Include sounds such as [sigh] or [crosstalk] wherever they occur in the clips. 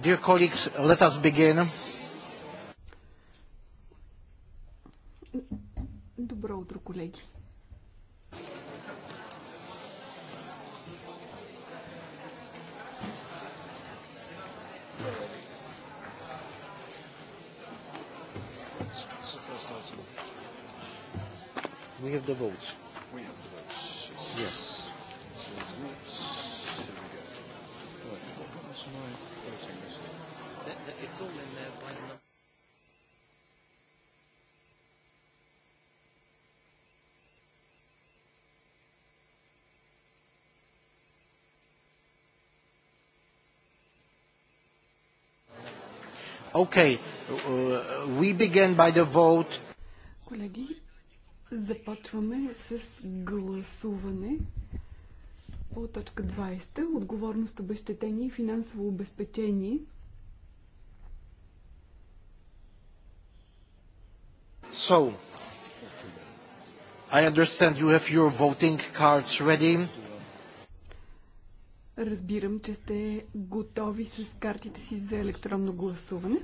Dear colleagues, let us begin. Добро утро, колеги. We have the votes. Okay, uh, we begin by the vote. Колеги, започваме с гласуване по точка 20. Отговорност, обещетение и финансово обезпечение. So, I understand you have your voting cards ready. Разбирам, че сте готови с картите си за електронно гласуване.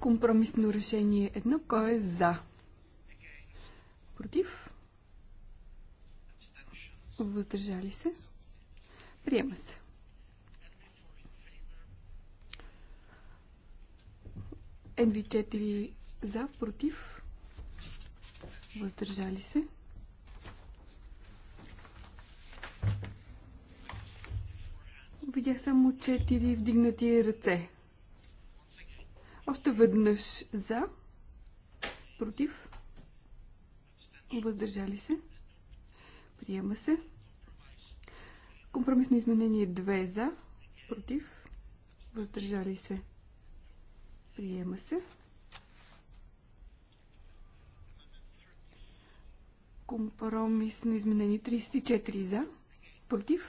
Компромисно решение е едно. Кой е за? Против? Въздържали се? Приема се. нв 4 за, против? Въздържали се? Видях само четири вдигнати ръце. Още веднъж за, против, въздържали се, приема се. Компромисно изменение 2 за, против, въздържали се, приема се. Компромисно изменение 34 за, против,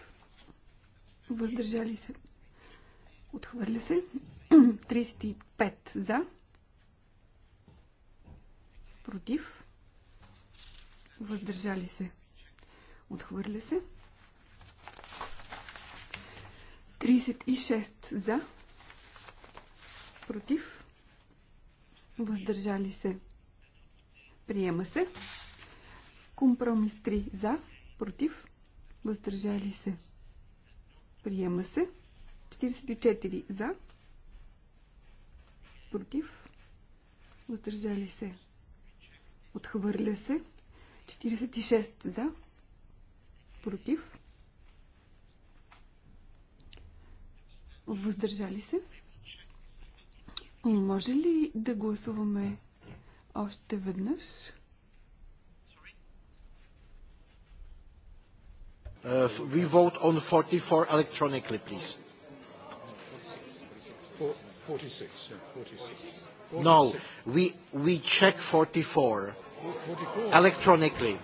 въздържали се, отхвърля се. 35 [clears throat] за, против, въздържали се, отхвърля се. 36 за, против, въздържали се, приема се. Компромис 3 за, против, въздържали се, Приема се. 44 за. Против. Въздържали се. Отхвърля се. 46 за. Против. Въздържали се. Може ли да гласуваме още веднъж? we vote on 44 electronically, please. 46, yeah, 46. No, we, we check 44. 44. Electronically.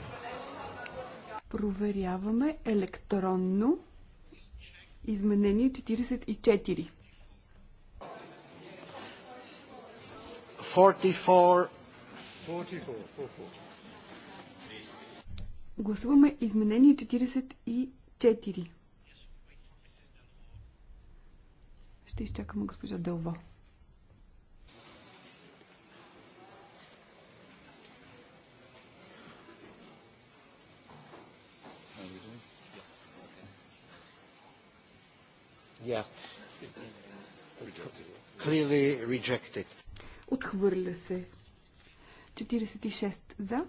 Проверяваме електронно изменение 44. 44. 44. Гласуваме изменение 44. Ще изчакаме госпожа Дълво. Отхвърля се. 46 за.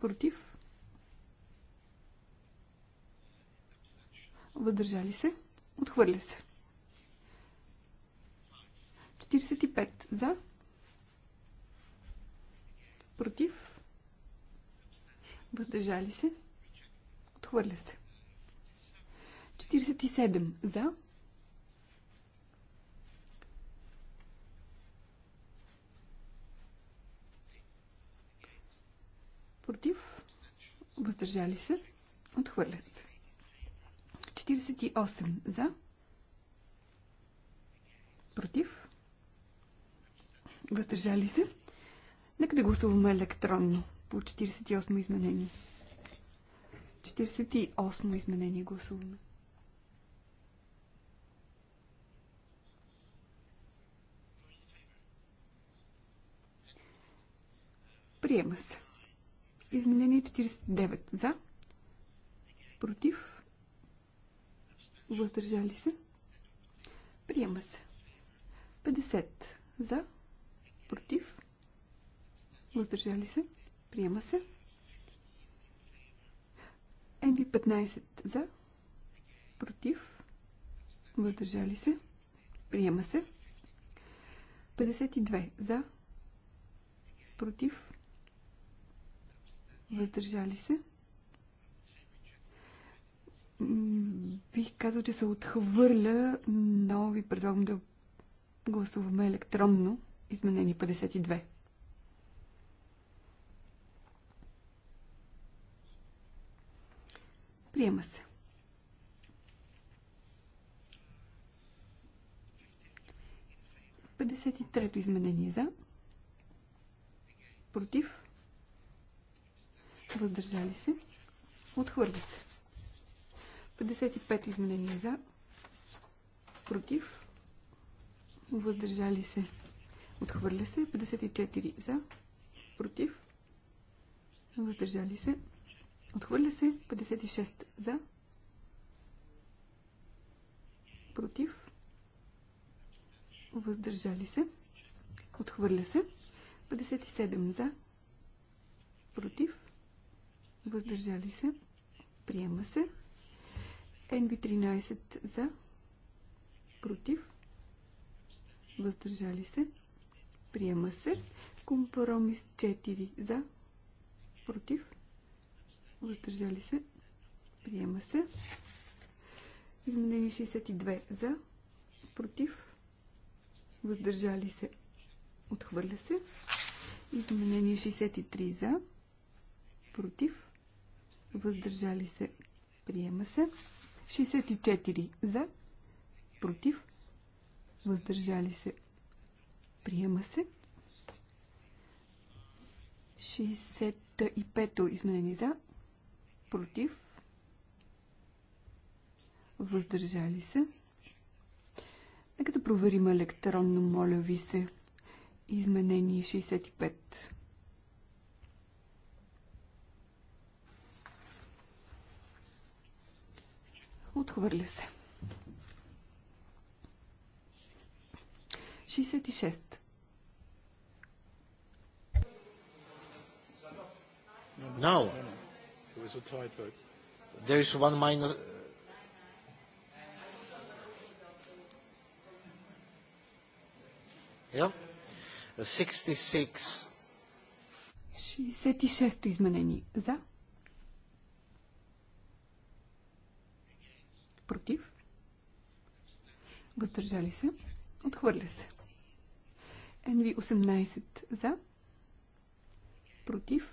Против. Въздържали се. Отхвърля се. 45 за. Против. Въздържали се. Отхвърля се. 47 за. Против. Въздържали се. Отхвърлят се. 48 за. Против. Въздържали се. Нека да гласуваме електронно по 48 изменение. 48 изменение гласуваме. Приема се. Изменение 49 за. Против. Въздържали се. Приема се. 50 за. Против. Въздържали се. Приема се. Енви 15 за. Против. Въздържали се. Приема се. 52 за. Против. Въздържали се бих казал, че се отхвърля, но ви предлагам да гласуваме електронно Изменени 52. Приема се. Пятдесет и трето изменение за. Против. Въздържали се. Отхвърля се. 55 изменения за, против, въздържали се, отхвърля се, 54 за, против, въздържали се, отхвърля се, 56 за, против, въздържали се, отхвърля се, 57 за, против, въздържали се, приема се, NV13 за, против, въздържали се, приема се. Компромис 4 за, против, въздържали се, приема се. Изменени 62 за, против, въздържали се, отхвърля се. Изменение 63 за, против, въздържали се, приема се. 64 за, против, въздържали се, приема се. 65 изменени за, против, въздържали се. Нека да проверим електронно, моля ви се. Изменение 65. Отхвърля се. 66. Now. It was a tight vote. There is one minus. Yeah. 66. 66-то изменение. За. против, въздържали се, отхвърля се. NV18 за, против,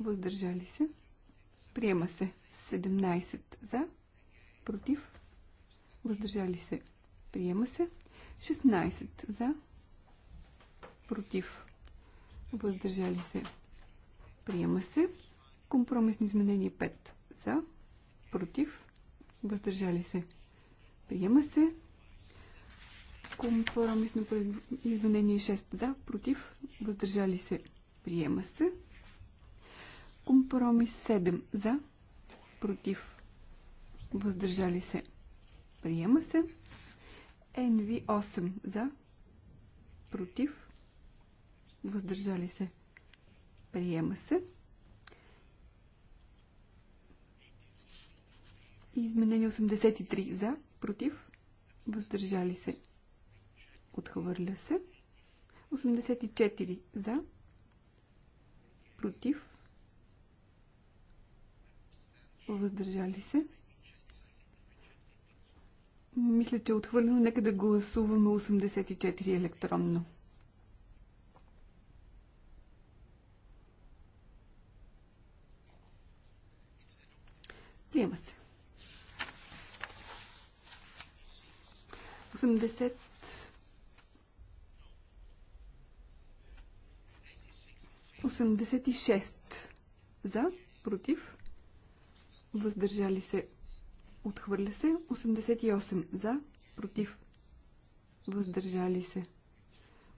въздържали се, приема се 17 за, против, въздържали се, приема се 16 за, против, въздържали се, приема се. Компромисни изменение 5 за, против, въздържали се. Приема се. Компромисно изменение 6 за, против, въздържали се. Приема се. Компромис 7 за, против, въздържали се. Приема се. NV 8 за, против, въздържали се. Приема се. Изменени 83 за, против, въздържали се, отхвърля се. 84 за, против, въздържали се. Мисля, че е отхвърлено. Нека да гласуваме 84 електронно. 80 86 за, против, въздържали се, отхвърля се, 88 за, против, въздържали се,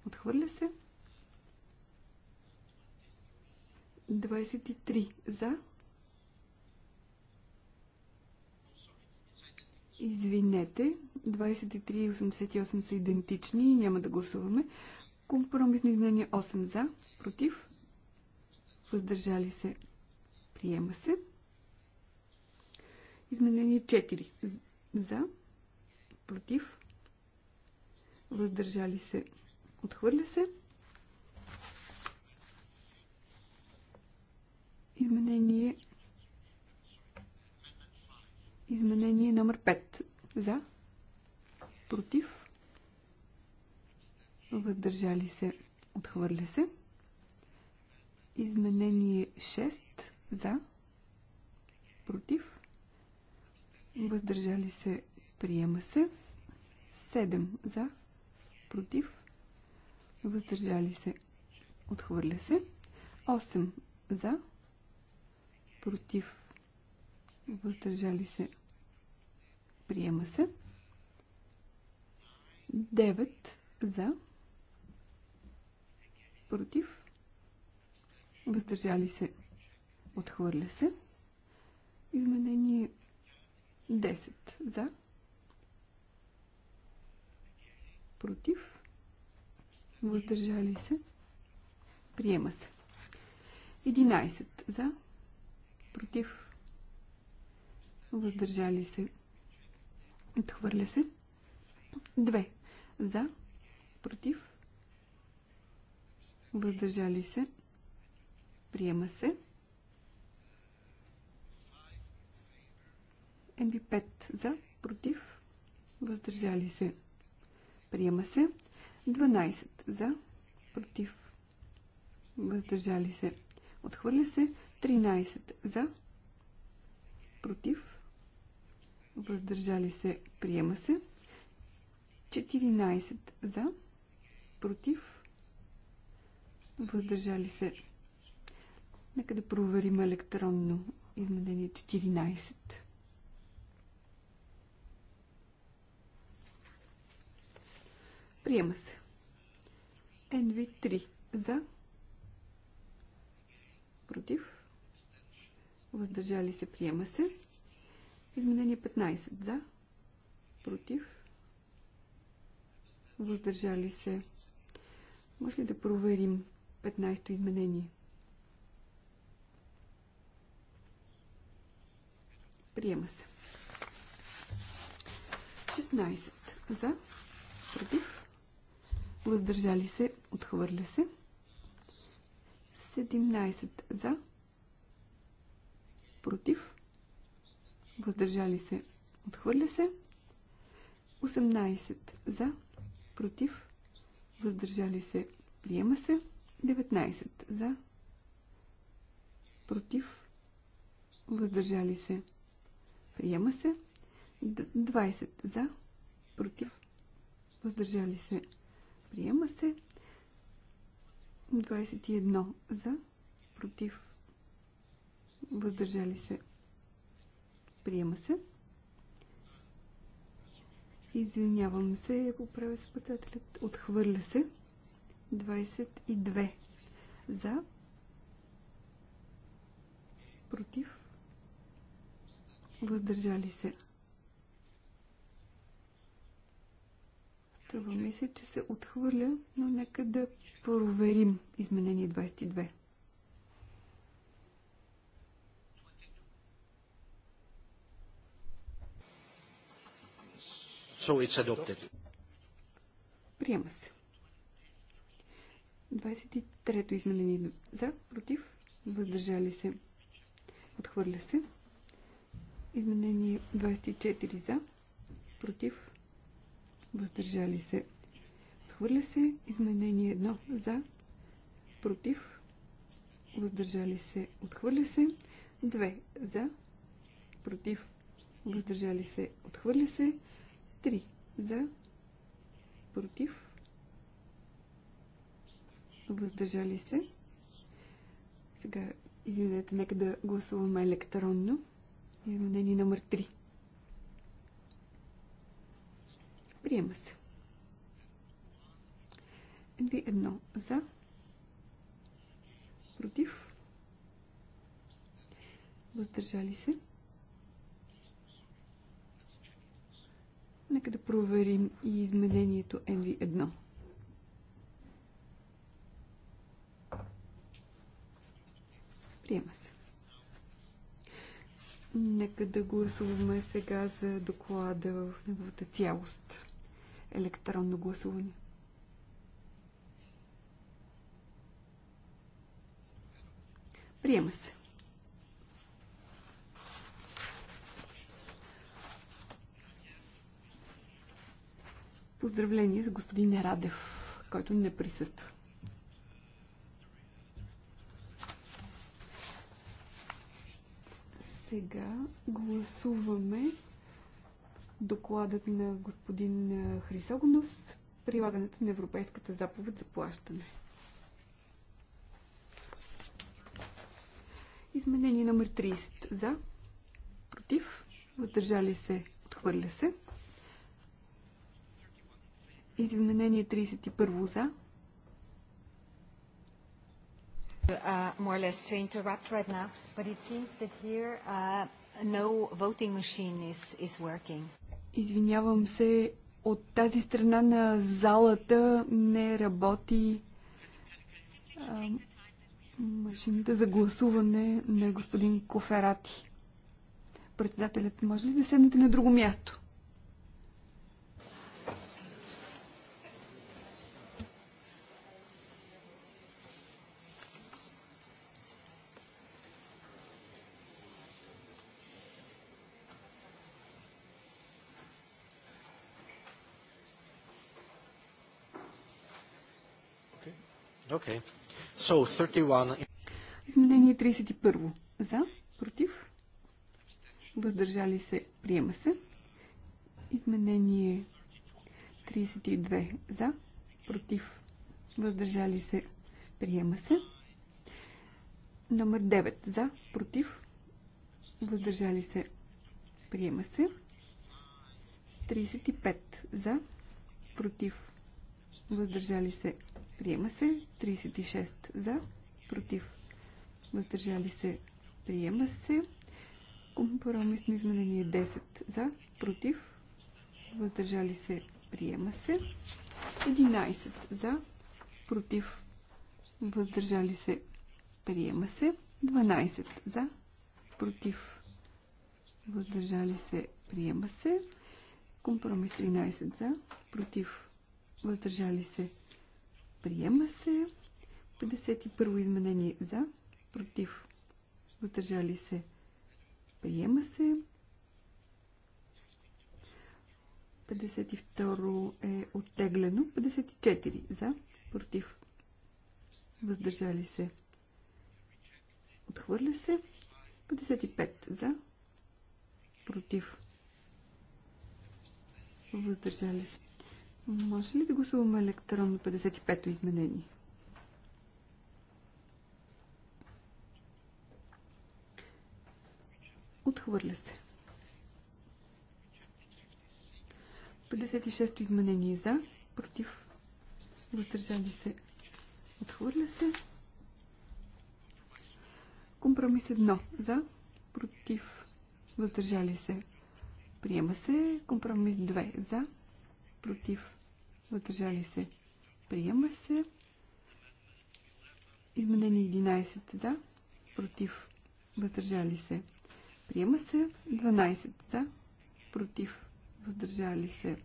отхвърля се, 23 за, извинете, 23 и 88 са идентични и няма да гласуваме. Компромисно изменение 8 за, против, въздържали се, приема се. Изменение 4 за, против, въздържали се, отхвърля се. Изменение Изменение номер 5. За против, въздържали се, отхвърля се. Изменение 6 за, против, въздържали се, приема се. 7 за, против, въздържали се, отхвърля се. 8 за, против, въздържали се, приема се. 9 за, против, въздържали се, отхвърля се. Изменение 10 за, против, въздържали се, приема се. 11 за, против, въздържали се, отхвърля се. 2 за. Против. Въздържали се. Приема се. МВ5 за. Против. Въздържали се. Приема се. 12 за. Против. Въздържали се. Отхвърля се. 13 за. Против. Въздържали се. Приема се. 14 за, против, въздържали се. Нека да проверим електронно изменение 14. Приема се. NV3 за, против, въздържали се, приема се. Изменение 15 за, против, въздържали се. Може ли да проверим 15-то изменение? Приема се. 16 за, против, въздържали се, отхвърля се. 17 за, против, въздържали се, отхвърля се. 18 за, против, против, въздържали се, приема се. 19 за, против, въздържали се, приема се. 20 за, против, въздържали се, приема се. 21 за, против, въздържали се, приема се. Извинявам се, поправя се председателят. Отхвърля се. 22. За. Против. Въздържали се. Това мисля, се, че се отхвърля, но нека да проверим изменение 22. So it's adopted. Приема се. 23-то изменение за, против, въздържали се, отхвърля се. Изменение 24 за, против, въздържали се, отхвърля се. Изменение 1 за, против, въздържали се, отхвърля се. 2 за, против, въздържали се, отхвърля се. 3 за, против, въздържали се. Сега, извинете, нека да гласуваме електронно. Изменение номер 3. Приема се. NV1 за, против, въздържали се. проверим и изменението NV1. Приема се. Нека да гласуваме сега за доклада в неговата цялост. Електронно гласуване. Приема се. Поздравление за господин Радев, който не присъства. Сега гласуваме докладът на господин Хрисогонос, прилагането на Европейската заповед за плащане. Изменение номер 30 за, против, въздържали се, отхвърля се. Изменение 31 за. Uh, uh, Извинявам се, от тази страна на залата не работи а, машината за гласуване на господин Коферати. Председателят, може ли да седнете на друго място? Okay. So, 31... Изменение 31. За, против, въздържали се, приема се. Изменение 32. За, против, въздържали се, приема се. Номер 9. За, против, въздържали се, приема се. 35. За, против, въздържали се, приема се. Приема се. 36 за. Против. Въздържали се. Приема се. Компромисно изменение 10 за. Против. Въздържали се. Приема се. 11 за. Против. Въздържали се. Приема се. 12 за. Против. Въздържали се. Приема се. Компромис 13 за. Против. Въздържали се. Приема се 51 изменение за, против, въздържали се. Приема се 52 е оттеглено. 54 за, против, въздържали се. Отхвърля се. 55 за, против, въздържали се. Може ли да гласуваме електронно 55-то изменение? Отхвърля се. 56-то изменение за, против, въздържали се. Отхвърля се. Компромис 1 за, против, въздържали се. Приема се. Компромис 2 за, против, въздържали се, приема се. Изменение 11 за, против, въздържали се, приема се. 12 за, против, въздържали се,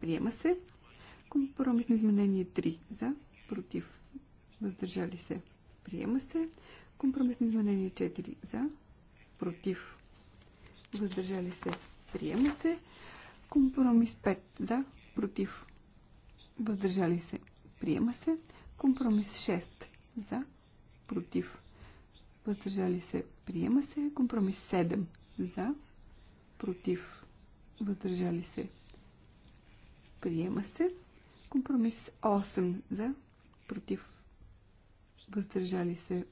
приема се. Компромисно изменение 3 за, против, въздържали се, приема се. Компромисно изменение 4 за, против, въздържали се, приема се. Компромис 5 за, против, въздържали се, приема се. Компромис 6 за, против, въздържали се, приема се. Компромис 7 за, против, въздържали се, приема се. Компромис 8 за, против, въздържали се,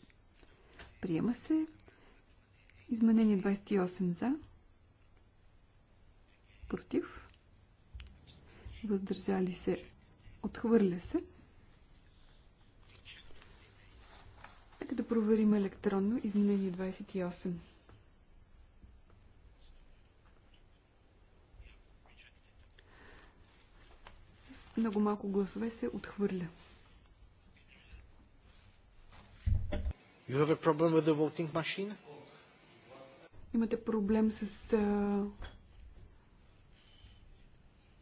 приема се. Изменение 28 за, против, въздържали се, отхвърля се. Нека да проверим електронно изменение 28. много малко гласове се отхвърля. You have a problem with the voting machine? Имате проблем с uh,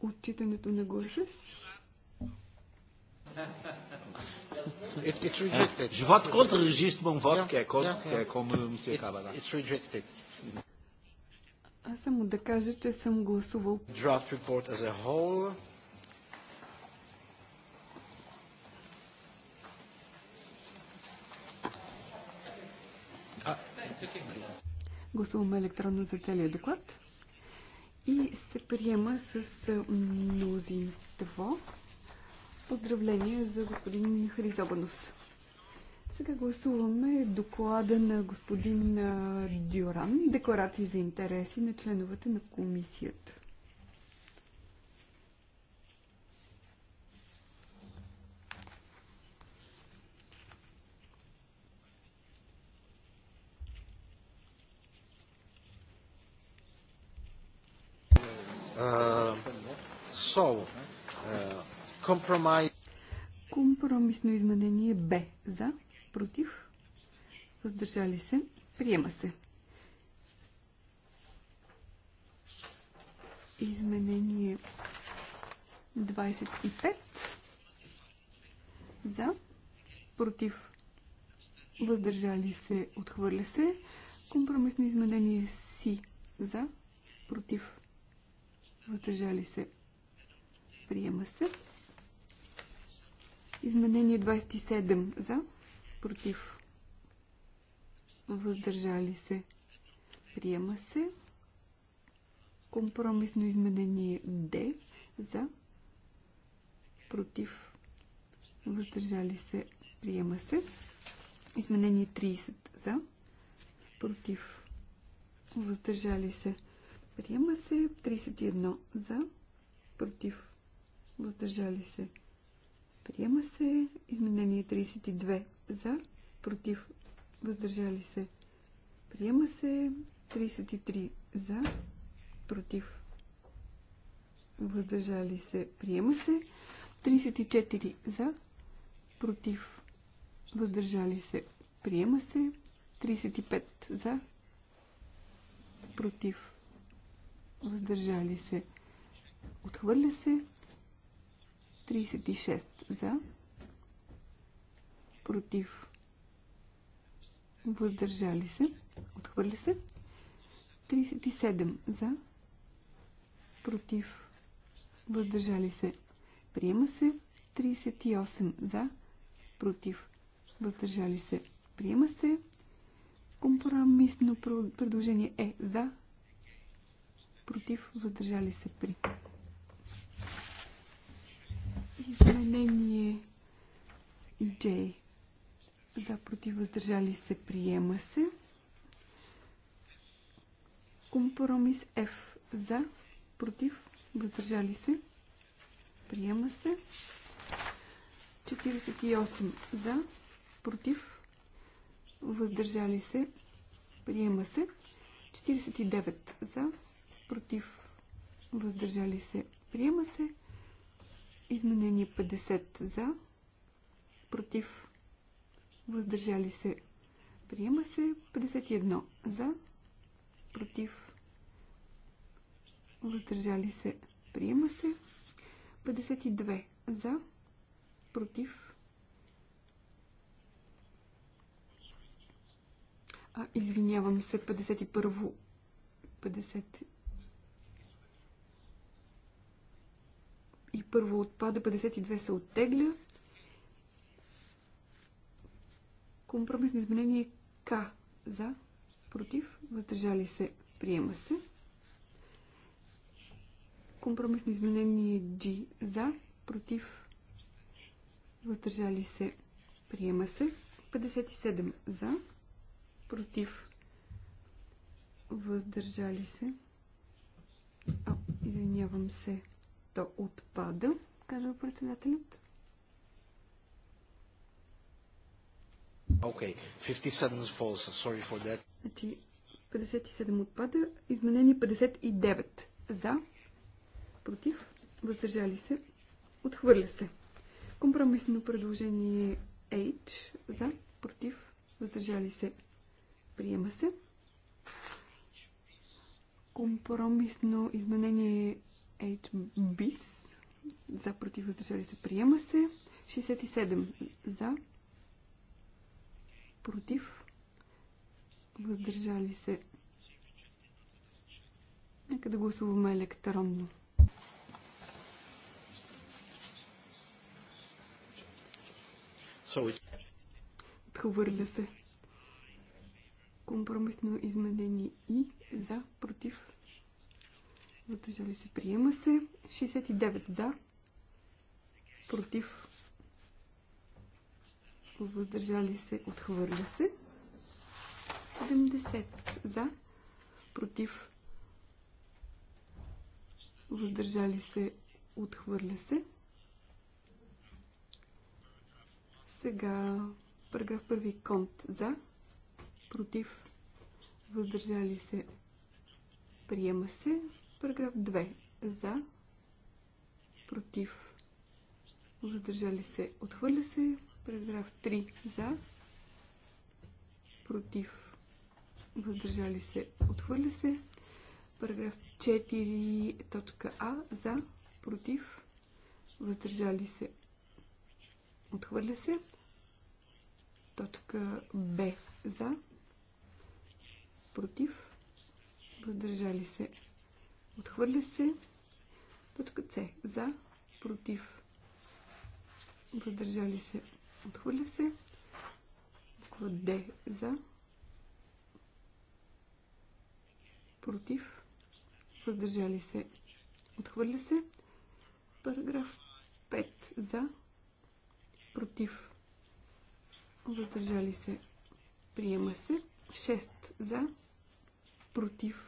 отчитането на гласа си. Е, е е Аз съм да кажа, че съм гласувал. Draft report as Гласуваме електронно за целият доклад и се приема с мнозинство. Поздравления за господин Хризобанус. Сега гласуваме доклада на господин Дюран, декларации за интереси на членовете на комисията. Компромисно изменение Б. За, против, въздържали се, приема се. Изменение 25. За, против, въздържали се, отхвърля се. Компромисно изменение Си. За, против, въздържали се, приема се. Изменение 27 за, против, въздържали се, приема се. Компромисно изменение Д за, против, въздържали се, приема се. Изменение 30 за, против, въздържали се, приема се. 31 за, против, въздържали се, приема се Приема се изменение 32 за, против, въздържали се. Приема се 33 за, против, въздържали се. Приема се 34 за, против, въздържали се. Приема се 35 за, против, въздържали се. Отхвърля се 36 за, против, въздържали се, отхвърля се. 37 за, против, въздържали се, приема се. 38 за, против, въздържали се, приема се. Компромисно предложение е за, против, въздържали се при. Изменение J. За против въздържали се приема се. Компромис F. За против въздържали се приема се. 48 за против въздържали се приема се. 49 за против въздържали се приема се. Изменение 50 за, против, въздържали се, приема се. 51 за, против, въздържали се, приема се. 52 за, против. А, извинявам се, 51 50 И първо отпада, 52 се оттегля. Компромисно изменение К за, против, въздържали се, приема се. Компромисно изменение G за, против, въздържали се, приема се. 57 за, против, въздържали се. А, извинявам се. То отпада, казва председателят. Okay, 57 falls. Sorry for that. Значи 57 отпада, изменение 59. За, против, въздържали се, отхвърля се. Компромисно предложение H. За, против, въздържали се, приема се. Компромисно изменение HBIS за против въздържали се приема се 67 за против въздържали се нека да гласуваме електронно Отхвърля се. Компромисно изменение и за, против, Въздържали се, приема се. 69 за. Против. Въздържали се, отхвърля се. 70 за. Против. Въздържали се, отхвърля се. Сега параграф първи конт за. Против. Въздържали се, приема се. Параграф 2. За. Против. Въздържали се. Отхвърля се. Параграф 3. За. Против. Въздържали се. Отхвърля се. Параграф 4. Точка А. За. Против. Въздържали се. Отхвърля се. Точка Б. За. Против. Въздържали се. Отхвърля се. Точка С. За. Против. Въздържали се. Отхвърля се. Буква Д. За. Против. Въздържали се. Отхвърля се. Параграф 5. За. Против. Въздържали се. Приема се. 6. За. Против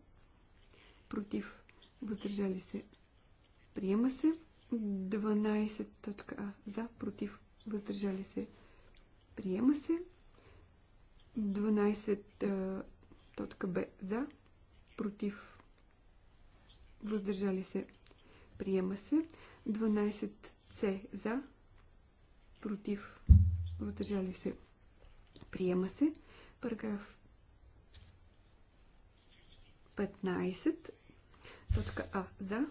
против, въздържали се, приема се. 12.а за, против, въздържали се, приема се. 12.б за, против, въздържали се, приема се. 12.c за, против, въздържали се, приема се. Параграф 15 Точка А. За.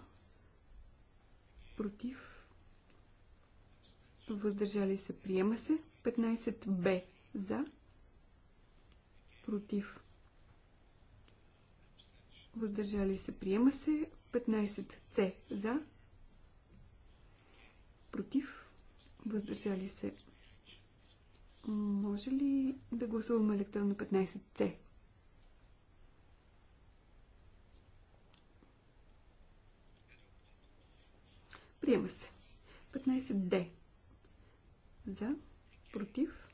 Против. Въздържали се. Приема се. 15 Б. За. Против. Въздържали се. Приема се. 15 С. За. Против. Въздържали се. Може ли да гласуваме електронно 15 С? Приема се. 15D. За. Против.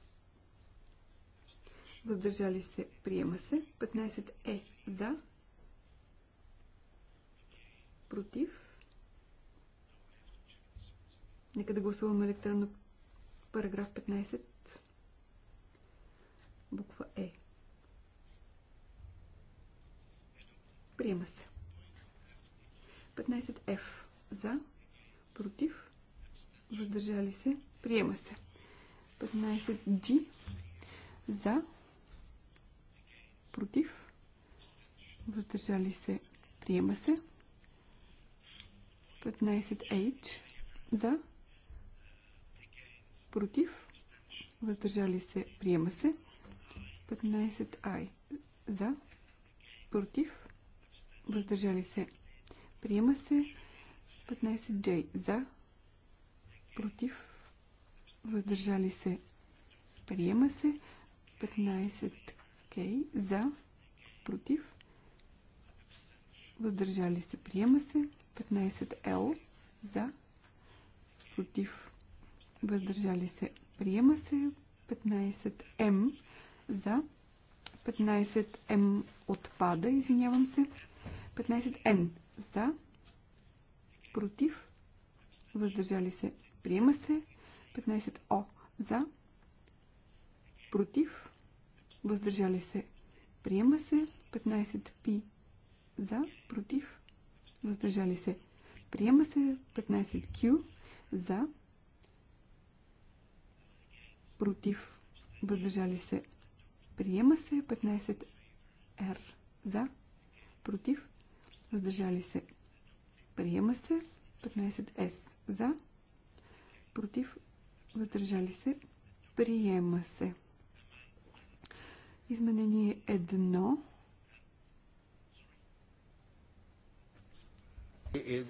Въздържали се. Приема се. 15E. Е. За. Против. Нека да гласуваме електронно параграф 15. Буква Е. Приема се. 15F. За. Против против, въздържали се, приема се. 15 G за, против, въздържали се, приема се. 15 H за, против, въздържали се, приема се. 15 I за, против, въздържали се, приема се. 15J за, против, въздържали се, приема се. 15K за, против, въздържали се, приема се. 15L за, против, въздържали се, приема се. 15М за, 15М отпада, извинявам се. 15Н за, против, въздържали се, приема се. 15 О за, против, въздържали се, приема се. 15 Пи за, против, въздържали се, приема се. 15 Q за, против, въздържали се, приема се. 15 Р за, против, въздържали се, Приема се 15С за. Против. Въздържали се. Приема се. Изменение 1.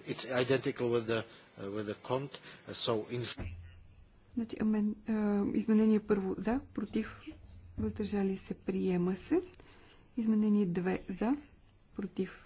It's identical with the, uh, with the cont, so in... Значи, амен, а, изменение първо за, против, въздържали се, приема се. Изменение 2 за, против,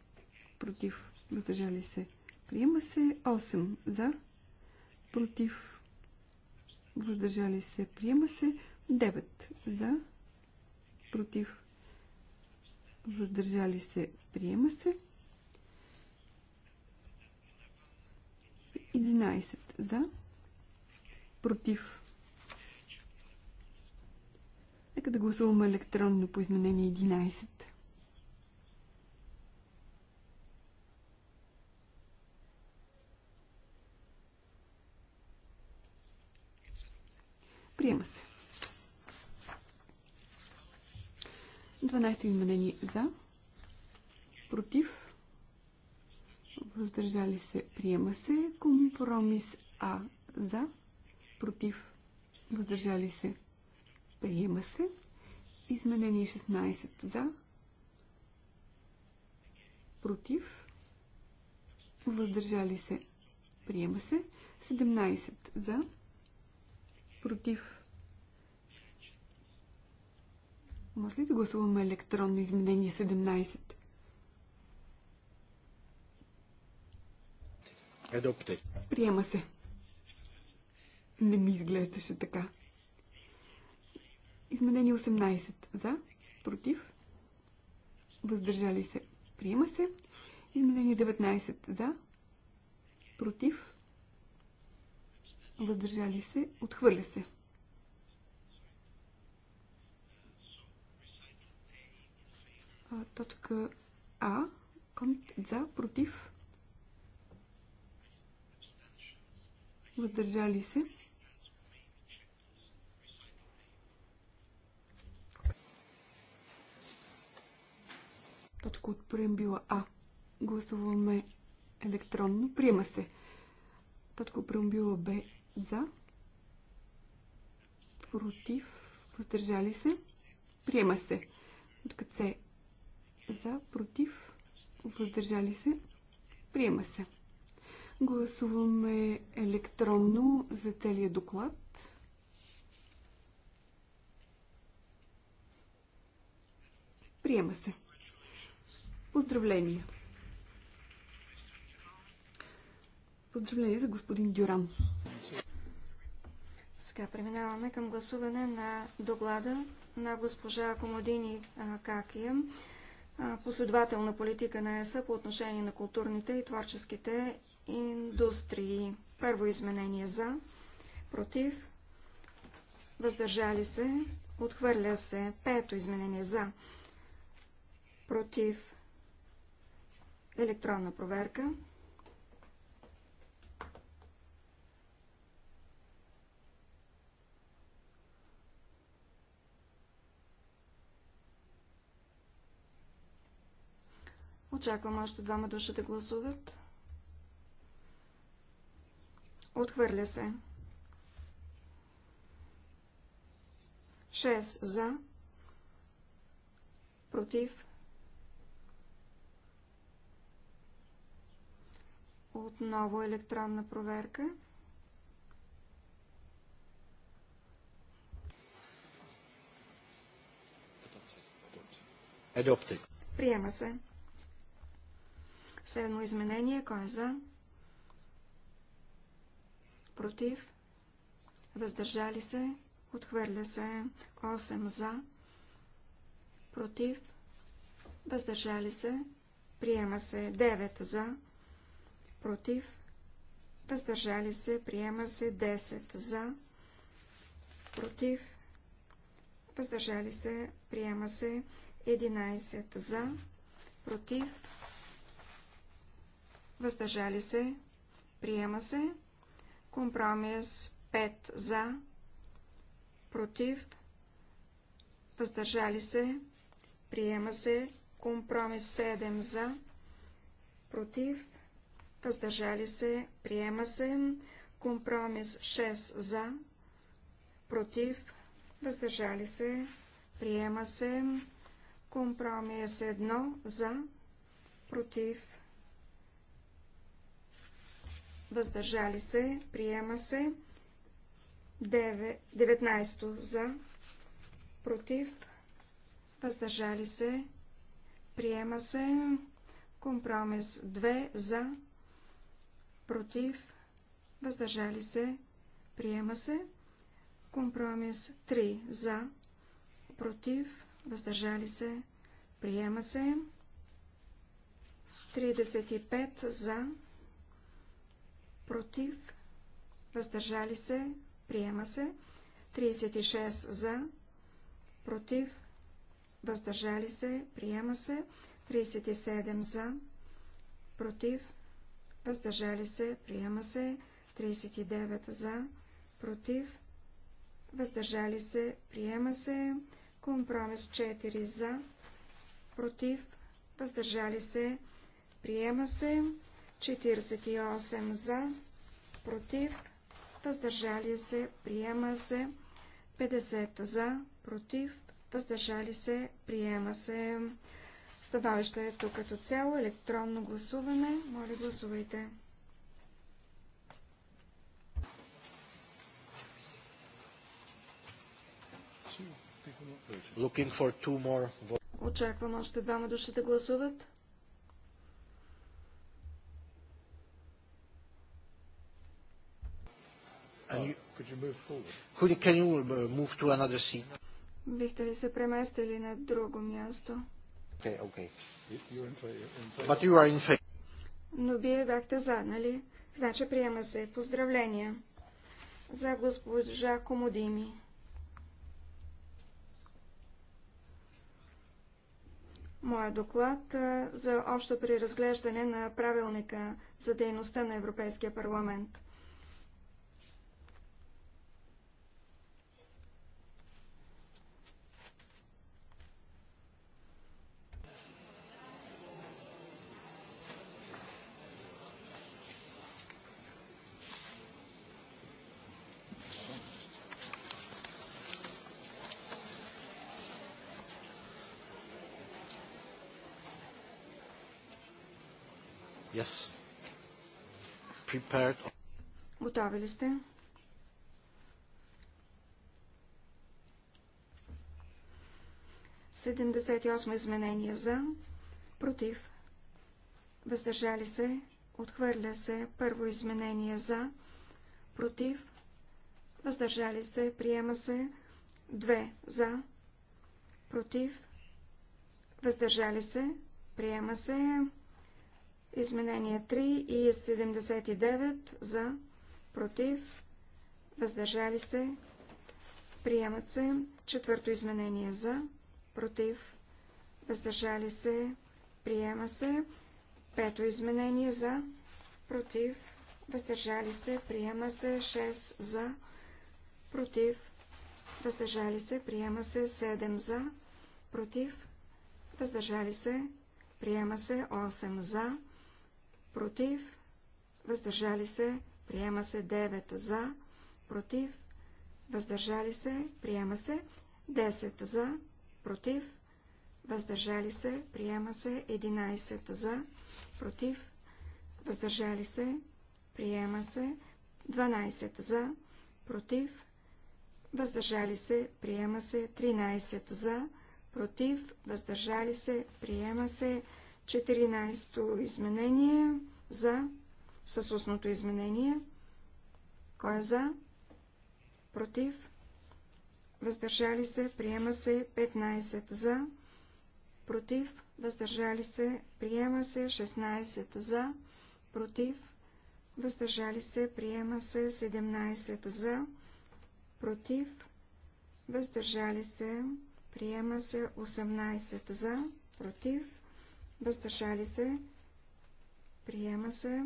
против, въздържали се. Приема се 8 за, против, въздържали се. Приема се 9 за, против, въздържали се. Приема се 11 за, против. Нека да гласуваме електронно по изменение 11. Приема се. 12-то изменение за. Против. Въздържали се. Приема се. Компромис А за. Против. Въздържали се. Приема се. Изменение 16 за. Против. Въздържали се. Приема се. 17 за против. Може ли да гласуваме електронно изменение 17? Adopted. Приема се. Не ми изглеждаше така. Изменение 18. За. Против. Въздържали се. Приема се. Изменение 19. За. Против въздържали се, отхвърля се. Точка А, конт за, против, въздържали се. Точка от преамбила А. Гласуваме електронно. Приема се. Точка от преамбила Б за. Против. Въздържали се. Приема се. Откът се. За. Против. Въздържали се. Приема се. Гласуваме електронно за целия доклад. Приема се. Поздравления! Поздравление за господин Дюран. Сега преминаваме към гласуване на доклада на госпожа Комодини Какия. Последователна политика на ЕСА по отношение на културните и творческите индустрии. Първо изменение за, против, въздържали се, отхвърля се. Пето изменение за, против, електронна проверка. Очаквам още двама души да гласуват. Отхвърля се. 6 за. Против. Отново електронна проверка. Adopted. Приема се. Седмо изменение. Кой е за? Против. Въздържали се. Отхвърля се. 8 за. Против. Въздържали се. Приема се. 9 за. Против. Въздържали се. Приема се. 10 за. Против. Въздържали се. Приема се. 11 за. Против въздържали се, приема се. Компромис 5 за, против, въздържали се, приема се. Компромис 7 за, против, въздържали се, приема се. Компромис 6 за, против, въздържали се, приема се. Компромис 1 за, против, въздържали се, приема се. 19 за, против, въздържали се, приема се. Компромис 2 за, против, въздържали се, приема се. Компромис 3 за, против, въздържали се, приема се. 35 за, против, въздържали се, приема се. 36 за, против, въздържали се, приема се. 37 за, против, въздържали се, приема се. 39 за, против, въздържали се, приема се. Компромис 4 за, против, въздържали се, приема се. 48 за, против, въздържали се, приема се. 50 за, против, въздържали се, приема се. ето е като цяло, електронно гласуване. Моля, гласувайте. Очаквам още двама души да гласуват. And oh. you, could you move forward? Could, can you uh, move to another seat? Бихте ли се преместили на друго място? Okay, okay. But you are in favor. Но вие бяхте за, нали? Значи приема се. Поздравления за госпожа Комодими. Моя доклад за общо преразглеждане на правилника за дейността на Европейския парламент. prepared? Готови ли сте? Седемдесет и осмо изменение за, против, въздържали се, отхвърля се първо изменение за, против, въздържали се, приема се, две за, против, въздържали се, приема се, Изменение 3 и 79 за, против, въздържали се, приемат се. Четвърто изменение за, против, въздържали се, приема се. Пето изменение за, против, въздържали се, приема се. 6 за, против, въздържали се, приема се. 7 за, против, въздържали се, приема се. 8 за, против, против, въздържали се, приема се 9 за, против, въздържали се, приема се 10 за, против, въздържали се, приема се 11 за, против, въздържали се, приема се 12 за, против, въздържали се, приема се 13 за, против, въздържали се, приема се 13 14-то изменение за, с устното изменение. Кой е за? Против? Въздържали се, приема се 15 за. Против? Въздържали се, приема се 16 за. Против? Въздържали се, приема се 17 за. Против? Въздържали се, приема се 18 за. Против? въздържали се, приема се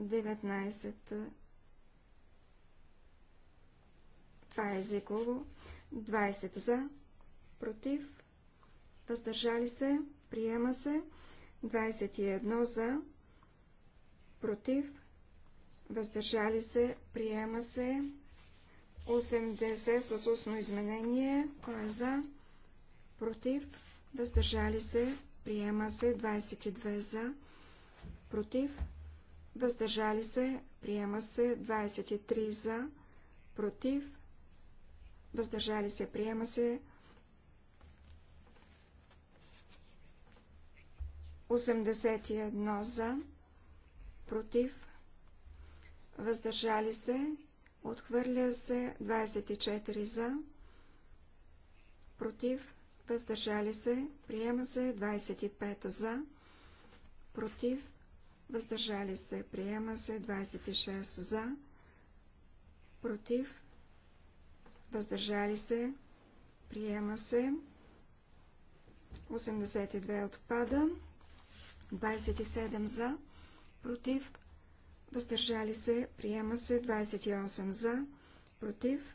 19. Това е езиково. 20 за, против, въздържали се, приема се 21 за, против, въздържали се, приема се 80 с устно изменение, кой е за, против, въздържали се, приема се 22 за, против, въздържали се, приема се 23 за, против, въздържали се, приема се 81 за, против, въздържали се, отхвърля се 24 за, против, въздържали се, приема се 25 за, против, въздържали се, приема се 26 за, против, въздържали се, приема се 82 отпада, 27 за, против, въздържали се, приема се 28 за, против,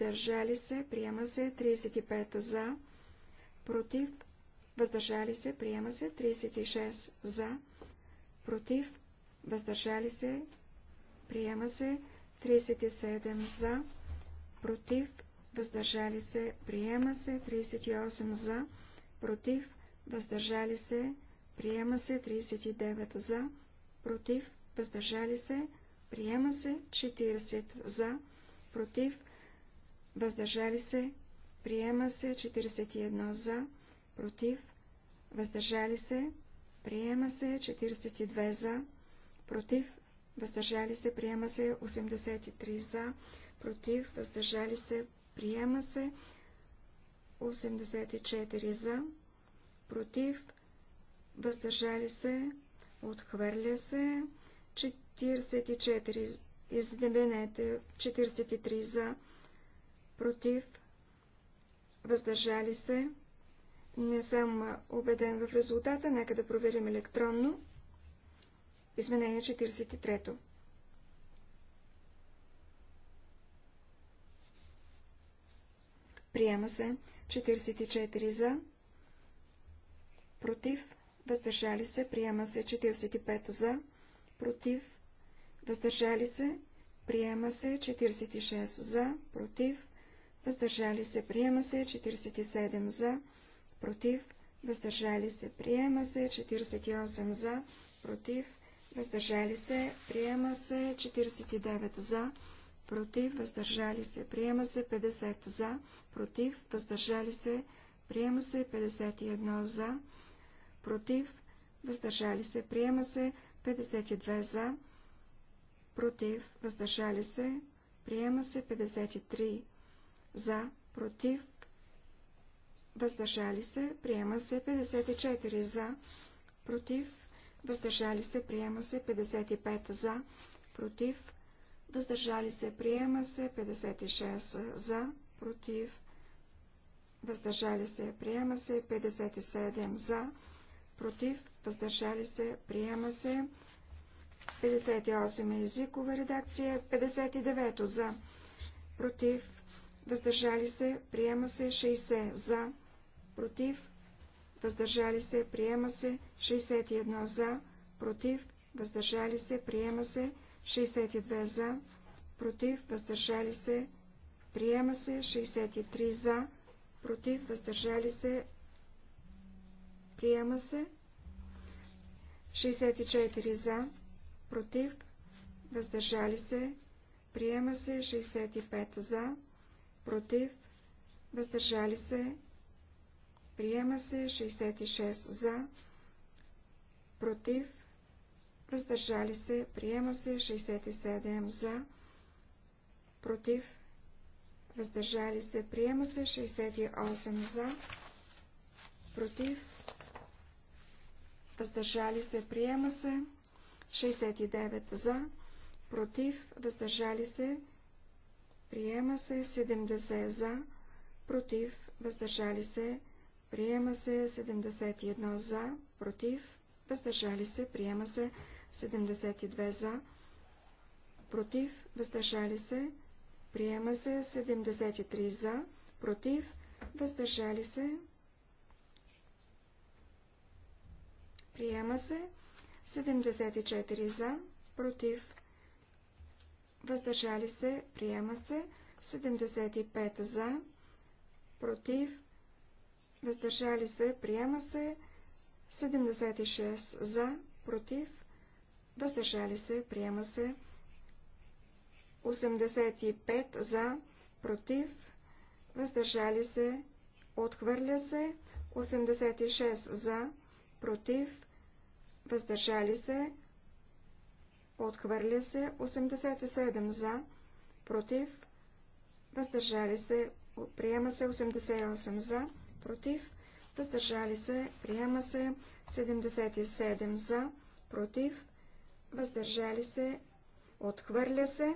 въздържали се, приема се 35 за, против, въздържали се, приема се 36 за, против, въздържали се, приема се 37 за, против, въздържали се, приема се 38 за, против, въздържали се, приема се 39 за, против, въздържали се, приема се 40 за, против, въздържали се, приема се 41 за, против, въздържали се, приема се 42 за, против, въздържали се, приема се 83 за, против, въздържали се, приема се 84 за, против, въздържали се, отхвърля се 44, извинете, 43 за, против, въздържали се. Не съм убеден в резултата. Нека да проверим електронно. Изменение 43-то. Приема се 44 за, против, въздържали се, приема се 45 за, против, въздържали се, приема се 46 за, против, въздържали се, приема се, 47 за, против, въздържали се, приема се, 48 за, против, въздържали се, приема се, 49 за, против, въздържали се, приема се, 50 за, против, въздържали се, приема се, 51 за, против, въздържали се, приема се, 52 за, против, въздържали се, приема се, 53 за, против, въздържали се, приема се 54 за, против, въздържали се, приема се 55 за, против, въздържали се, приема се 56 за, против, въздържали се, приема се 57 за, против, въздържали се, приема се 58 е езикова редакция, 59 за, против, въздържали се, приема се 60 за, против, въздържали се, приема се 61 за, против, въздържали се, приема се 62 за, против, въздържали се, приема се 63 за, против, въздържали се, приема се 64 за, против, въздържали се, приема се 65 за, против, въздържали се, приема се 66 за, против, въздържали се, приема се 67 за, против, въздържали се, приема се 68 за, против, въздържали се, приема се 69 за, против, въздържали се, Приема се 70 за, против, въздържали се. Приема се 71 за, против, въздържали се. Приема се 72 за, против, въздържали се. Приема се 73 за, против, въздържали се. Приема се 74 за, против, въздържали се, приема се, 75 за, против, въздържали се, приема се, 76 за, против, въздържали се, приема се, 85 за, против, въздържали се, отхвърля се, 86 за, против, въздържали се, Отхвърля се 87 за, против, въздържали се, приема се 88 за, против, въздържали се, приема се 77 за, против, въздържали се, отхвърля се.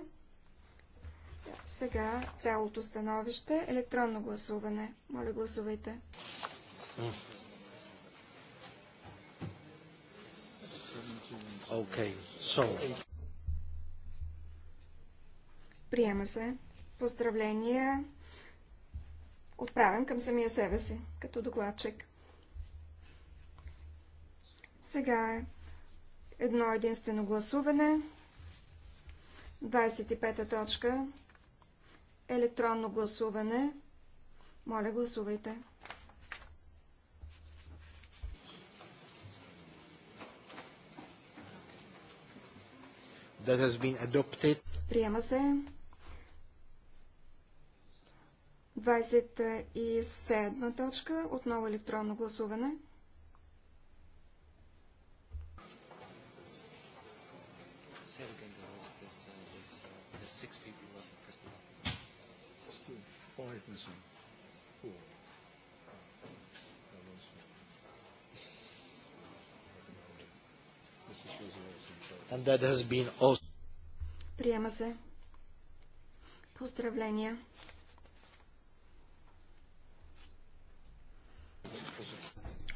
Сега цялото становище, електронно гласуване. Моля, гласувайте. Okay. Приема се. Поздравления отправен към самия себе си, като докладчик. Сега е едно единствено гласуване. 25-та точка. Електронно гласуване. Моля, гласувайте. that has been adopted. Приема се. 27 точка. Отново електронно гласуване. And that has been also... Приема се. Поздравления.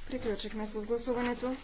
Приключихме с гласуването.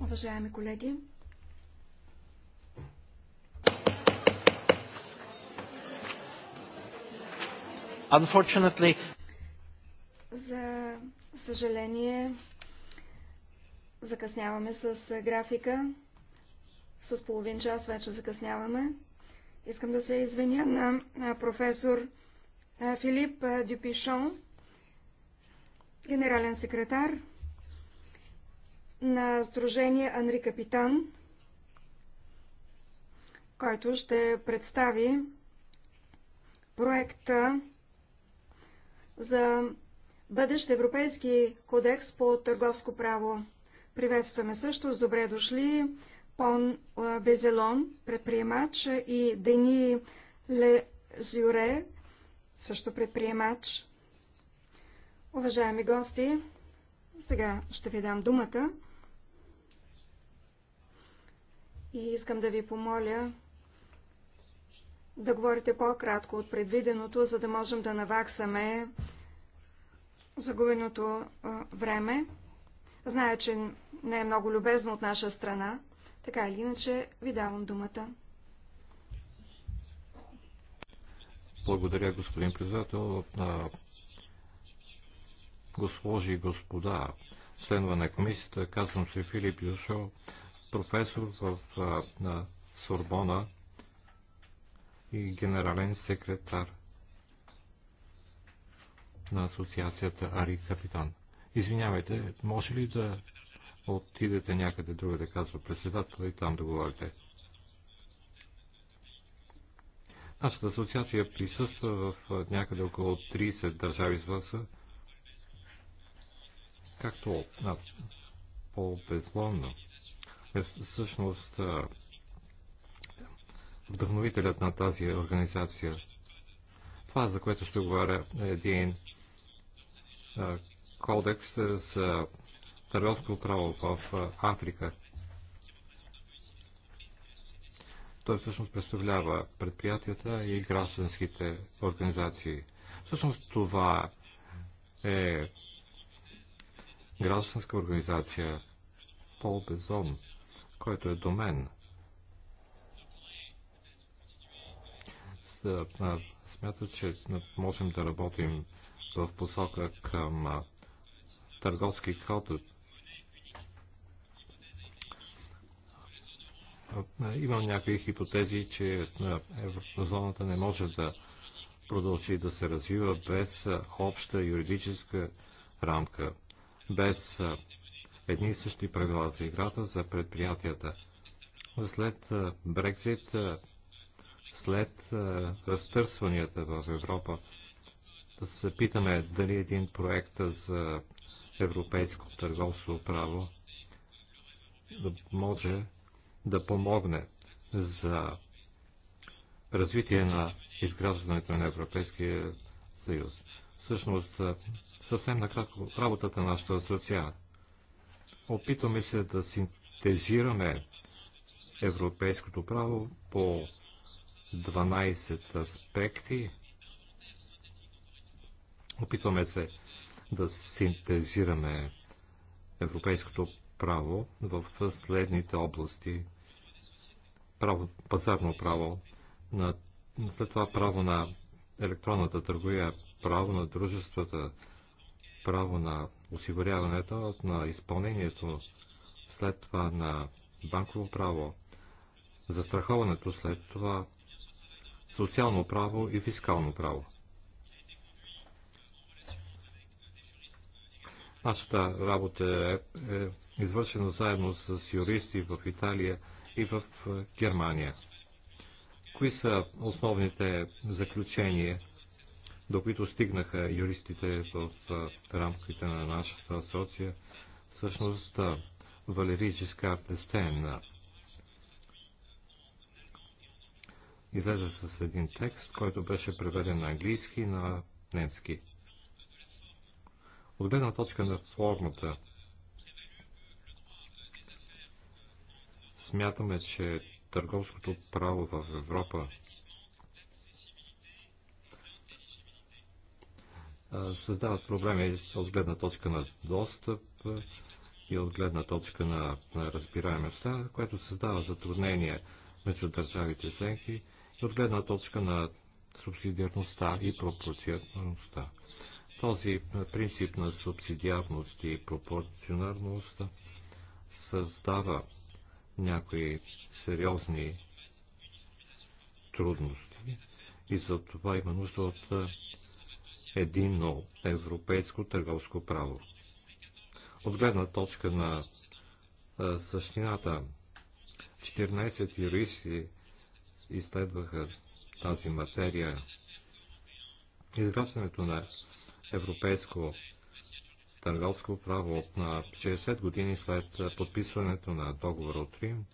Уважаеми колеги, за съжаление, закъсняваме с графика. С половин час вече закъсняваме. Искам да се извиня на професор Филип Дюпишон, генерален секретар на Сдружение Анри Капитан, който ще представи проекта за бъдещ Европейски кодекс по търговско право. Приветстваме също с добре дошли Пон Безелон, предприемач, и Дени Ле Зюре, също предприемач. Уважаеми гости, сега ще ви дам думата. И искам да ви помоля да говорите по-кратко от предвиденото, за да можем да наваксаме загубеното време. Зная, че не е много любезно от наша страна. Така или иначе, ви давам думата. Благодаря, господин председател. Госпожи и господа, членове на комисията, казвам се Филип Юшо професор в на Сорбона и генерален секретар на асоциацията Ари Капитан. Извинявайте, може ли да отидете някъде друга да казва председател и там да говорите? Нашата асоциация присъства в някъде около 30 държави извън както на по-безлонно. Е, всъщност вдъхновителят на тази организация. Това, за което ще говоря, е един кодекс е, за търговско право в Африка. Той всъщност представлява предприятията и гражданските организации. Всъщност това е гражданска организация Пол Безон – който е до мен. Смятат, че можем да работим в посока към търговски кодът. Имам някакви хипотези, че еврозоната не може да продължи да се развива без обща юридическа рамка, без едни и същи правила за играта за предприятията. След Брекзит, след разтърсванията в Европа, да се питаме дали един проект за европейско търговско право може да помогне за развитие на изграждането на Европейския съюз. Всъщност, съвсем накратко, работата на нашата асоциация Опитваме се да синтезираме европейското право по 12 аспекти. Опитваме се да синтезираме европейското право в следните области. Право, пазарно право, на, след това право на електронната търговия, право на дружествата, право на осигуряването на изпълнението след това на банково право, застраховането след това социално право и фискално право. Нашата работа е, е извършена заедно с юристи в Италия и в е, Германия. Кои са основните заключения до които стигнаха юристите в рамките на нашата асоция. Всъщност Валери Жискар Дестен излезе с един текст, който беше преведен на английски и на немски. От гледна точка на формата, смятаме, че търговското право в Европа създават проблеми от гледна точка на достъп и от гледна точка на, на разбираемостта, което създава затруднения между държавите членки и от гледна точка на субсидиарността и пропорционалността. Този принцип на субсидиарност и пропорционалност създава някои сериозни трудности и за това има нужда от единно европейско търговско право. От гледна точка на а, същината, 14 юристи изследваха тази материя. Изграждането на европейско търговско право на 60 години след подписването на договор от Рим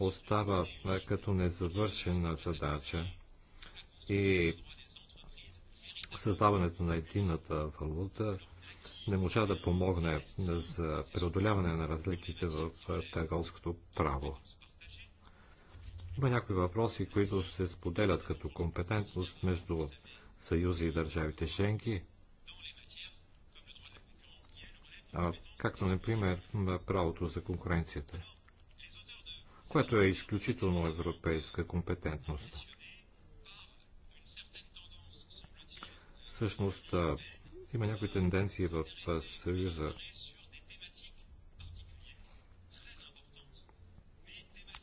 остава като незавършена задача и създаването на едината валута не можа да помогне за преодоляване на разликите в търговското право. Има някои въпроси, които се споделят като компетентност между съюзи и държавите членки, както, например, правото за конкуренцията, което е изключително европейска компетентност. Всъщност има някои тенденции в Съюза.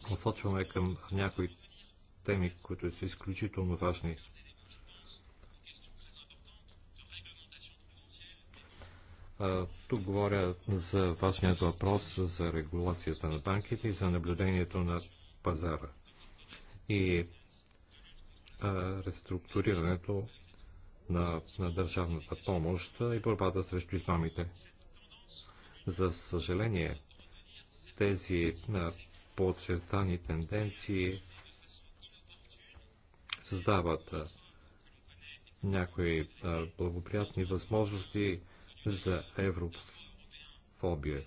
Насочваме към някои теми, които са изключително важни. Тук говоря за важният въпрос за регулацията на банките и за наблюдението на пазара и реструктурирането на, на държавната помощ и борбата срещу измамите. За съжаление, тези подчертани тенденции създават някои благоприятни възможности за еврофобия.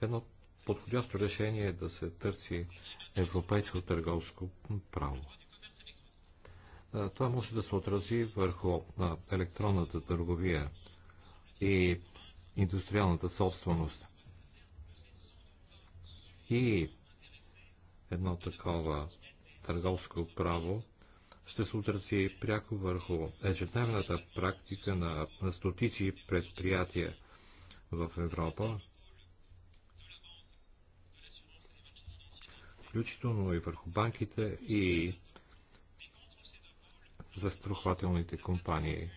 Едно подходящо решение е да се търси европейско търговско право. Това може да се отрази върху електронната търговия и индустриалната собственост. И едно такова търговско право ще се отрази пряко върху ежедневната практика на стотици предприятия в Европа, включително и върху банките и застрахователните компании.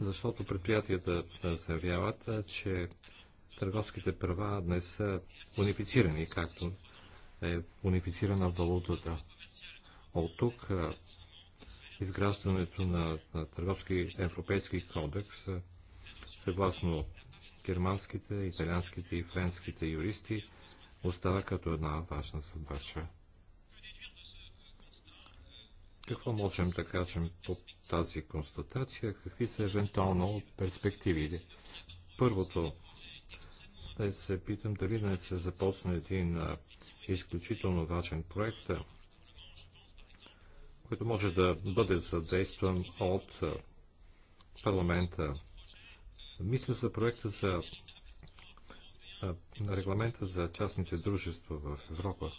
Защото предприятията заявяват, че търговските права не са унифицирани, както е унифицирана валутата. От тук изграждането на, на търговски европейски кодекс, съгласно германските, италианските и френските юристи, остава като една важна задача. Какво можем да кажем по тази констатация? Какви са евентуално перспективите? Първото, е да се питам дали не се започне един изключително важен проект, който може да бъде задействан от парламента. Мисля за проекта за регламента за частните дружества в Европа.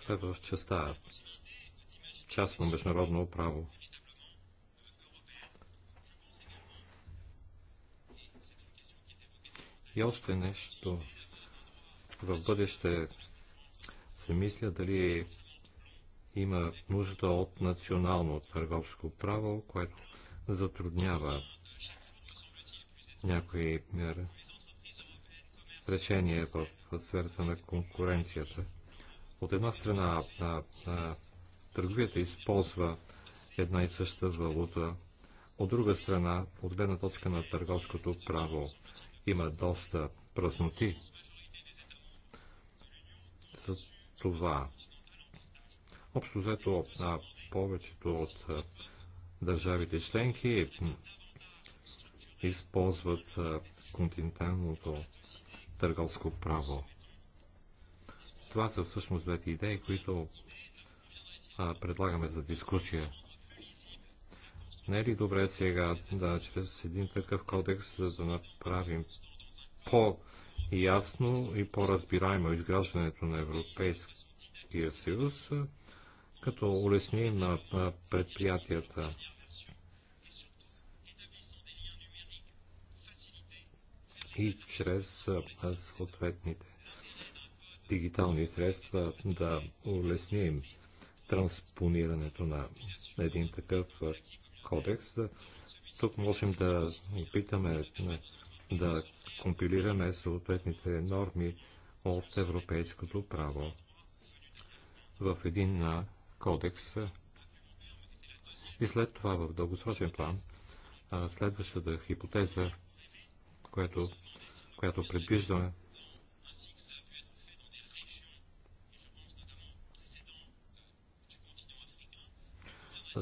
Това е в частта частно международно право. И още нещо. В бъдеще се мисля дали има нужда от национално търговско право, което затруднява някои е, решения в сферата на конкуренцията. От една страна, търговията използва една и съща валута, от друга страна, от гледна точка на търговското право, има доста празноти. За това, общо взето, повечето от държавите членки използват континенталното търговско право. Това са всъщност двете идеи, които а, предлагаме за дискусия. Не е ли добре сега да чрез един такъв кодекс да направим по-ясно и по-разбираемо изграждането на Европейския съюз, като улесним на предприятията и чрез съответните дигитални средства да улесним транспонирането на един такъв кодекс. Тук можем да опитаме да компилираме съответните норми от европейското право в един кодекс и след това в дългосрочен план следващата хипотеза, която която предвиждаме.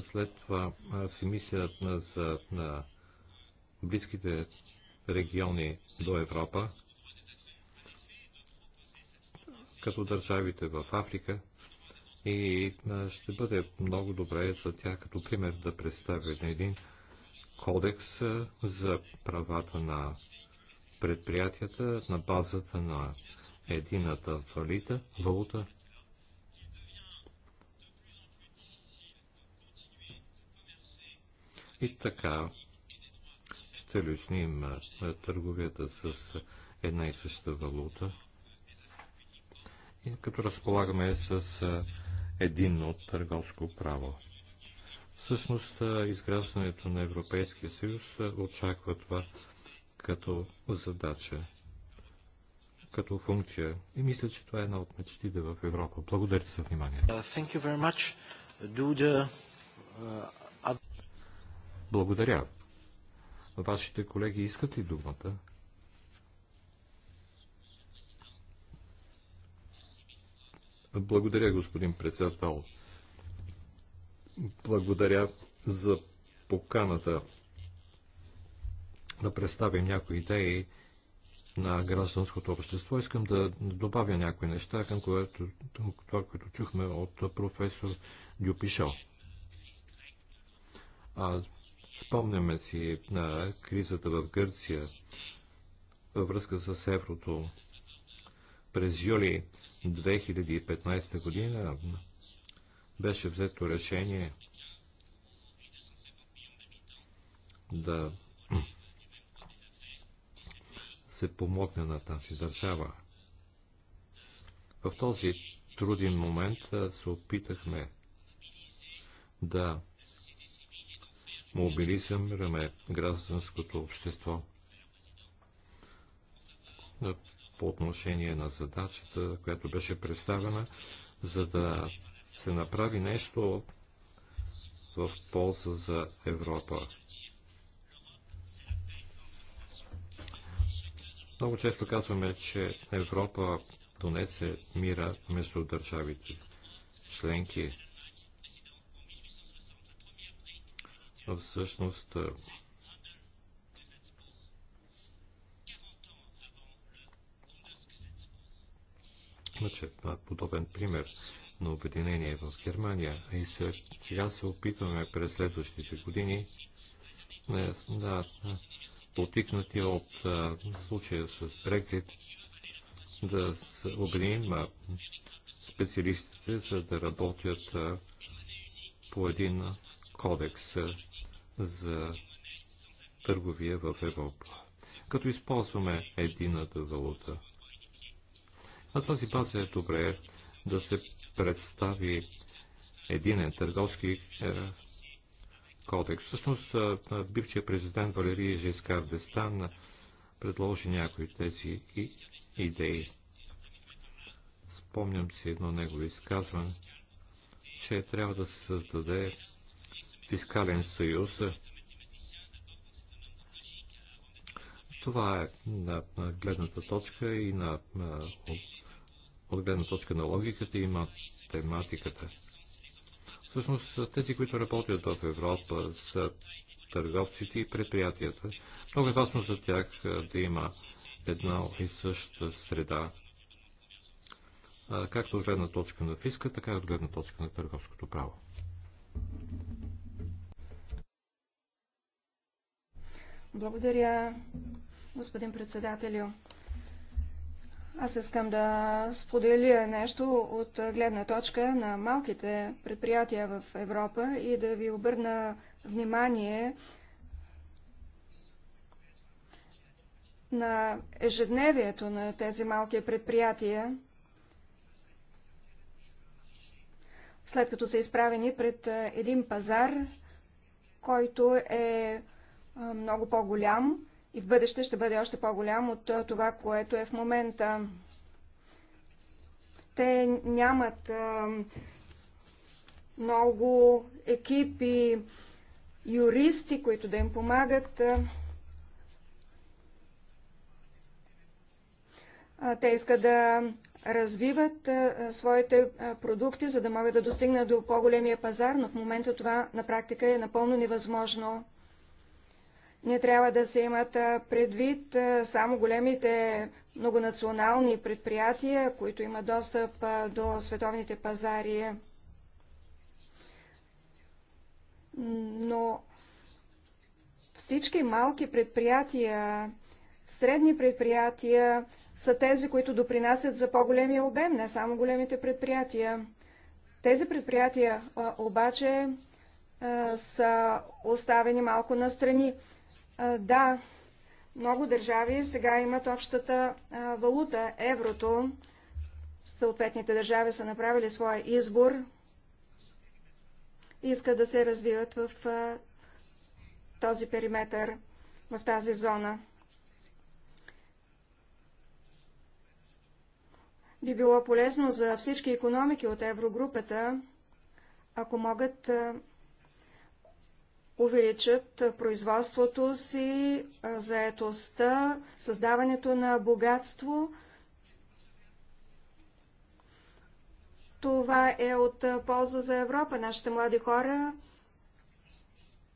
След това си мислят за на близките региони до Европа, като държавите в Африка и ще бъде много добре за тях като пример да представят един кодекс за правата на предприятията на базата на едината валита, валута. И така ще лесним търговията с една и съща валута. И като разполагаме с единно търговско право. Всъщност, изграждането на Европейския съюз очаква това като задача, като функция. И мисля, че това е една от мечтите в Европа. Благодаря ти за вниманието. Uh, uh, Благодаря. Вашите колеги искат ли думата? Благодаря, господин председател. Благодаря за поканата да представим някои идеи на гражданското общество. Искам да добавя някои неща към което, това, което чухме от професор Дюпишо. А, спомняме си на кризата в Гърция във връзка с еврото през юли 2015 година беше взето решение да се помогне на тази държава. В този труден момент се опитахме да мобилизираме гражданското общество по отношение на задачата, която беше представена, за да се направи нещо в полза за Европа. Много често казваме, че Европа донесе мира между държавите членки. Но Всъщност, Значи, подобен пример на обединение в Германия и сега се опитваме през следващите години е, да, да, потикнати от случая с Брекзит, да се обединим специалистите, за да работят по един кодекс за търговия в Европа, като използваме едината валута. На тази база е добре да се представи единен търговски е, кодекс. Всъщност, бившият президент Валерий Жескар Дестан предложи някои тези идеи. Спомням си едно негово изказване, че трябва да се създаде фискален съюз. Това е на гледната точка и на, от гледна точка на логиката и математиката. Всъщност тези, които работят в Европа, са търговците и предприятията. Много е важно за тях да има една и съща среда, както от гледна точка на фиска, така и от гледна точка на търговското право. Благодаря, господин председателю. Аз искам да споделя нещо от гледна точка на малките предприятия в Европа и да ви обърна внимание на ежедневието на тези малки предприятия, след като са изправени пред един пазар, който е много по-голям и в бъдеще ще бъде още по-голям от това, което е в момента. Те нямат много екипи, юристи, които да им помагат. Те искат да развиват своите продукти, за да могат да достигнат до по-големия пазар, но в момента това на практика е напълно невъзможно. Не трябва да се имат предвид само големите многонационални предприятия, които имат достъп до световните пазари. Но всички малки предприятия, средни предприятия са тези, които допринасят за по-големия обем, не само големите предприятия. Тези предприятия обаче са оставени малко настрани. Да, много държави сега имат общата валута, еврото. Съответните държави са направили своя избор. Искат да се развиват в този периметър, в тази зона. Би било полезно за всички економики от еврогрупата, ако могат увеличат производството си, заетостта, създаването на богатство. Това е от полза за Европа. Нашите млади хора,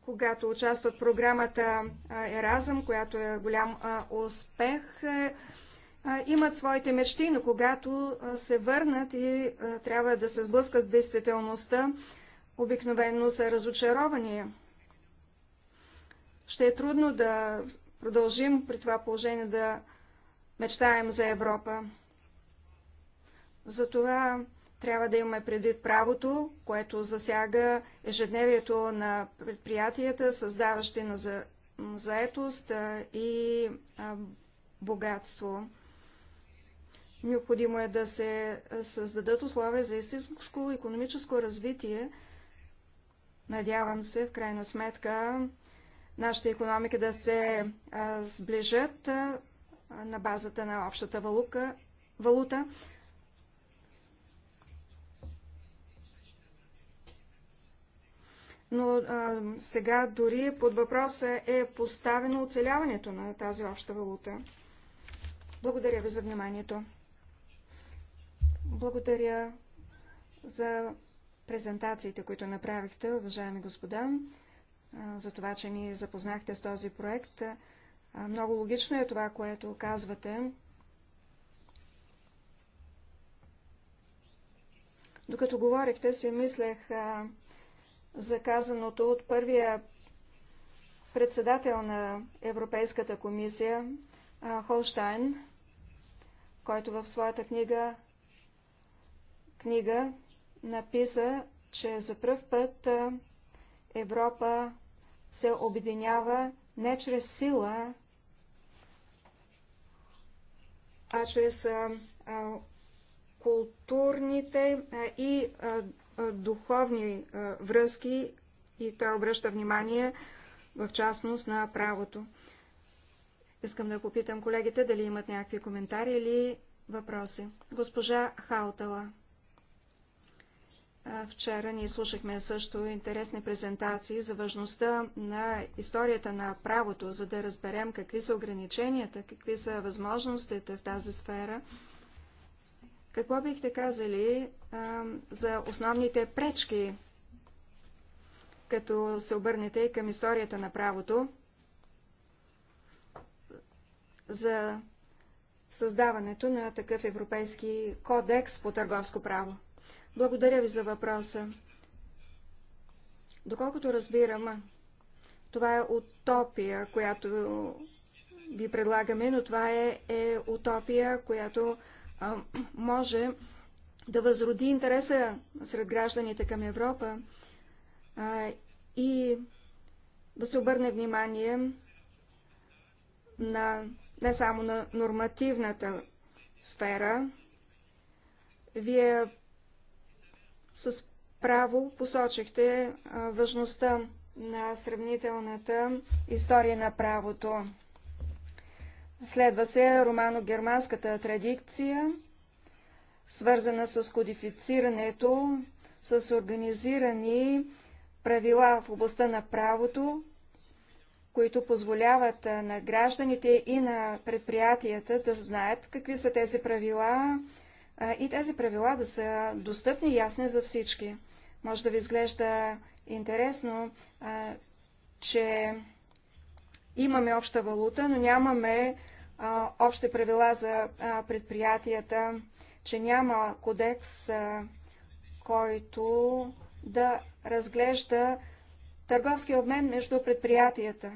когато участват в програмата Еразъм, която е голям успех, е, имат своите мечти, но когато се върнат и трябва да се сблъскат в действителността, обикновено са разочаровани. Ще е трудно да продължим при това положение да мечтаем за Европа. Затова трябва да имаме предвид правото, което засяга ежедневието на предприятията, създаващи на за... заетост и богатство. Необходимо е да се създадат условия за истинско економическо развитие. Надявам се, в крайна сметка, нашите економики да се сближат на базата на общата валута. Но а, сега дори под въпроса е поставено оцеляването на тази обща валута. Благодаря ви за вниманието. Благодаря за презентациите, които направихте, уважаеми господа за това, че ни запознахте с този проект. Много логично е това, което казвате. Докато говорихте, си мислех за казаното от първия председател на Европейската комисия Холштайн, който в своята книга, книга написа, че за пръв път Европа се обединява не чрез сила, а чрез а, а, културните а, и а, духовни а, връзки и той обръща внимание в частност на правото. Искам да попитам колегите дали имат някакви коментари или въпроси. Госпожа Хаутала. Вчера ние слушахме също интересни презентации за важността на историята на правото, за да разберем какви са ограниченията, какви са възможностите в тази сфера. Какво бихте казали а, за основните пречки, като се обърнете и към историята на правото, за създаването на такъв европейски кодекс по търговско право? Благодаря ви за въпроса. Доколкото разбирам, това е утопия, която ви предлагаме, но това е, е утопия, която а, може да възроди интереса сред гражданите към Европа а, и да се обърне внимание на, не само на нормативната сфера. Вие с право посочихте важността на сравнителната история на правото. Следва се романо-германската традиция, свързана с кодифицирането, с организирани правила в областта на правото, които позволяват на гражданите и на предприятията да знаят какви са тези правила, и тези правила да са достъпни и ясни за всички. Може да ви изглежда интересно, че имаме обща валута, но нямаме общи правила за предприятията, че няма кодекс, който да разглежда търговски обмен между предприятията,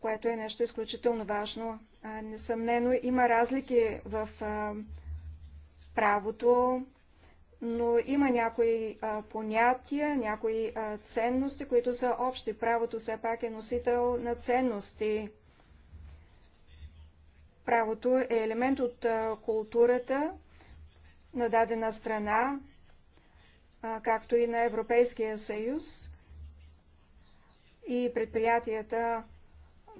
което е нещо изключително важно. Несъмнено има разлики в правото, но има някои а, понятия, някои а, ценности, които са общи. Правото все пак е носител на ценности. Правото е елемент от а, културата на дадена страна, а, както и на Европейския съюз. И предприятията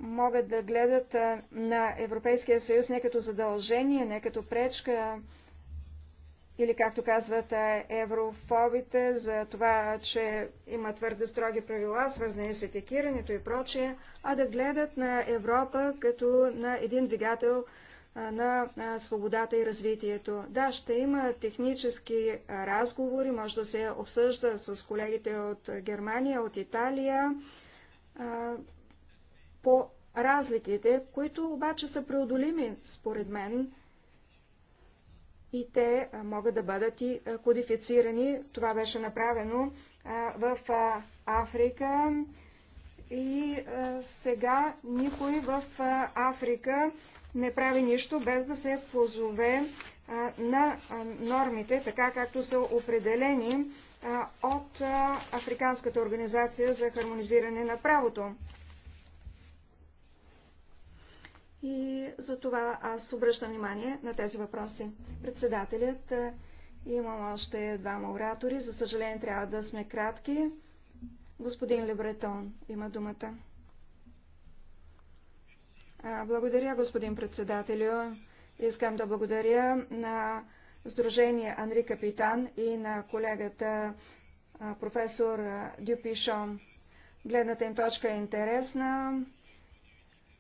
могат да гледат а, на Европейския съюз не като задължение, не като пречка, или както казват е, еврофобите, за това, че има твърде строги правила, свързани с етикирането и прочее, а да гледат на Европа като на един двигател на свободата и развитието. Да, ще има технически разговори, може да се обсъжда с колегите от Германия, от Италия, по разликите, които обаче са преодолими, според мен, и те могат да бъдат и кодифицирани. Това беше направено в Африка и сега никой в Африка не прави нищо без да се позове на нормите, така както са определени от Африканската организация за хармонизиране на правото. И за това аз обръщам внимание на тези въпроси. Председателят, е, имам още двама оратори. За съжаление трябва да сме кратки. Господин Лебретон има думата. Благодаря, господин председателю. Искам да благодаря на Сдружение Анри Капитан и на колегата професор Дюпишон. Гледната им точка е интересна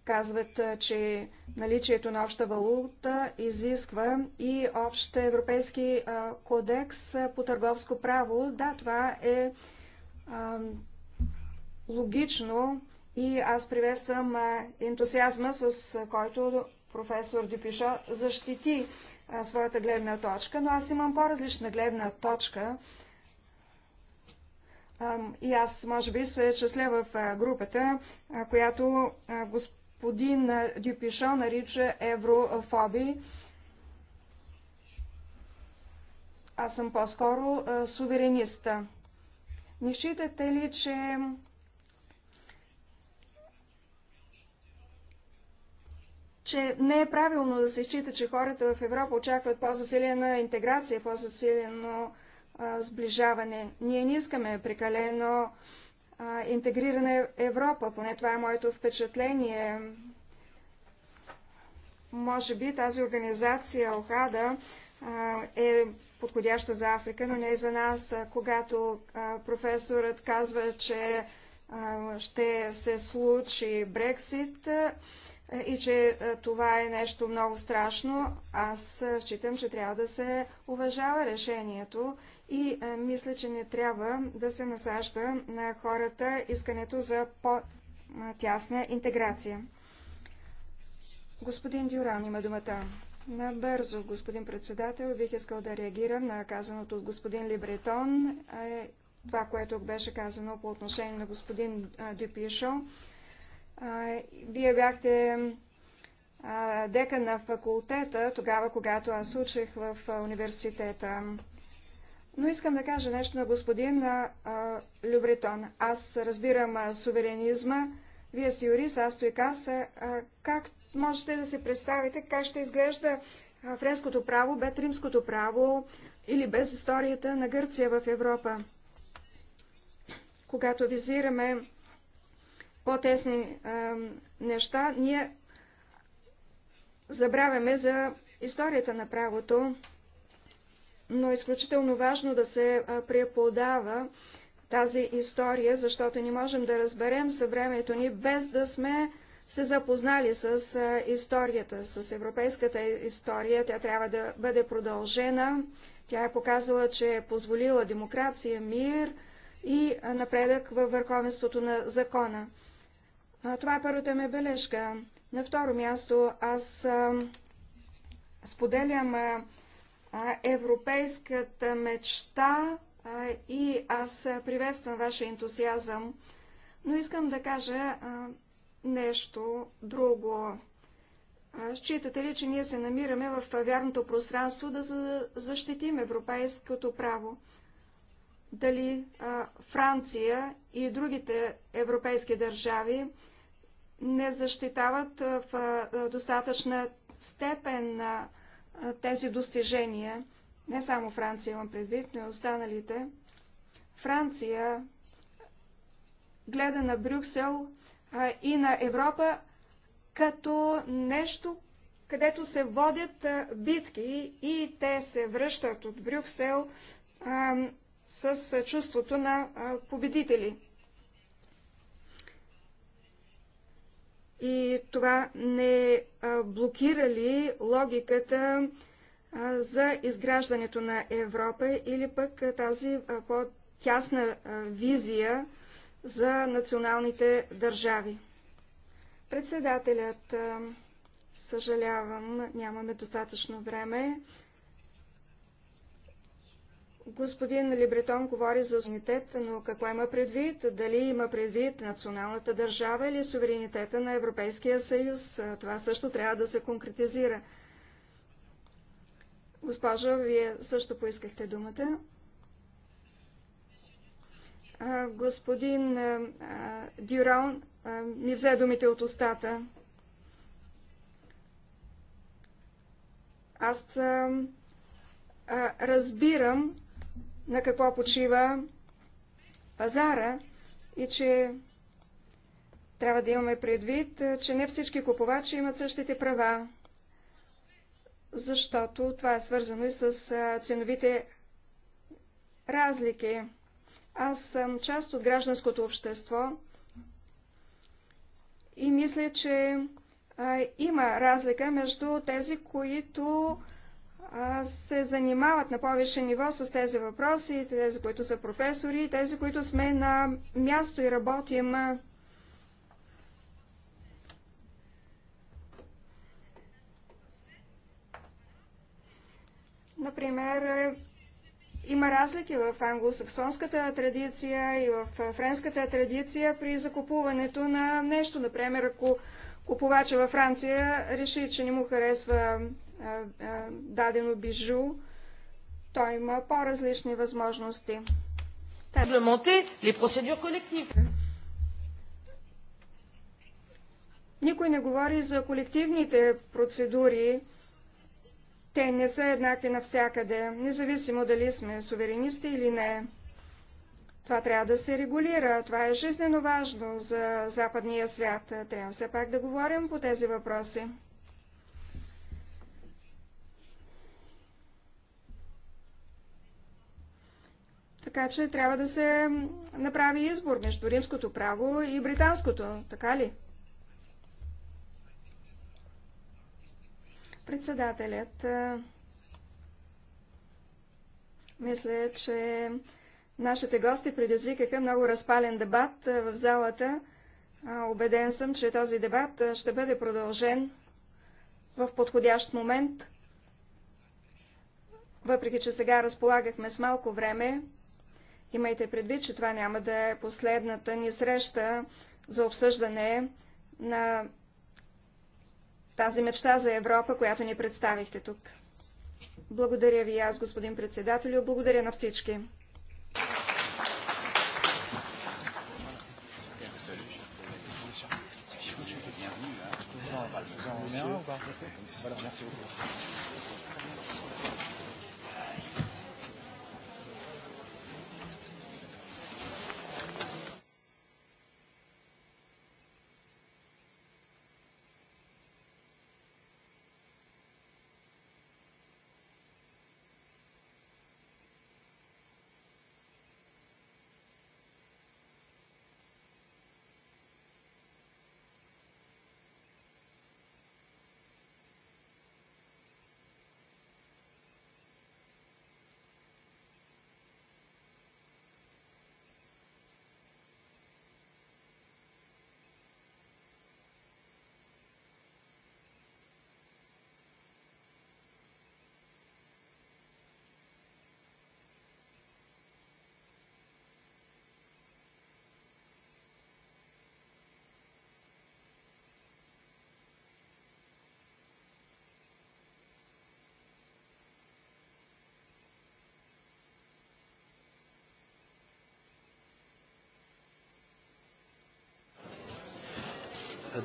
казват, че наличието на обща валута изисква и общ европейски кодекс по търговско право. Да, това е логично и аз приветствам ентусиазма, с който професор Дюпишо защити своята гледна точка, но аз имам по-различна гледна точка. И аз, може би, се числя в групата, която госп господин Дюпишо нарича еврофоби. Аз съм по-скоро е, суверениста. Не считате ли, че че не е правилно да се счита, че хората в Европа очакват по-засилена интеграция, по-засилено сближаване. Ние не искаме прекалено интегрирана Европа, поне това е моето впечатление. Може би тази организация ОХАДА е подходяща за Африка, но не и за нас. Когато професорът казва, че ще се случи Брексит, е, и че е, това е нещо много страшно. Аз е, считам, че трябва да се уважава решението и мисля, че не трябва да се насажда на хората искането за по-тясна интеграция. Господин Дюран има думата. Набързо, господин председател, бих искал да реагирам на казаното от господин Либретон, това, което беше казано по отношение на господин Дюпишо. А, вие бяхте а, дека на факултета, тогава, когато аз учих в а, университета. Но искам да кажа нещо на господин а, Любретон. Аз разбирам а, суверенизма. Вие сте юрист, аз стоикас. А, как можете да се представите как ще изглежда френското право, без римското право или без историята на Гърция в Европа? Когато визираме по-тесни неща, ние забравяме за историята на правото, но е изключително важно да се преподава тази история, защото не можем да разберем съвремето ни без да сме се запознали с историята, с европейската история. Тя трябва да бъде продължена. Тя е показала, че е позволила демокрация, мир и напредък във върховенството на закона това е първата ми бележка. На второ място аз споделям европейската мечта и аз приветствам вашия ентусиазъм, но искам да кажа нещо друго. Считате ли, че ние се намираме в вярното пространство да защитим европейското право? дали а, Франция и другите европейски държави не защитават в а, достатъчна степен а, тези достижения. Не само Франция имам предвид, но и останалите. Франция гледа на Брюксел а, и на Европа като нещо, където се водят а, битки и те се връщат от Брюксел а, с чувството на победители. И това не блокира ли логиката за изграждането на Европа или пък тази по-тясна визия за националните държави? Председателят, съжалявам, нямаме достатъчно време. Господин Либретон говори за суверенитет, но какво има предвид? Дали има предвид националната държава или суверенитета на Европейския съюз? Това също трябва да се конкретизира. Госпожо, вие също поискахте думата. Господин Дюрон ми взе думите от устата. Аз разбирам на какво почива пазара и че трябва да имаме предвид, че не всички купувачи имат същите права, защото това е свързано и с ценовите разлики. Аз съм част от гражданското общество и мисля, че а, има разлика между тези, които се занимават на повече ниво с тези въпроси, тези, които са професори, тези, които сме на място и работим. Например, има разлики в англосаксонската традиция и в френската традиция при закупуването на нещо. Например, ако купувача във Франция реши, че не му харесва дадено бижу, той има по-различни възможности. Никой не говори за колективните процедури. Те не са еднакви навсякъде, независимо дали сме суверенисти или не. Това трябва да се регулира. Това е жизненно важно за западния свят. Трябва все пак да говорим по тези въпроси. Така че трябва да се направи избор между римското право и британското, така ли? Председателят мисля, че нашите гости предизвикаха много разпален дебат в залата. Обеден съм, че този дебат ще бъде продължен в подходящ момент. Въпреки, че сега разполагахме с малко време, Имайте предвид, че това няма да е последната ни среща за обсъждане на тази мечта за Европа, която ни представихте тук. Благодаря ви аз, господин председател, и благодаря на всички. Merci beaucoup.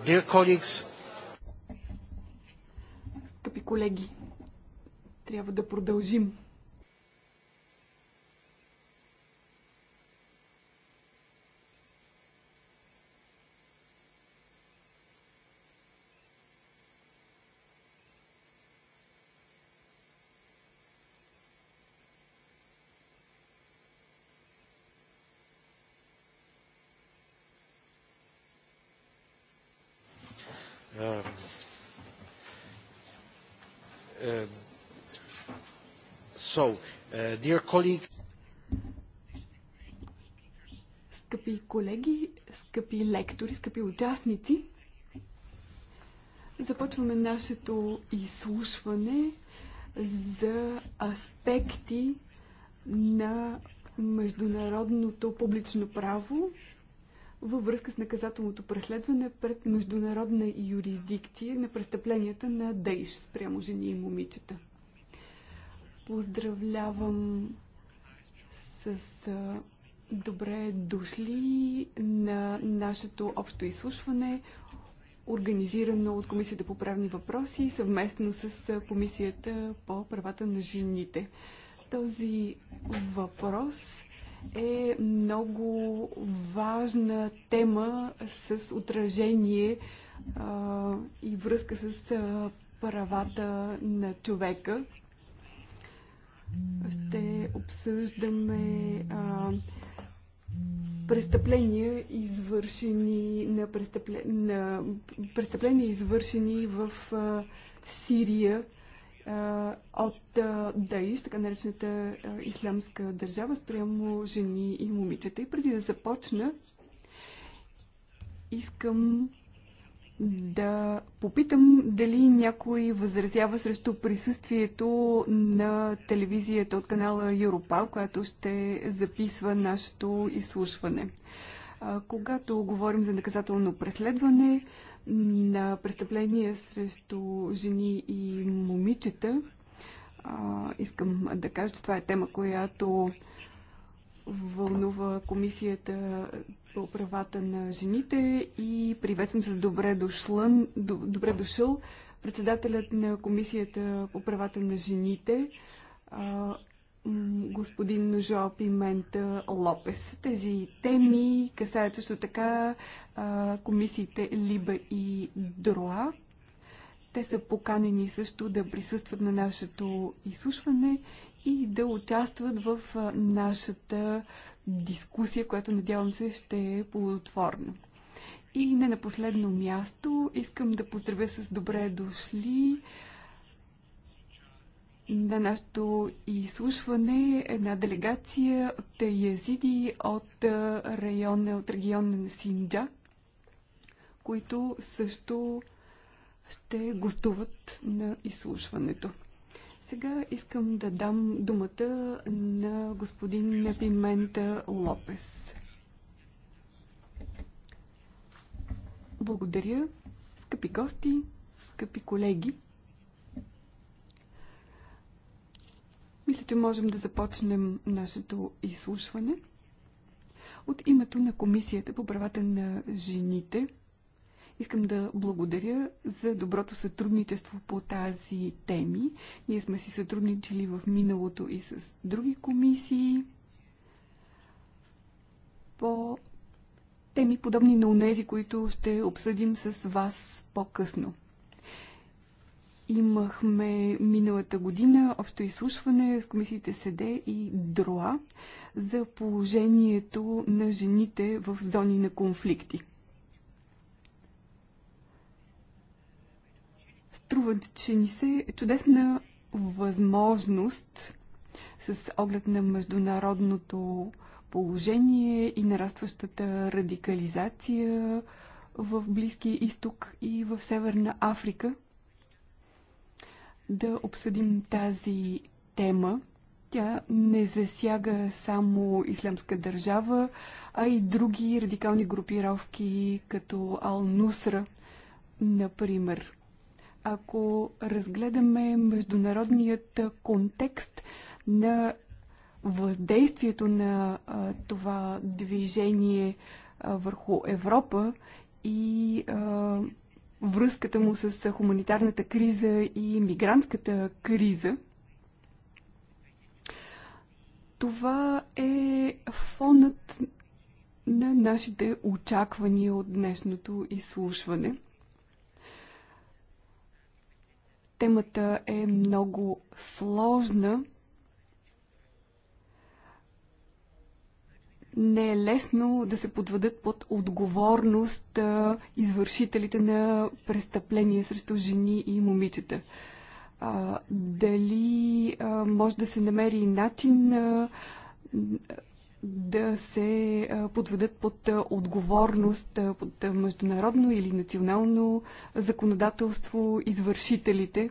Dear colleagues, Скъпи колеги, трябва да продължим Скъпи колеги, скъпи лектори, скъпи участници, започваме нашето изслушване за аспекти на международното публично право във връзка с наказателното преследване пред международна юрисдикция на престъпленията на Дейш спрямо жени и момичета поздравлявам с добре дошли на нашето общо изслушване, организирано от Комисията по правни въпроси съвместно с Комисията по правата на жените. Този въпрос е много важна тема с отражение а, и връзка с а, правата на човека ще обсъждаме а, престъпления, извършени на, престъпле... на престъпления, извършени в а, Сирия а, от а, Даиш, така наречената а, ислямска държава, спрямо жени и момичета. И преди да започна, искам да попитам дали някой възразява срещу присъствието на телевизията от канала Европа, която ще записва нашето изслушване. Когато говорим за наказателно преследване на престъпления срещу жени и момичета, искам да кажа, че това е тема, която вълнува комисията по правата на жените и приветствам с добре, дошлън, добре дошъл председателят на Комисията по правата на жените, господин Ножо Пимента Лопес. Тези теми касаят също така комисиите Либа и Дроа. Те са поканени също да присъстват на нашето изслушване и да участват в нашата дискусия, която надявам се ще е плодотворна. И не на последно място искам да поздравя с добре дошли на нашето изслушване една делегация от язиди от района, от региона на Синджа, които също ще гостуват на изслушването. Сега искам да дам думата на господин Пимента Лопес. Благодаря, скъпи гости, скъпи колеги. Мисля, че можем да започнем нашето изслушване. От името на Комисията по правата на жените – Искам да благодаря за доброто сътрудничество по тази теми. Ние сме си сътрудничили в миналото и с други комисии по теми подобни на унези, които ще обсъдим с вас по-късно. Имахме миналата година общо изслушване с комисиите СЕДЕ и ДРОА за положението на жените в зони на конфликти. струват, че ни се е чудесна възможност с оглед на международното положение и нарастващата радикализация в Близкия изток и в Северна Африка да обсъдим тази тема. Тя не засяга само Ислямска държава, а и други радикални групировки, като Ал-Нусра, например ако разгледаме международният контекст на въздействието на а, това движение а, върху Европа и а, връзката му с хуманитарната криза и мигрантската криза. Това е фонът на нашите очаквания от днешното изслушване – Темата е много сложна. Не е лесно да се подведат под отговорност а, извършителите на престъпления срещу жени и момичета. А, дали а, може да се намери начин а, да се подведат под отговорност, под международно или национално законодателство извършителите.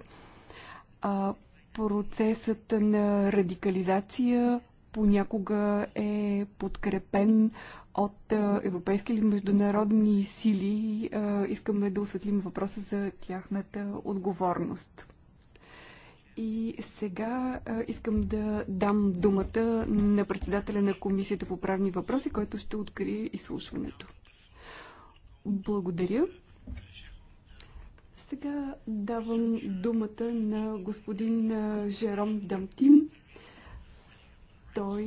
Процесът на радикализация понякога е подкрепен от европейски или международни сили. Искаме да осветлим въпроса за тяхната отговорност. И сега а, искам да дам думата на председателя на Комисията по правни въпроси, който ще открие изслушването. Благодаря. Сега давам думата на господин Жером Дамтин. Той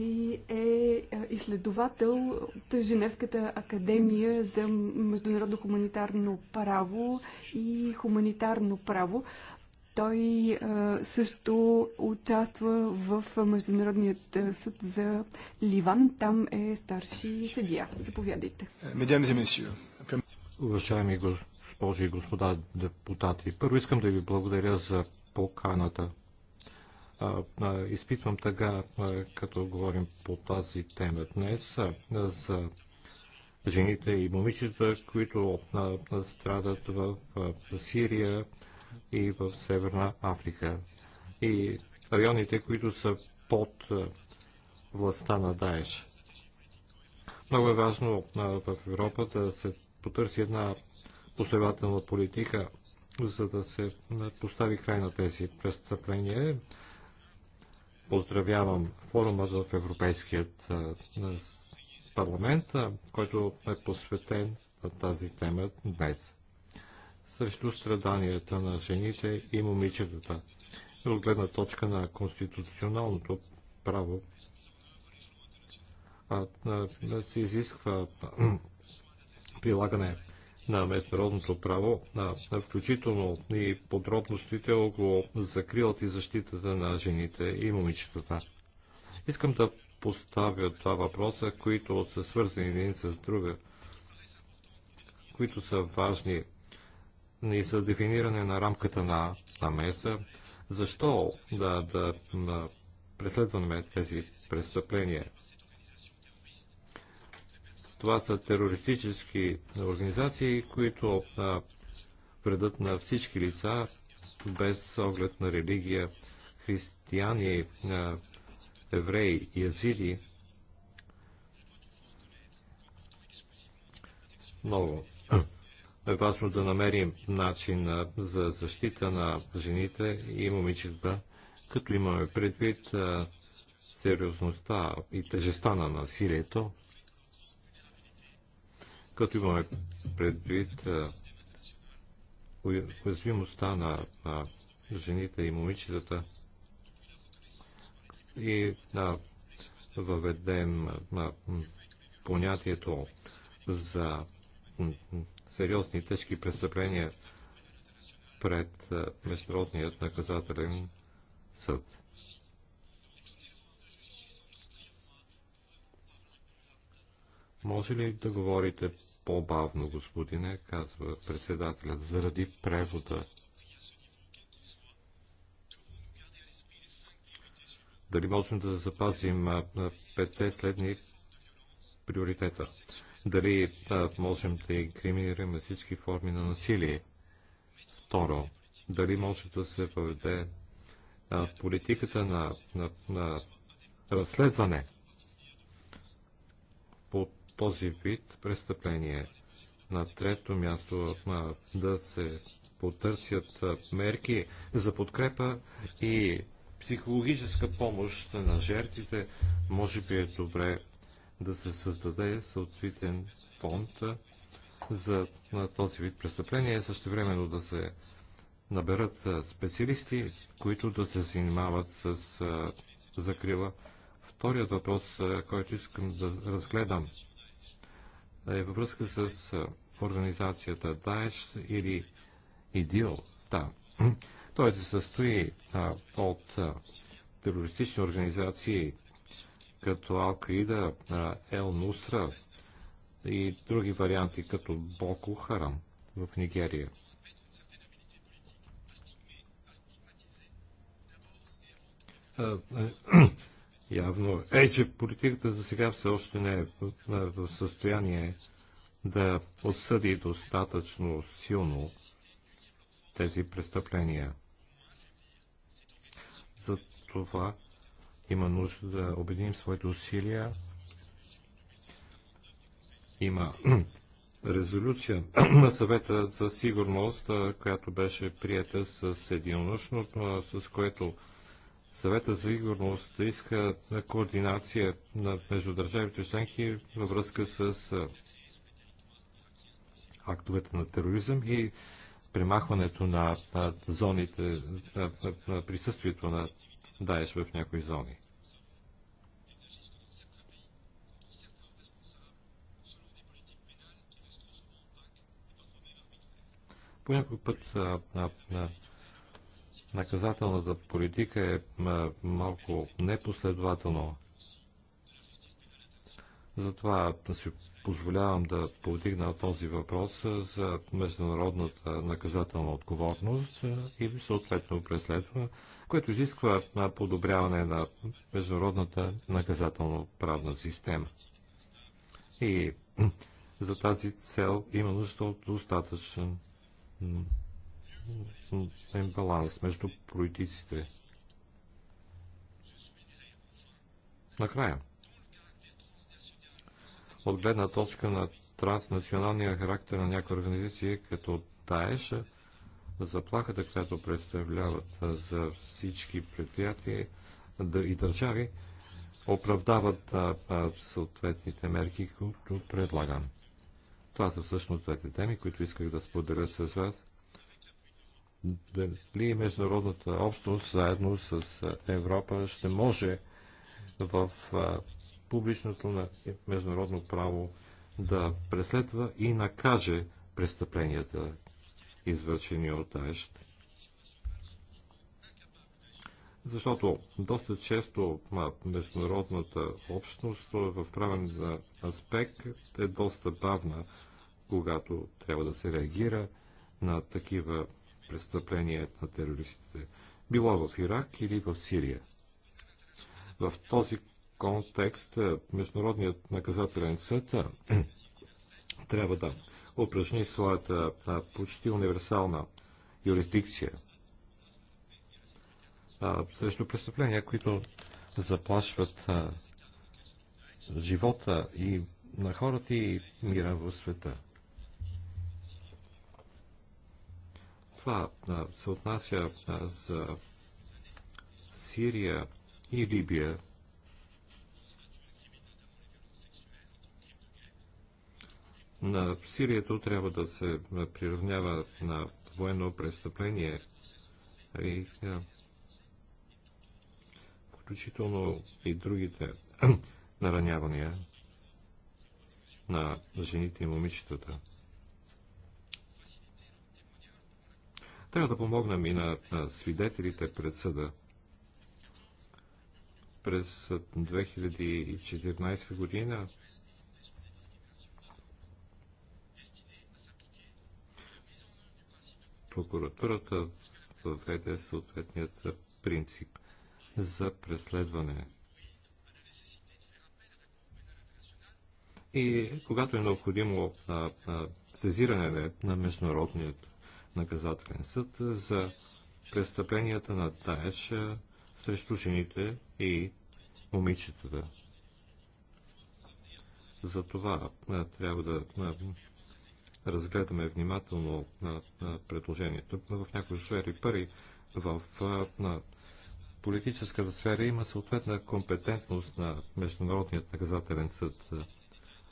е изследовател от Женевската академия за международно хуманитарно право и хуманитарно право. Той също участва в Международният съд за Ливан. Там е старши съдия. Заповядайте. Медям за Уважаеми госпожи и господа депутати, първо искам да ви благодаря за поканата. Изпитвам тъга, като говорим по тази тема днес, за жените и момичета, които страдат в Сирия, и в Северна Африка. И районите, които са под властта на Даеш. Много е важно в Европа да се потърси една последователна политика, за да се постави край на тези престъпления. Поздравявам форума в Европейският парламент, който е посветен на тази тема днес срещу страданията на жените и момичетата. От гледна точка на конституционалното право а, а, се изисква [clears throat] прилагане на международното право, а, включително и подробностите около закрилата и защитата на жените и момичетата. Искам да поставя два въпроса, които са свързани един с друга, които са важни и за дефиниране на рамката на намеса. Защо да, да, да преследваме тези престъпления? Това са терористически организации, които а, вредят на всички лица, без оглед на религия, християни, а, евреи, язиди. Много е важно да намерим начин за защита на жените и момичета, като имаме предвид е, сериозността и тежестта на насилието, като имаме предвид е, уязвимостта на, жените и момичетата и да е, въведем понятието за сериозни и тежки престъпления пред Международният наказателен съд. Може ли да говорите по-бавно, господине, казва председателят, заради превода? Дали можем да запазим петте следни приоритета? дали можем да инкриминираме всички форми на насилие. Второ, дали може да се въведе политиката на, на, на разследване по този вид престъпление. На трето място да се потърсят мерки за подкрепа и психологическа помощ на жертвите. Може би е добре да се създаде съответен фонд за на този вид престъпление, също времено да се наберат специалисти, които да се занимават с закрила. Вторият въпрос, който искам да разгледам, е във връзка с организацията Даеш или ИДИЛ. Да. Той се състои а, от а, терористични организации, като Ал-Каида, Ел-Нусра и други варианти, като Боко Харам в Нигерия. Явно е, че политиката за сега все още не е в състояние да отсъди достатъчно силно тези престъпления. За това има нужда да обединим своите усилия. Има [clears throat] резолюция [clears throat] на съвета за сигурност, която беше прията с единочно, с което съвета за сигурност иска на координация между държавите членки във връзка с актовете на тероризъм и премахването на, на зоните, на, на, на присъствието на Даеш в някои зони. По някой път а, а, а, наказателната политика е а, малко непоследователно. Затова си позволявам да повдигна този въпрос за международната наказателна отговорност е, и съответно преследва, което изисква на подобряване на международната наказателно-правна система. И [clears throat] за тази цел има нужда от достатъчен баланс между политиците. Накрая от гледна точка на транснационалния характер на някои организации, като Даеш, заплахата, която представляват за всички предприятия и държави, оправдават съответните мерки, които предлагам. Това са всъщност двете теми, които исках да споделя с вас. Дали международната общност заедно с Европа ще може в публичното на международно право да преследва и накаже престъпленията, извършени от Даеш. Защото доста често международната общност в правен аспект е доста бавна, когато трябва да се реагира на такива престъпления на терористите, било в Ирак или в Сирия. В този контекст е, Международният наказателен съд е, [clears throat] трябва да упражни своята е, почти универсална юрисдикция срещу престъпления, които заплашват живота и на хората и мира в света. Това се отнася за Сирия и Либия, на Сирието трябва да се приравнява на военно престъпление и включително и другите [clears throat] наранявания на жените и момичетата. Трябва да помогнем и на, на свидетелите пред съда. През 2014 година прокуратурата въведе съответният принцип за преследване. И когато е необходимо а, а, сезиране на Международният наказателен съд за престъпленията на Даеш срещу жените и момичетата. За това трябва да разгледаме внимателно на, на предложението. В някои сфери пари в на политическата сфера има съответна компетентност на Международният наказателен съд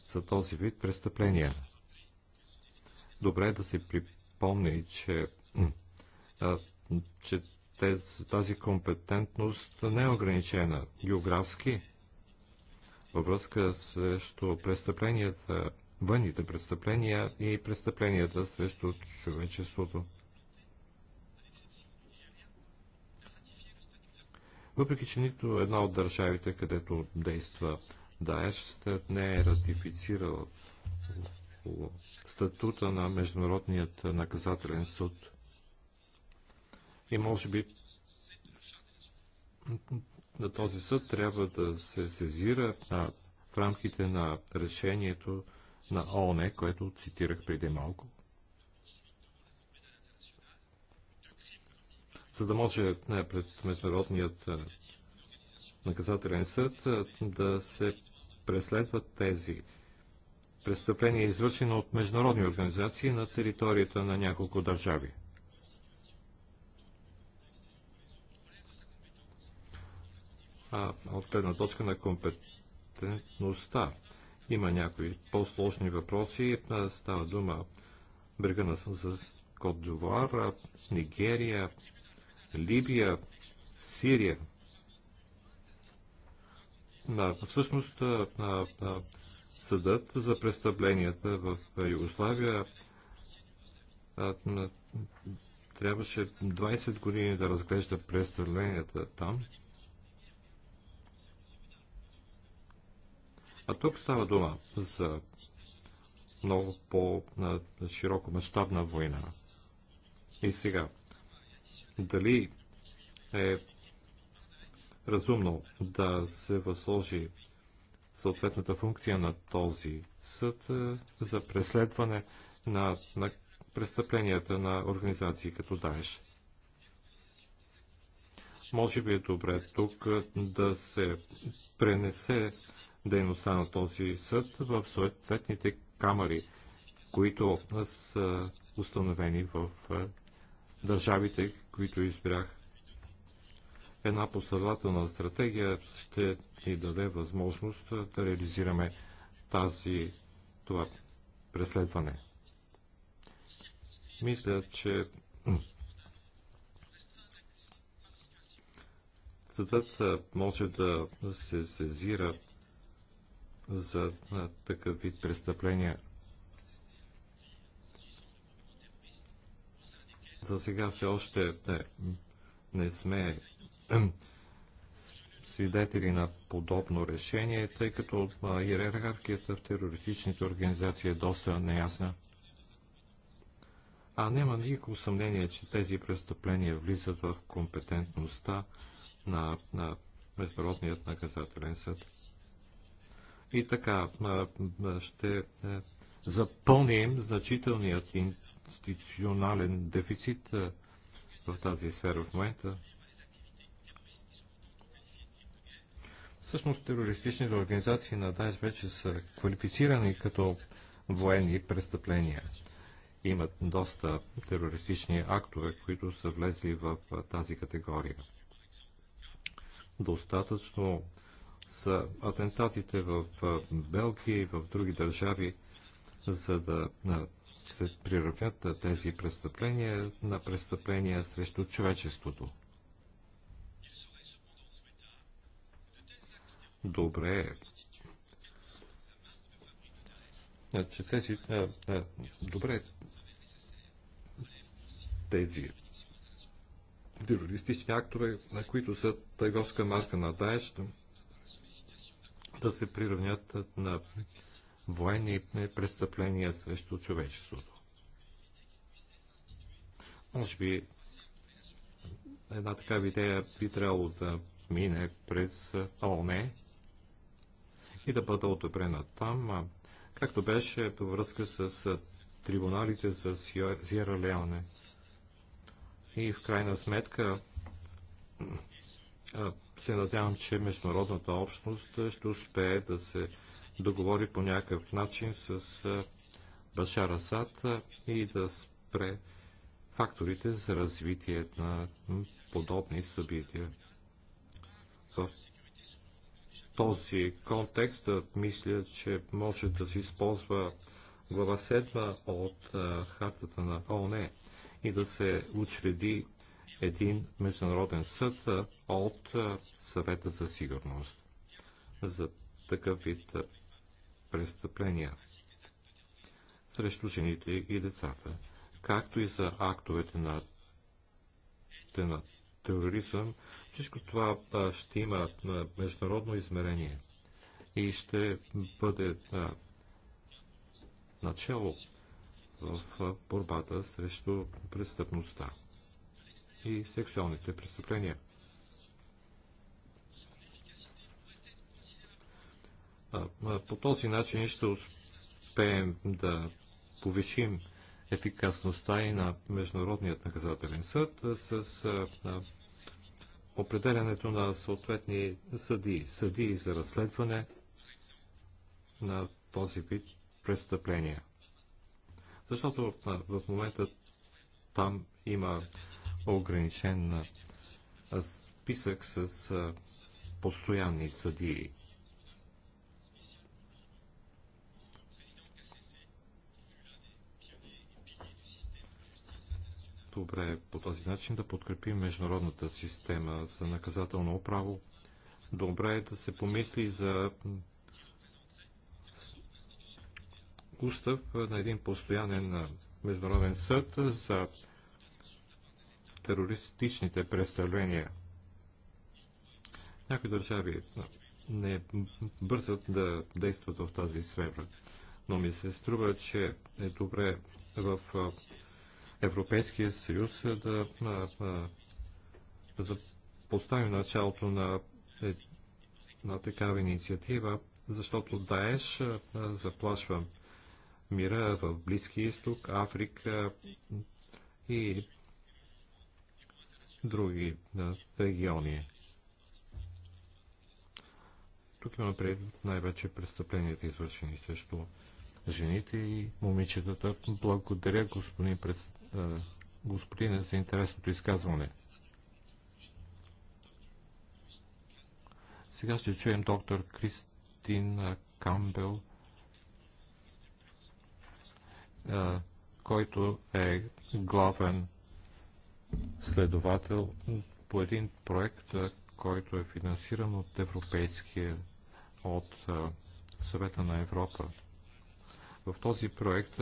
за този вид престъпления. Добре е да се припомни, че, че тази компетентност не е ограничена географски във връзка срещу престъпленията военните престъпления и престъпленията срещу човечеството. Въпреки, че нито една от държавите, където действа Даеш, не е ратифицирала статута на Международният наказателен съд. И може би на този съд трябва да се сезира в рамките на решението на ООН, което цитирах преди малко. За да може пред Международният наказателен съд да се преследват тези престъпления, извършени от международни организации на територията на няколко държави. А от гледна точка на компетентността има някои по-сложни въпроси. Става дума брега на за Кот Дувар, Нигерия, Либия, Сирия. На, всъщност, на, на, съдът за престъпленията в Югославия а, на, трябваше 20 години да разглежда престъпленията там. А тук става дума за много по-широко мащабна война. И сега, дали е разумно да се възложи съответната функция на този съд е, за преследване на, на престъпленията на организации като Даеш. Може би е добре тук да се пренесе дейността на този съд в съответните камери, които са установени в държавите, които избрах. Една последователна стратегия ще ни даде възможност да реализираме тази, това преследване. Мисля, че съдът може да се сезира за такъв вид престъпления. За сега все още не, не сме свидетели на подобно решение, тъй като иерархията в терористичните организации е доста неясна. А няма никакво съмнение, че тези престъпления влизат в компетентността на, на Международният наказателен съд. И така, ще е, запълним значителният институционален дефицит е, в тази сфера в момента. Всъщност терористичните организации на Дайс вече са квалифицирани като военни престъпления. Имат доста терористични актове, които са влезли в тази категория. Достатъчно за атентатите в Белгия и в други държави, за да се приравнят тези престъпления на престъпления срещу човечеството. Добре е, че тези, а, а, добре, тези терористични актове, на които са търговска марка на Даеш, да се приравнят на военни престъпления срещу човечеството. Може би една такава идея би трябвало да мине през ОНЕ и да бъде одобрена там, както беше във връзка с трибуналите за Сиера Леоне. И в крайна сметка се надявам, че международната общност ще успее да се договори по някакъв начин с Башар Асад и да спре факторите за развитие на подобни събития. В този контекст мисля, че може да се използва глава 7 от хартата на ООН и да се учреди един международен съд от съвета за сигурност за такъв вид престъпления срещу жените и децата, както и за актовете на, на тероризъм, всичко това ще има международно измерение и ще бъде а, начало в борбата срещу престъпността и сексуалните престъпления. По този начин ще успеем да повишим ефикасността и на Международният наказателен съд с определянето на съответни съди, съди за разследване на този вид престъпления. Защото в момента там има ограничен списък с постоянни съдии. Добре, е по този начин да подкрепим международната система за наказателно право. Добре е да се помисли за устав на един постоянен международен съд за терористичните представления. Някои държави не бързат да действат в тази сфера, но ми се струва, че е добре в Европейския съюз да поставим началото на, е, на такава инициатива, защото Даеш заплашва мира в Близки изток, Африка и други региони. Тук има предвид най-вече престъпленията, извършени срещу жените и момичетата. Благодаря, господин пред... господине, за интересното изказване. Сега ще чуем доктор Кристин Камбел, който е главен следовател по един проект, който е финансиран от Европейския, от Съвета на Европа. В този проект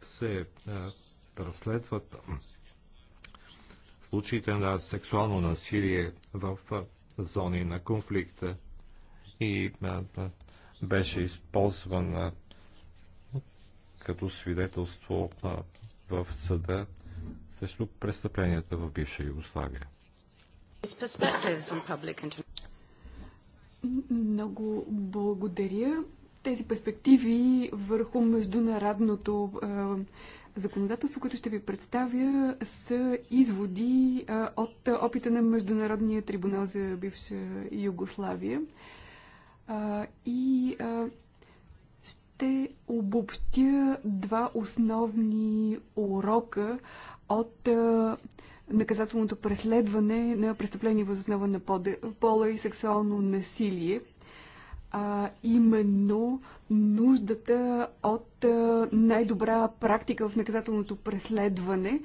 се разследват случаите на сексуално насилие в зони на конфликта и беше използвана като свидетелство в съда срещу престъпленията в бивша Югославия. Много благодаря. Тези перспективи върху международното законодателство, което ще ви представя, са изводи от опита на Международния трибунал за бивша Югославия. И ще обобщя два основни урока от е, наказателното преследване на престъпления въз основа на пола и сексуално насилие а, именно нуждата от е, най-добра практика в наказателното преследване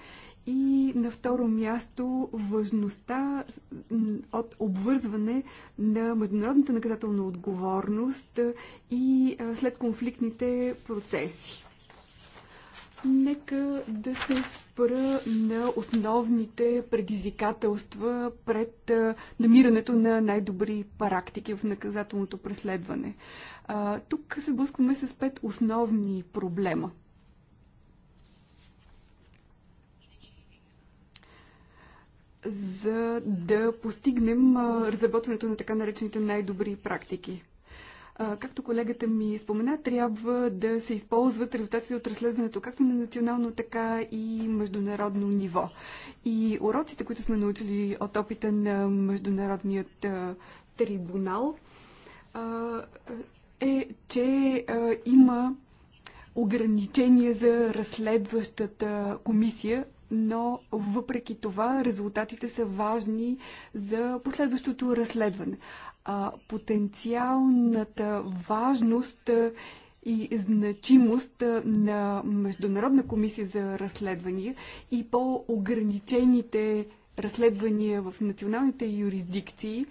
и на второ място важността от обвързване на международната наказателна отговорност и след конфликтните процеси. Нека да се спра на основните предизвикателства пред намирането на най-добри практики в наказателното преследване. Тук се блъскваме с пет основни проблема – за да постигнем разработването на така наречените най-добри практики. Както колегата ми спомена, трябва да се използват резултатите от разследването както на национално, така и международно ниво. И уроците, които сме научили от опита на Международният трибунал, е, че има ограничения за разследващата комисия но въпреки това резултатите са важни за последващото разследване. А, потенциалната важност и значимост на Международна комисия за разследвания и по-ограничените разследвания в националните юрисдикции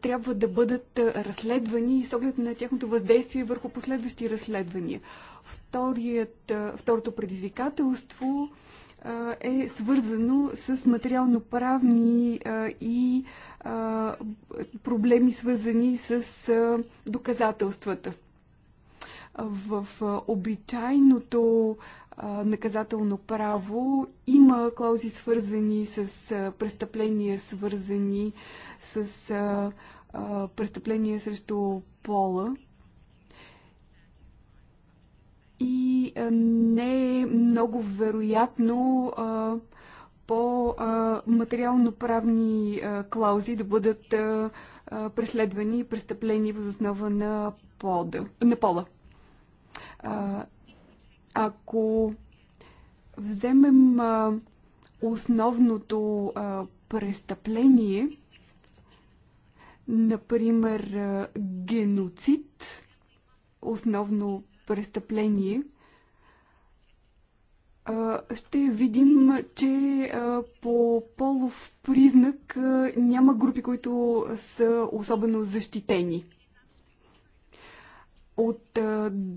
трябва да бъдат разследвани с оглед на тяхното въздействие върху последващи разследвания. Вторият, второто предизвикателство е свързано с материално-правни и проблеми, свързани с доказателствата. В обичайното наказателно право има клаузи, свързани с престъпления, свързани с престъпления срещу пола и не е много вероятно по материално-правни клаузи да бъдат преследвани и престъплени въз основа на, пода, на пола. Ако вземем основното престъпление, например геноцид, основно престъпление, ще видим, че по полов признак няма групи, които са особено защитени. От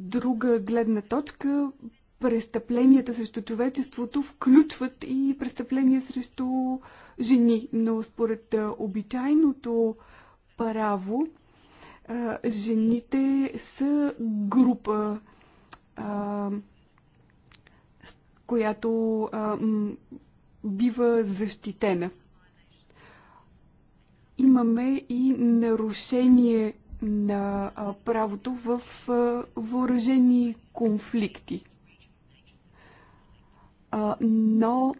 друга гледна точка, престъпленията срещу човечеството включват и престъпления срещу жени, но според обичайното право, а, жените са група, а, която а, бива защитена. Имаме и нарушение на а, правото в а, въоръжени конфликти. А, но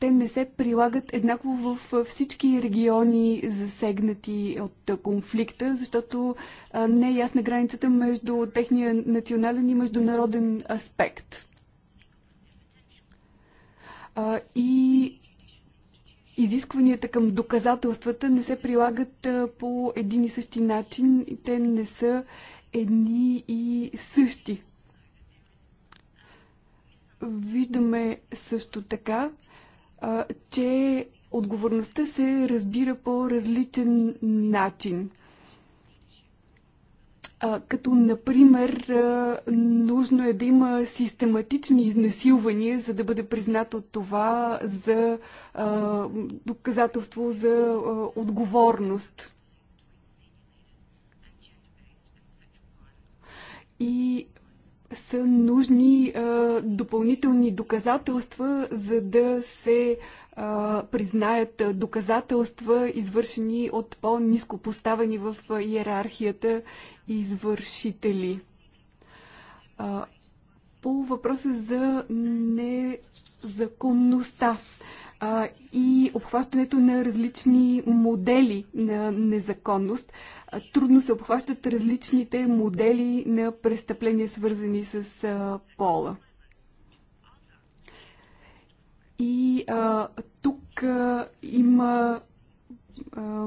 те не се прилагат еднакво в всички региони засегнати от конфликта, защото не е ясна границата между техния национален и международен аспект. И изискванията към доказателствата не се прилагат по един и същи начин и те не са едни и същи. Виждаме също така, че отговорността се разбира по различен начин. Като, например, нужно е да има систематични изнасилвания, за да бъде признато това за доказателство за отговорност. И са нужни а, допълнителни доказателства, за да се а, признаят доказателства, извършени от по-низко поставени в иерархията извършители. А, по въпроса за незаконността а, и обхващането на различни модели на незаконност. А, трудно се обхващат различните модели на престъпления, свързани с а, пола. И а, тук а, има. А,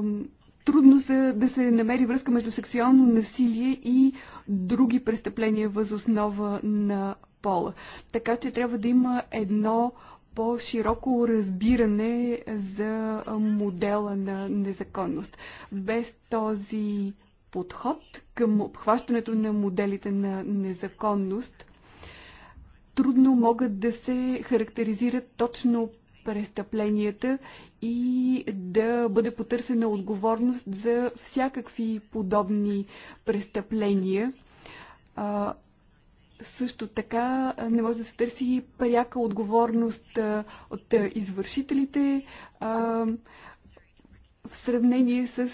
трудно се, да се намери връзка между сексуално насилие и други престъпления възоснова на пола. Така че трябва да има едно по-широко разбиране за модела на незаконност. Без този подход към обхващането на моделите на незаконност, трудно могат да се характеризират точно престъпленията и да бъде потърсена отговорност за всякакви подобни престъпления. Също така не може да се търси пряка отговорност от извършителите в сравнение с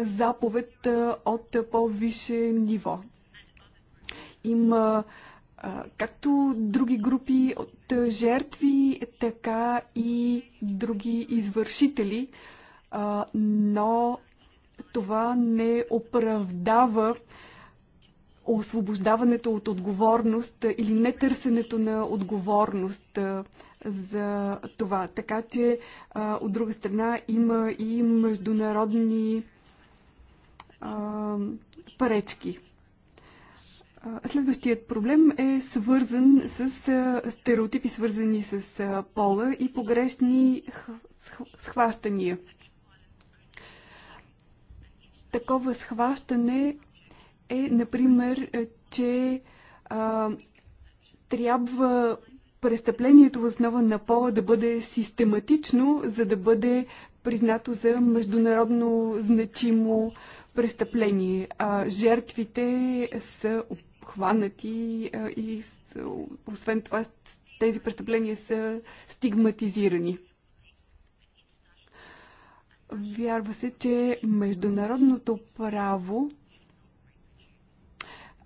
заповед от по-висше ниво. Има както други групи от жертви, така и други извършители, но това не оправдава освобождаването от отговорност или нетърсенето на отговорност за това. Така че от друга страна има и международни паречки. Следващият проблем е свързан с стереотипи, свързани с пола и погрешни схващания. Такова схващане е, например, е, че а, трябва престъплението в основа на пола да бъде систематично, за да бъде признато за международно значимо престъпление. А, жертвите са обхванати а, и са, освен това тези престъпления са стигматизирани. Вярва се, че международното право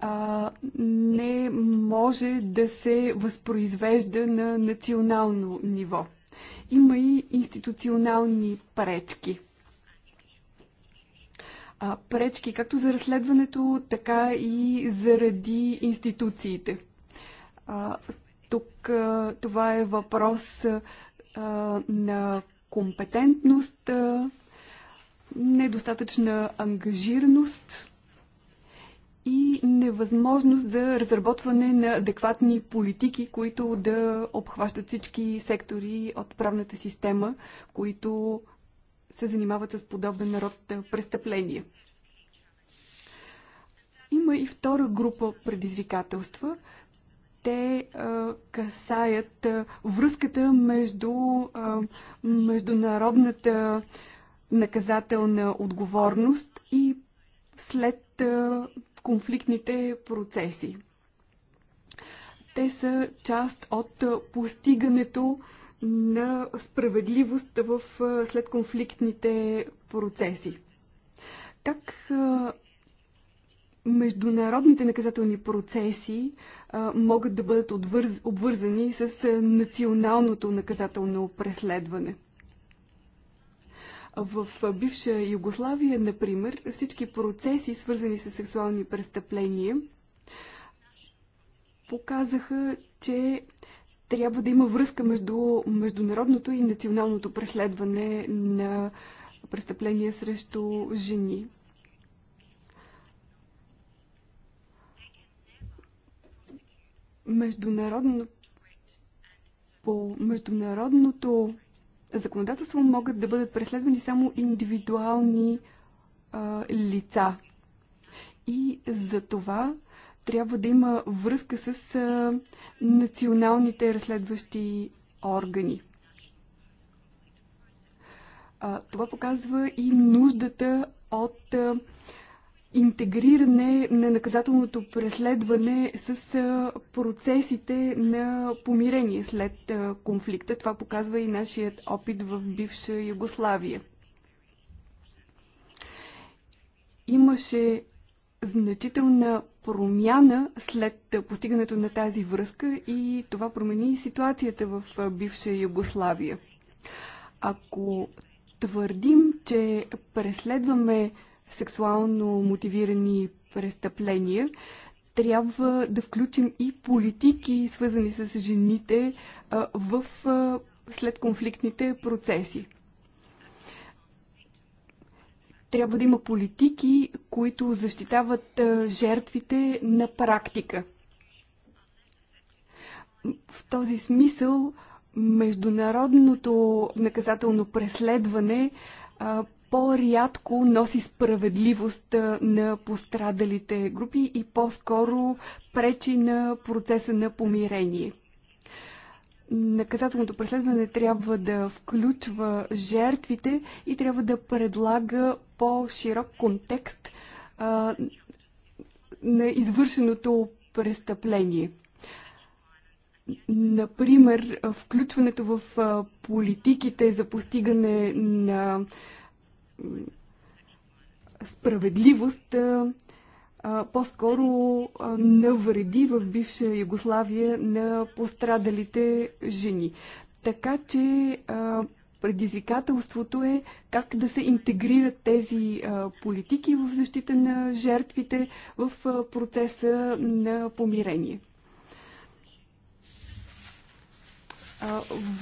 а, не може да се възпроизвежда на национално ниво. Има и институционални пречки. А, пречки както за разследването, така и заради институциите. А, тук а, това е въпрос а, на компетентност, а, недостатъчна ангажираност и невъзможност за разработване на адекватни политики, които да обхващат всички сектори от правната система, които се занимават с подобен народ престъпления. Има и втора група предизвикателства. Те а, касаят а, връзката между а, международната наказателна отговорност и след а, конфликтните процеси. Те са част от постигането на справедливост в следконфликтните процеси. Как международните наказателни процеси могат да бъдат обвързани с националното наказателно преследване. В бивша Югославия, например, всички процеси, свързани с сексуални престъпления, показаха, че трябва да има връзка между международното и националното преследване на престъпления срещу жени. Международно, по международното законодателство могат да бъдат преследвани само индивидуални а, лица. И за това трябва да има връзка с а, националните разследващи органи. А, това показва и нуждата от а, интегриране на наказателното преследване с процесите на помирение след конфликта. Това показва и нашият опит в бивша Югославия. Имаше значителна промяна след постигането на тази връзка и това промени ситуацията в бивша Югославия. Ако твърдим, че преследваме сексуално мотивирани престъпления, трябва да включим и политики, свързани с жените в следконфликтните процеси. Трябва да има политики, които защитават жертвите на практика. В този смисъл международното наказателно преследване по-рядко носи справедливост на пострадалите групи и по-скоро пречи на процеса на помирение. Наказателното преследване трябва да включва жертвите и трябва да предлага по-широк контекст а, на извършеното престъпление. Например, включването в политиките за постигане на справедливост по-скоро навреди в бивша Югославия на пострадалите жени. Така че предизвикателството е как да се интегрират тези политики в защита на жертвите в процеса на помирение.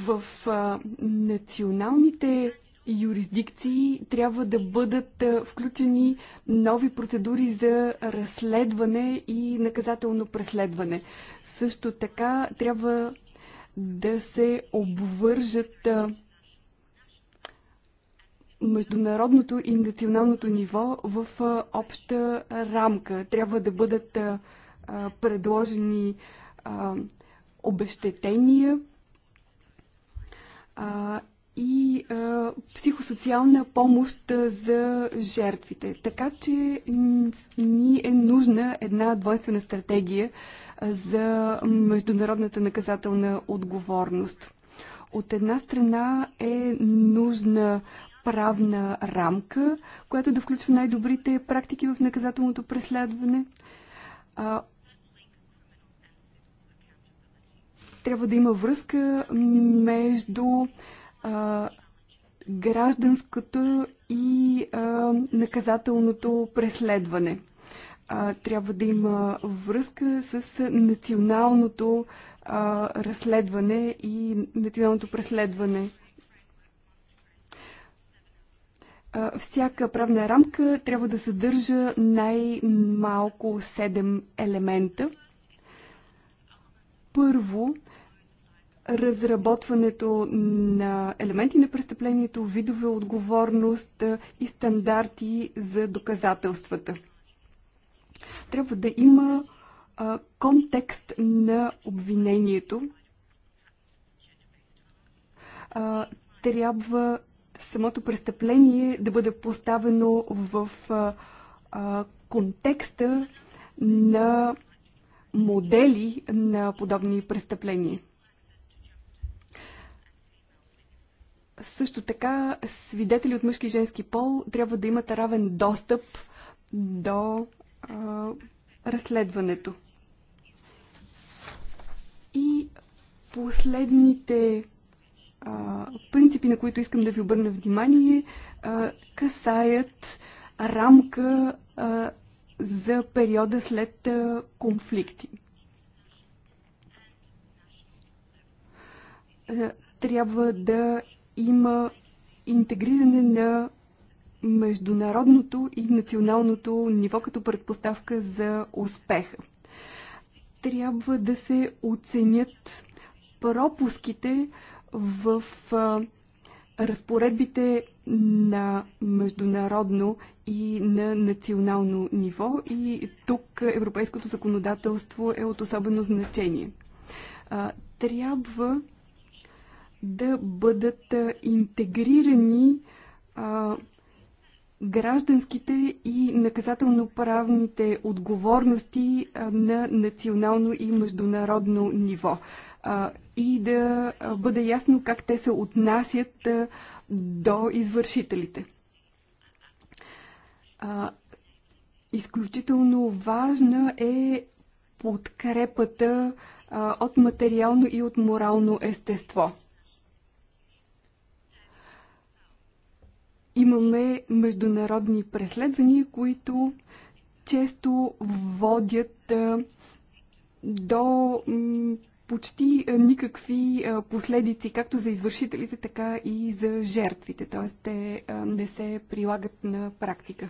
В националните юрисдикции трябва да бъдат включени нови процедури за разследване и наказателно преследване. Също така трябва да се обвържат международното и националното ниво в обща рамка. Трябва да бъдат предложени обещетения и а, психосоциална помощ за жертвите. Така че ни е нужна една двойствена стратегия за международната наказателна отговорност. От една страна е нужна правна рамка, която да включва най-добрите практики в наказателното преследване. А, трябва да има връзка между а, гражданското и а, наказателното преследване. А, трябва да има връзка с националното а, разследване и националното преследване. всяка правна рамка трябва да съдържа най-малко 7 елемента. Първо, разработването на елементи на престъплението, видове отговорност и стандарти за доказателствата. Трябва да има а, контекст на обвинението. А, трябва самото престъпление да бъде поставено в а, а, контекста на модели на подобни престъпления. Също така, свидетели от мъжки и женски пол трябва да имат равен достъп до а, разследването. И последните а, принципи, на които искам да ви обърна внимание, а, касаят рамка а, за периода след а, конфликти. А, е, трябва да има интегриране на международното и националното ниво като предпоставка за успеха. Трябва да се оценят пропуските в разпоредбите на международно и на национално ниво и тук европейското законодателство е от особено значение. Трябва да бъдат интегрирани а, гражданските и наказателно-правните отговорности а, на национално и международно ниво а, и да бъде ясно как те се отнасят а, до извършителите. А, изключително важна е подкрепата а, от материално и от морално естество – имаме международни преследвания, които често водят до почти никакви последици, както за извършителите, така и за жертвите. Т.е. те не се прилагат на практика.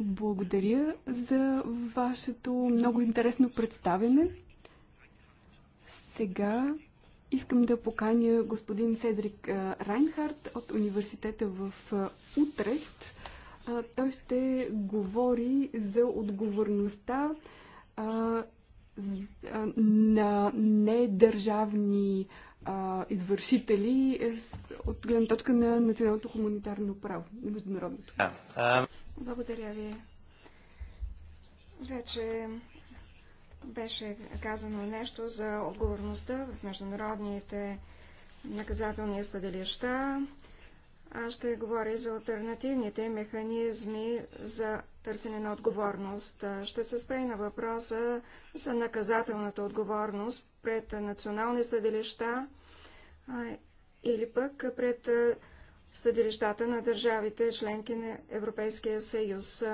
Благодаря за вашето много интересно представене. Сега Искам да поканя господин Седрик Райнхард от университета в Утрехт. Той ще говори за отговорността на недържавни извършители е, от гледна точка на националното хуманитарно право, на международното. Благодаря ви. Вече беше казано нещо за отговорността в международните наказателни съдилища. Аз ще говоря за альтернативните механизми за търсене на отговорност. Ще се спре на въпроса за наказателната отговорност пред национални съдилища или пък пред съдилищата на държавите, членки на Европейския съюз.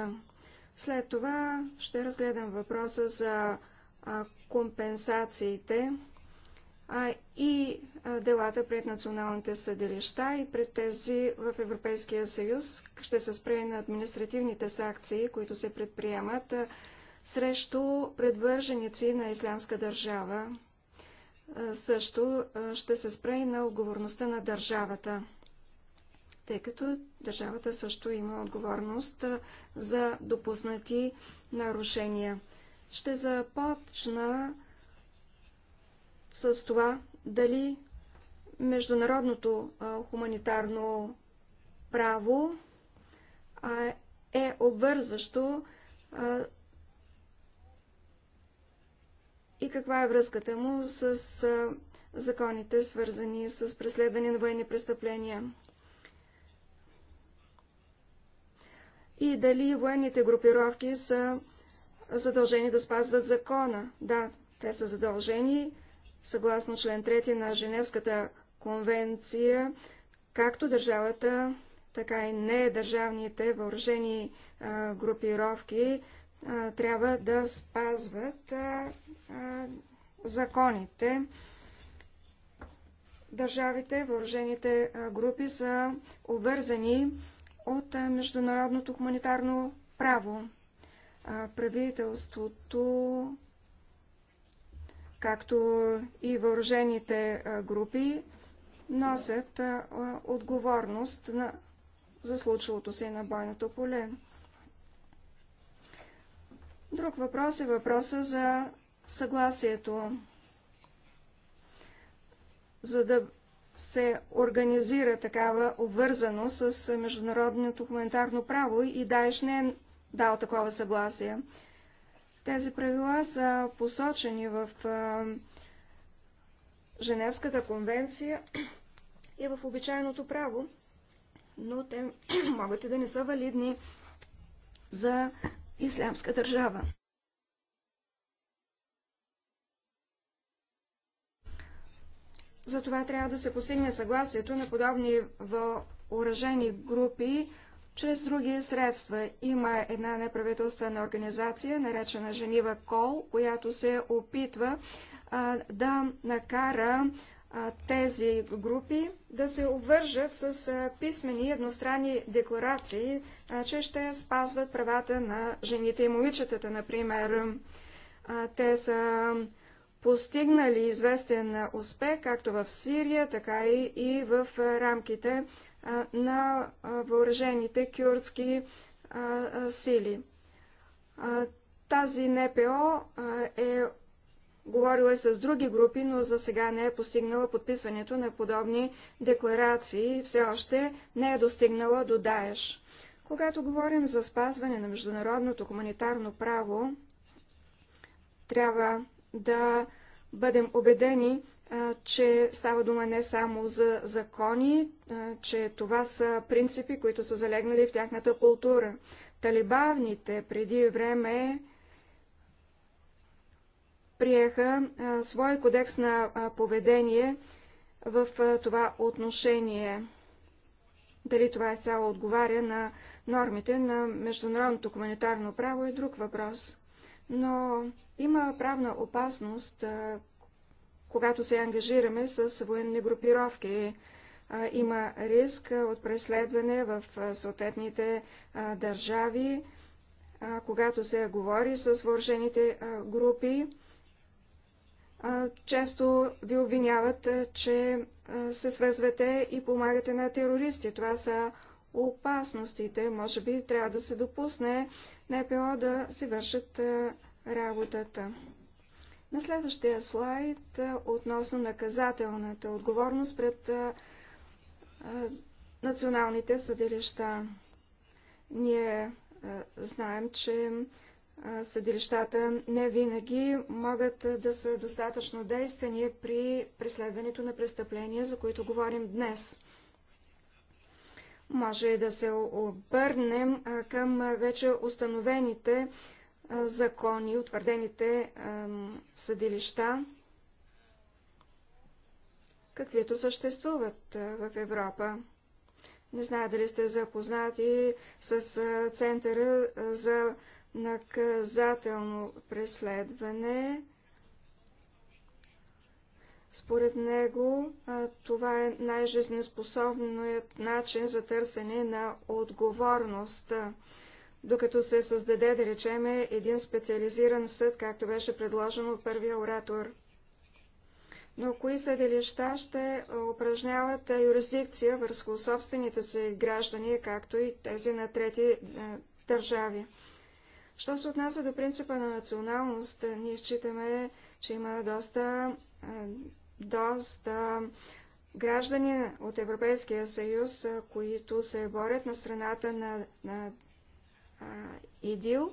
След това ще разгледам въпроса за компенсациите а и делата пред националните съдилища и пред тези в Европейския съюз. Ще се спре на административните санкции, които се предприемат срещу предвърженици на Ислямска държава. Също ще се спре на отговорността на държавата, тъй като държавата също има отговорност за допуснати нарушения. Ще започна с това дали международното хуманитарно право е обвързващо и каква е връзката му с законите, свързани с преследване на военни престъпления. И дали военните групировки са задължени да спазват закона. Да, те са задължени съгласно член 3 на Женевската конвенция, както държавата, така и не държавните въоръжени групировки трябва да спазват законите. Държавите, въоръжените групи са обвързани от международното хуманитарно право правителството, както и въоръжените групи, носят отговорност на, за случилото се на бойното поле. Друг въпрос е въпроса за съгласието. За да се организира такава обвързаност с международното хуманитарно право и Даеш не е дал такова съгласие. Тези правила са посочени в Женевската конвенция и в обичайното право, но те [clears throat] могат и да не са валидни за ислямска държава. Затова трябва да се постигне съгласието на подобни въоръжени групи чрез други средства. Има една неправителствена организация, наречена Женива Кол, която се опитва а, да накара а, тези групи да се обвържат с а, писмени едностранни декларации, а, че ще спазват правата на жените и момичетата, например. А, те са постигнали известен успех, както в Сирия, така и, и в рамките на въоръжените кюрдски сили. Тази НПО е говорила и с други групи, но за сега не е постигнала подписването на подобни декларации все още не е достигнала до Даеш. Когато говорим за спазване на международното хуманитарно право, трябва да бъдем убедени, че става дума не само за закони, че това са принципи, които са залегнали в тяхната култура. Талибавните преди време приеха свой кодекс на поведение в това отношение. Дали това е цяло отговаря на нормите на международното хуманитарно право е друг въпрос. Но има правна опасност, когато се ангажираме с военни групировки. Има риск от преследване в съответните държави, когато се говори с въоръжените групи. Често ви обвиняват, че се свързвате и помагате на терористи. Това са опасностите. Може би трябва да се допусне НПО да си вършат работата. На следващия слайд относно наказателната отговорност пред националните съдилища. Ние знаем, че съдилищата не винаги могат да са достатъчно действени при преследването на престъпления, за които говорим днес. Може да се обърнем към вече установените закони, утвърдените съдилища, каквито съществуват в Европа. Не знае дали сте запознати с Центъра за наказателно преследване. Според него това е най-жизнеспособният начин за търсене на отговорност докато се създаде, да речеме, един специализиран съд, както беше предложено от първия оратор. Но кои съдилища ще упражняват юрисдикция върху собствените си граждани, както и тези на трети държави? Що се отнася до принципа на националност, ние считаме, че има доста, доста граждани от Европейския съюз, които се борят на страната на, на ИДИЛ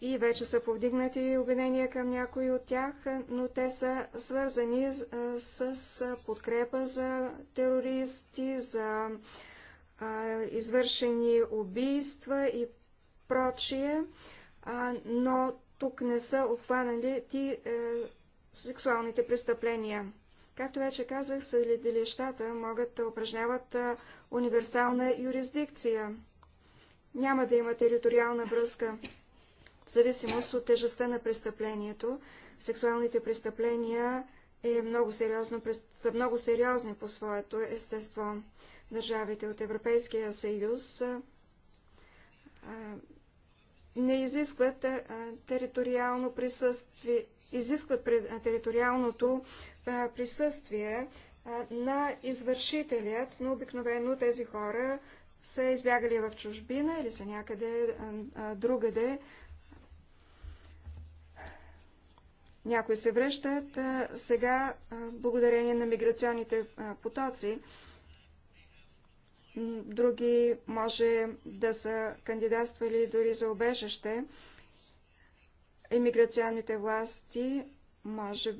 и вече са повдигнати обвинения към някои от тях, но те са свързани с подкрепа за терористи, за извършени убийства и прочие, но тук не са обхванали ти е, сексуалните престъпления. Както вече казах, съдилищата могат да упражняват е, универсална юрисдикция няма да има териториална връзка. В зависимост от тежестта на престъплението, сексуалните престъпления е много сериозно, са много сериозни по своето естество. Държавите от Европейския съюз а, не изискват а, териториално присъствие, изискват териториалното присъствие на извършителят, но обикновено тези хора са избягали в чужбина или са някъде другаде. Някои се връщат сега благодарение на миграционните потоци. Други може да са кандидатствали дори за обежаще, Имиграционните власти може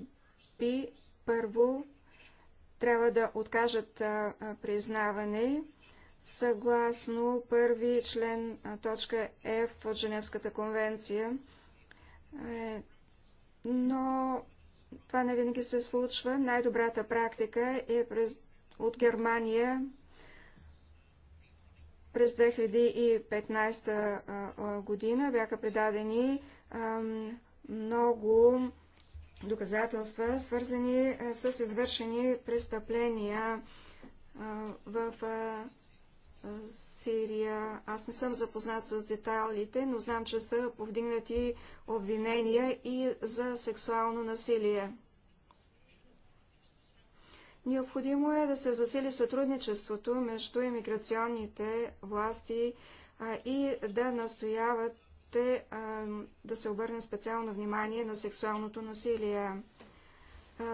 би първо трябва да откажат признаване съгласно първи член точка F от Женевската конвенция, е, но това не винаги се случва. Най-добрата практика е през, от Германия през 2015 година бяха предадени много доказателства, свързани с извършени престъпления в Сирия. Аз не съм запознат с детайлите, но знам, че са повдигнати обвинения и за сексуално насилие. Необходимо е да се засили сътрудничеството между иммиграционните власти и да настоявате да се обърне специално внимание на сексуалното насилие.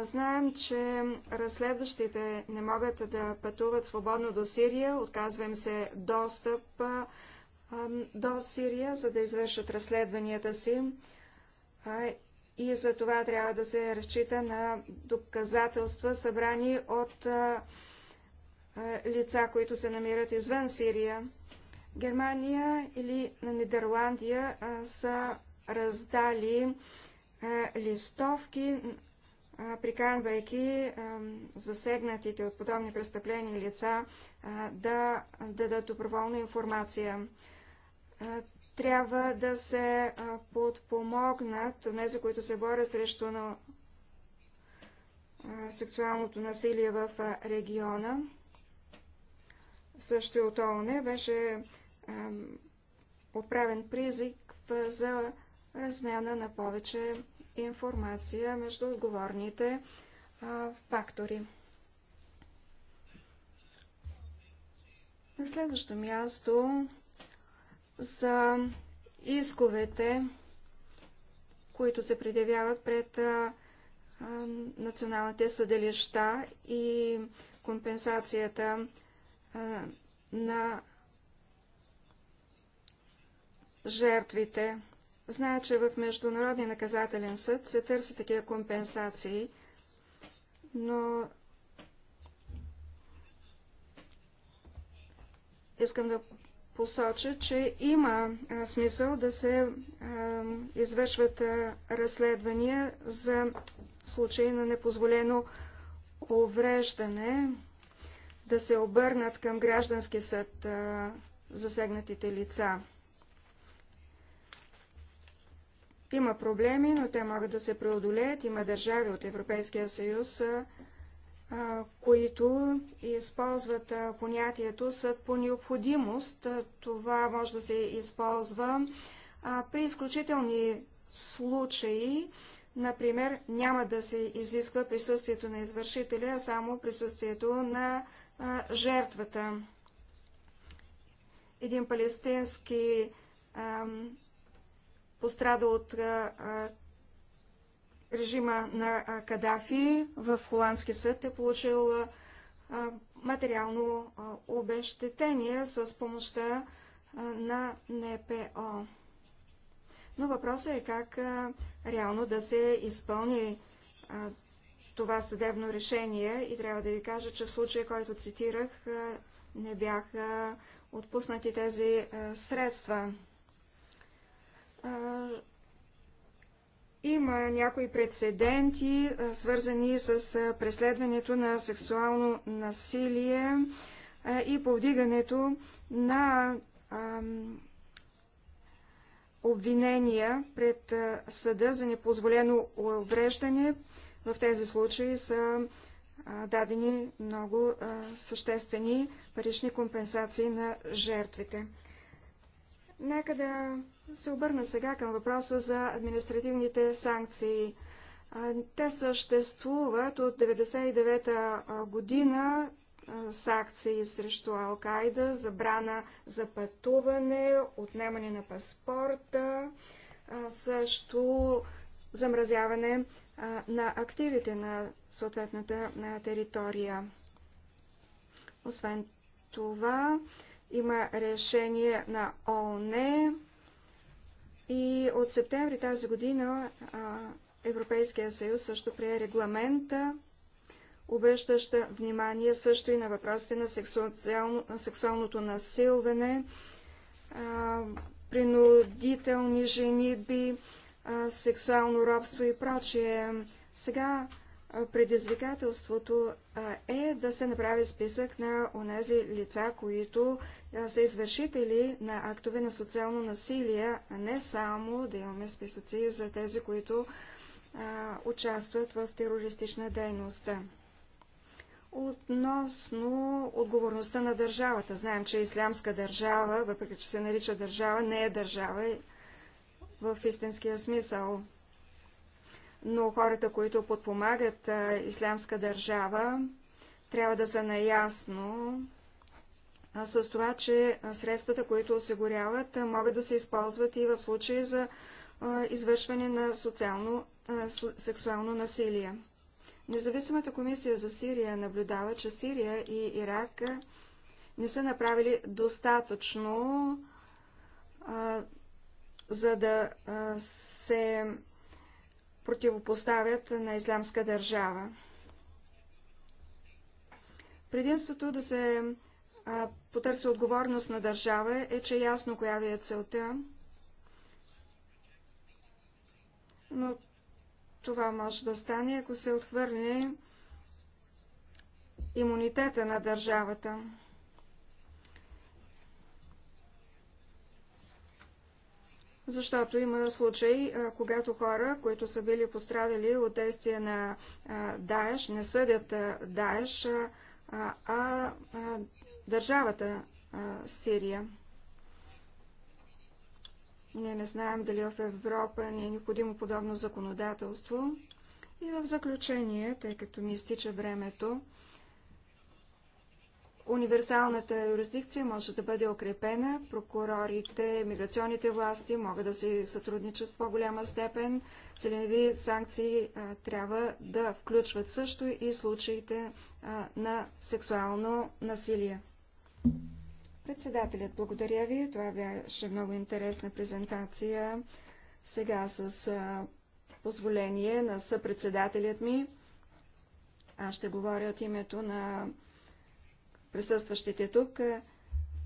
Знаем, че разследващите не могат да пътуват свободно до Сирия, отказва им се достъп до Сирия, за да извършат разследванията си. и за това трябва да се разчита на доказателства, събрани от лица, които се намират извън Сирия. Германия или Нидерландия са раздали листовки приканвайки засегнатите от подобни престъпления лица да дадат доброволна информация. Трябва да се подпомогнат тези, които се борят срещу на сексуалното насилие в региона. Също и от ООН беше отправен призик за размяна на повече информация между отговорните а, фактори. На следващо място за исковете, които се предявяват пред а, а, националните съделища и компенсацията а, на жертвите Зная, че в Международния наказателен съд се търси такива компенсации, но искам да посоча, че има смисъл да се извършват разследвания за случаи на непозволено увреждане, да се обърнат към граждански съд засегнатите лица. Има проблеми, но те могат да се преодолеят. Има държави от Европейския съюз, които използват понятието съд по необходимост. Това може да се използва при изключителни случаи. Например, няма да се изисква присъствието на извършителя, а само присъствието на жертвата. Един палестински пострада от режима на Кадафи в холандски съд е получил материално обещетение с помощта на НПО. Но въпросът е как реално да се изпълни това съдебно решение и трябва да ви кажа, че в случая, който цитирах, не бяха отпуснати тези средства има някои прецеденти, свързани с преследването на сексуално насилие и повдигането на обвинения пред съда за непозволено увреждане. В тези случаи са дадени много съществени парични компенсации на жертвите. Нека да се обърна сега към въпроса за административните санкции. Те съществуват от 1999 година санкции срещу Алкайда, забрана за пътуване, отнемане на паспорта, също замразяване на активите на съответната територия. Освен това, има решение на ООН и от септември тази година Европейския съюз също прие регламента, обръщаща внимание също и на въпросите на, сексуално, на сексуалното насилване, принудителни женитби, сексуално робство и прочие. Сега предизвикателството е да се направи списък на онези лица, които са извършители на актове на социално насилие, а не само да имаме списъци за тези, които участват в терористична дейност. Относно отговорността на държавата. Знаем, че ислямска държава, въпреки че се нарича държава, не е държава в истинския смисъл но хората, които подпомагат Ислямска държава, трябва да са наясно с това, че средствата, които осигуряват, могат да се използват и в случаи за извършване на социално, сексуално насилие. Независимата комисия за Сирия наблюдава, че Сирия и Ирак не са направили достатъчно, а, за да а, се противопоставят на ислямска държава. Предимството да се потърси отговорност на държава е, че е ясно коя ви е целта, но това може да стане, ако се отвърне имунитета на държавата. защото има случаи, когато хора, които са били пострадали от действия на Даеш, не съдят Даеш, а държавата Сирия. Ние не знаем дали в Европа ни е необходимо подобно законодателство. И в заключение, тъй като ми изтича времето, Универсалната юрисдикция може да бъде укрепена, прокурорите, миграционните власти могат да се сътрудничат в по-голяма степен, целеви санкции а, трябва да включват също и случаите а, на сексуално насилие. Председателят, благодаря ви. Това беше много интересна презентация. Сега с а, позволение на съпредседателят ми, аз ще говоря от името на присъстващите тук.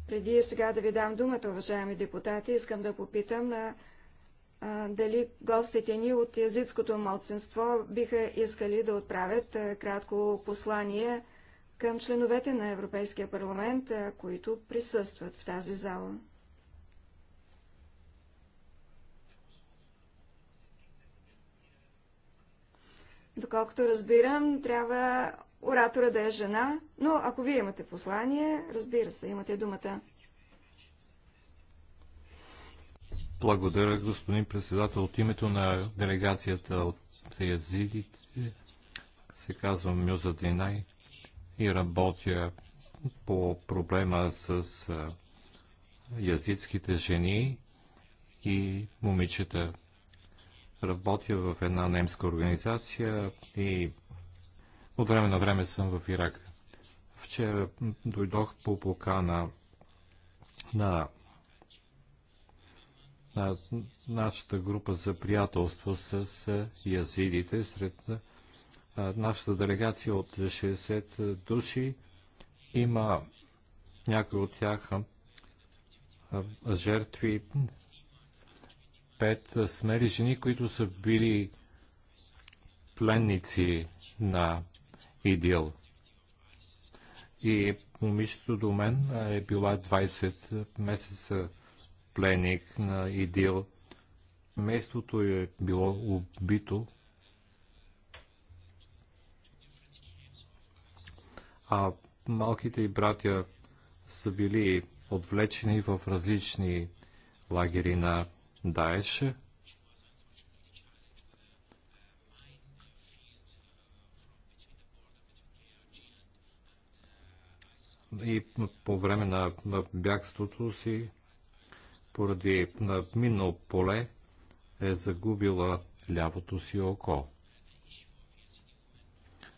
Преди сега да ви дам думата, уважаеми депутати, искам да попитам на дали гостите ни от езитското младсенство биха искали да отправят кратко послание към членовете на Европейския парламент, които присъстват в тази зала. Доколкото разбирам, трябва оратора да е жена, но ако вие имате послание, разбира се, имате думата. Благодаря, господин председател. От името на делегацията от язидите се казвам Мюза Динай и работя по проблема с язидските жени и момичета. Работя в една немска организация и от време на време съм в Ирак. Вчера дойдох по покана на, на нашата група за приятелство с язидите. Сред нашата делегация от 60 души има някои от тях жертви, пет смели жени, които са били пленници на идил. И момичето до мен е била 20 месеца пленник на идил. Местото е било убито. А малките и братя са били отвлечени в различни лагери на Даеше. и по време на бягството си поради минно поле е загубила лявото си око.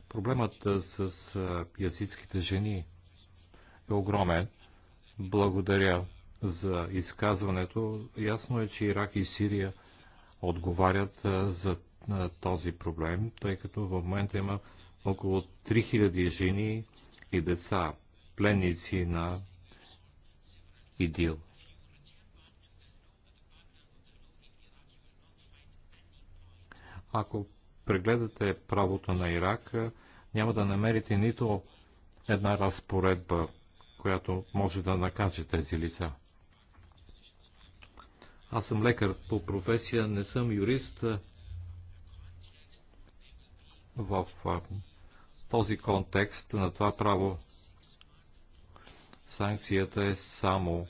Проблемът с язитските жени е огромен. Благодаря за изказването. Ясно е, че Ирак и Сирия отговарят за този проблем, тъй като в момента има около 3000 жени и деца, пленници на ИДИЛ. Ако прегледате правото на Ирак, няма да намерите нито една разпоредба, която може да накаже тези лица. Аз съм лекар по професия, не съм юрист. В този контекст на това право санкцията е само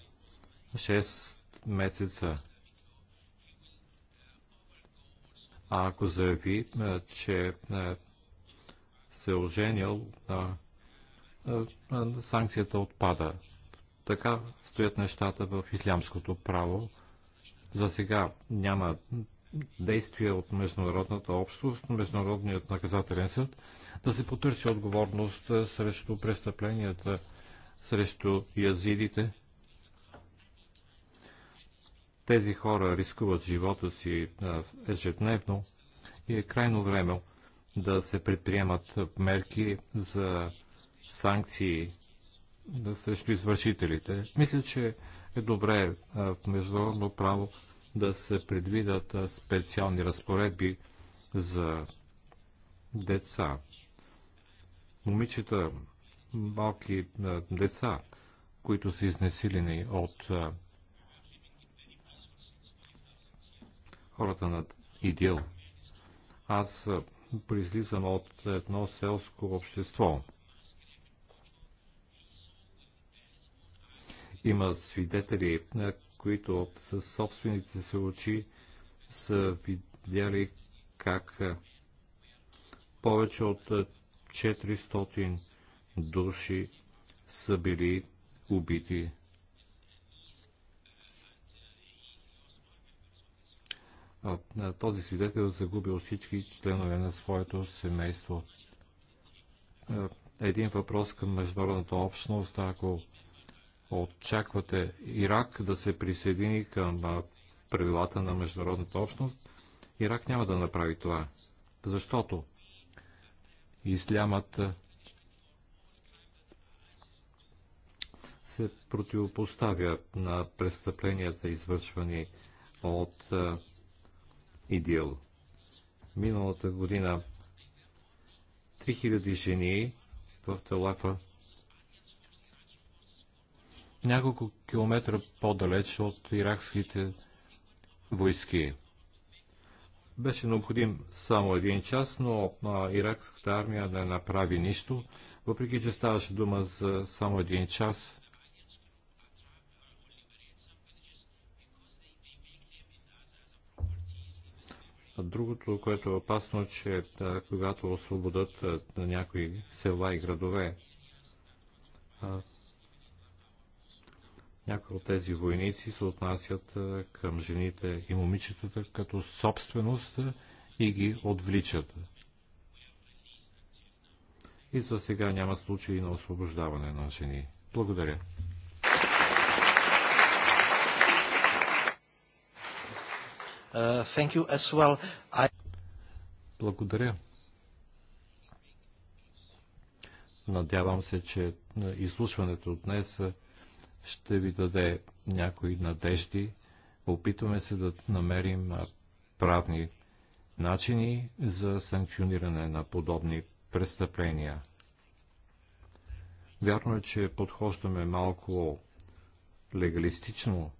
6 месеца. А ако заяви, че се е оженил, санкцията отпада. Така стоят нещата в ислямското право. За сега няма действия от международната общност, Международният наказателен съд, да се потърси отговорност срещу престъпленията срещу язидите. Тези хора рискуват живота си ежедневно и е крайно време да се предприемат мерки за санкции срещу извършителите. Мисля, че е добре в международно право да се предвидат специални разпоредби за деца. Момичета малки деца, които са изнесилени от хората на Идил. Аз произлизам от едно селско общество. Има свидетели, които със собствените си очи са видяли как повече от 400 души са били убити. Този свидетел загубил всички членове на своето семейство. Един въпрос към международната общност, ако очаквате Ирак да се присъедини към правилата на международната общност, Ирак няма да направи това, защото ислямът се противопоставя на престъпленията, извършвани от ИДИЛ. Миналата година 3000 жени в Талафа, няколко километра по-далеч от иракските войски. Беше необходим само един час, но иракската армия не направи нищо, въпреки че ставаше дума за само един час. Другото, което е опасно, е, че когато освободят на някои села и градове, някои от тези войници се отнасят към жените и момичетата като собственост и ги отвличат. И за сега няма случаи на освобождаване на жени. Благодаря. Uh, thank you as well. I... Благодаря. Надявам се, че е, изслушването днес е, ще ви даде някои надежди. Опитваме се да намерим е, правни начини за санкциониране на подобни престъпления. Вярно е, че подхождаме малко легалистично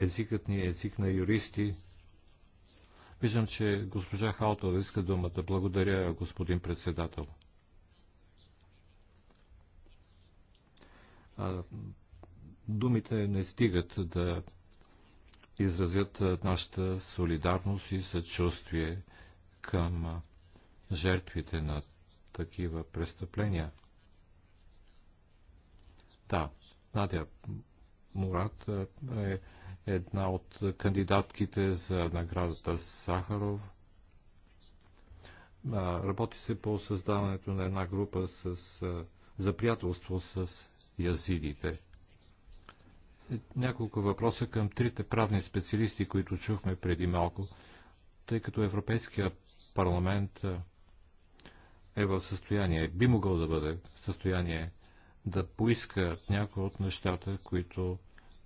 езикът ни е език на юристи. Виждам, че госпожа Халтова иска думата. Благодаря, господин председател. Думите не стигат да изразят нашата солидарност и съчувствие към жертвите на такива престъпления. Да, Надя, Мурат е, е една от кандидатките за наградата Сахаров. Работи се по създаването на една група с, е, за приятелство с язидите. Е, няколко въпроса към трите правни специалисти, които чухме преди малко, тъй като Европейския парламент е в състояние, би могъл да бъде в състояние да поиска някои от нещата, които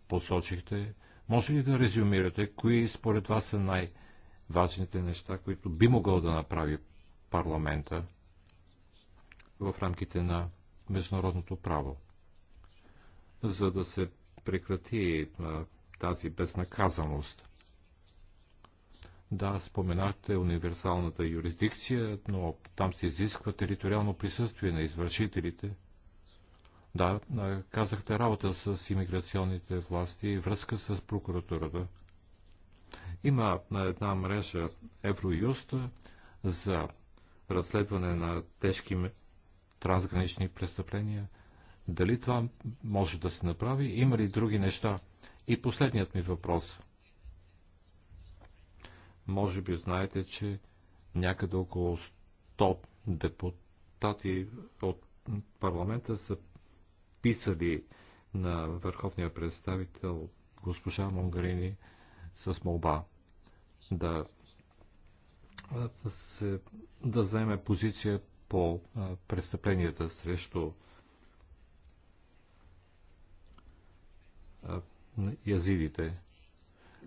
посочихте. Може ли да резюмирате, кои според вас са най-важните неща, които би могъл да направи парламента в рамките на международното право, за да се прекрати тази безнаказаност? Да, споменахте универсалната юрисдикция, но там се изисква териториално присъствие на извършителите – да, казахте работа с иммиграционните власти и връзка с прокуратурата. Има на една мрежа Евроюст за разследване на тежки трансгранични престъпления. Дали това може да се направи? Има ли други неща? И последният ми въпрос. Може би знаете, че някъде около 100 депутати от парламента са писали на върховния представител госпожа Монгарини с молба да, се, да вземе позиция по престъпленията срещу язидите.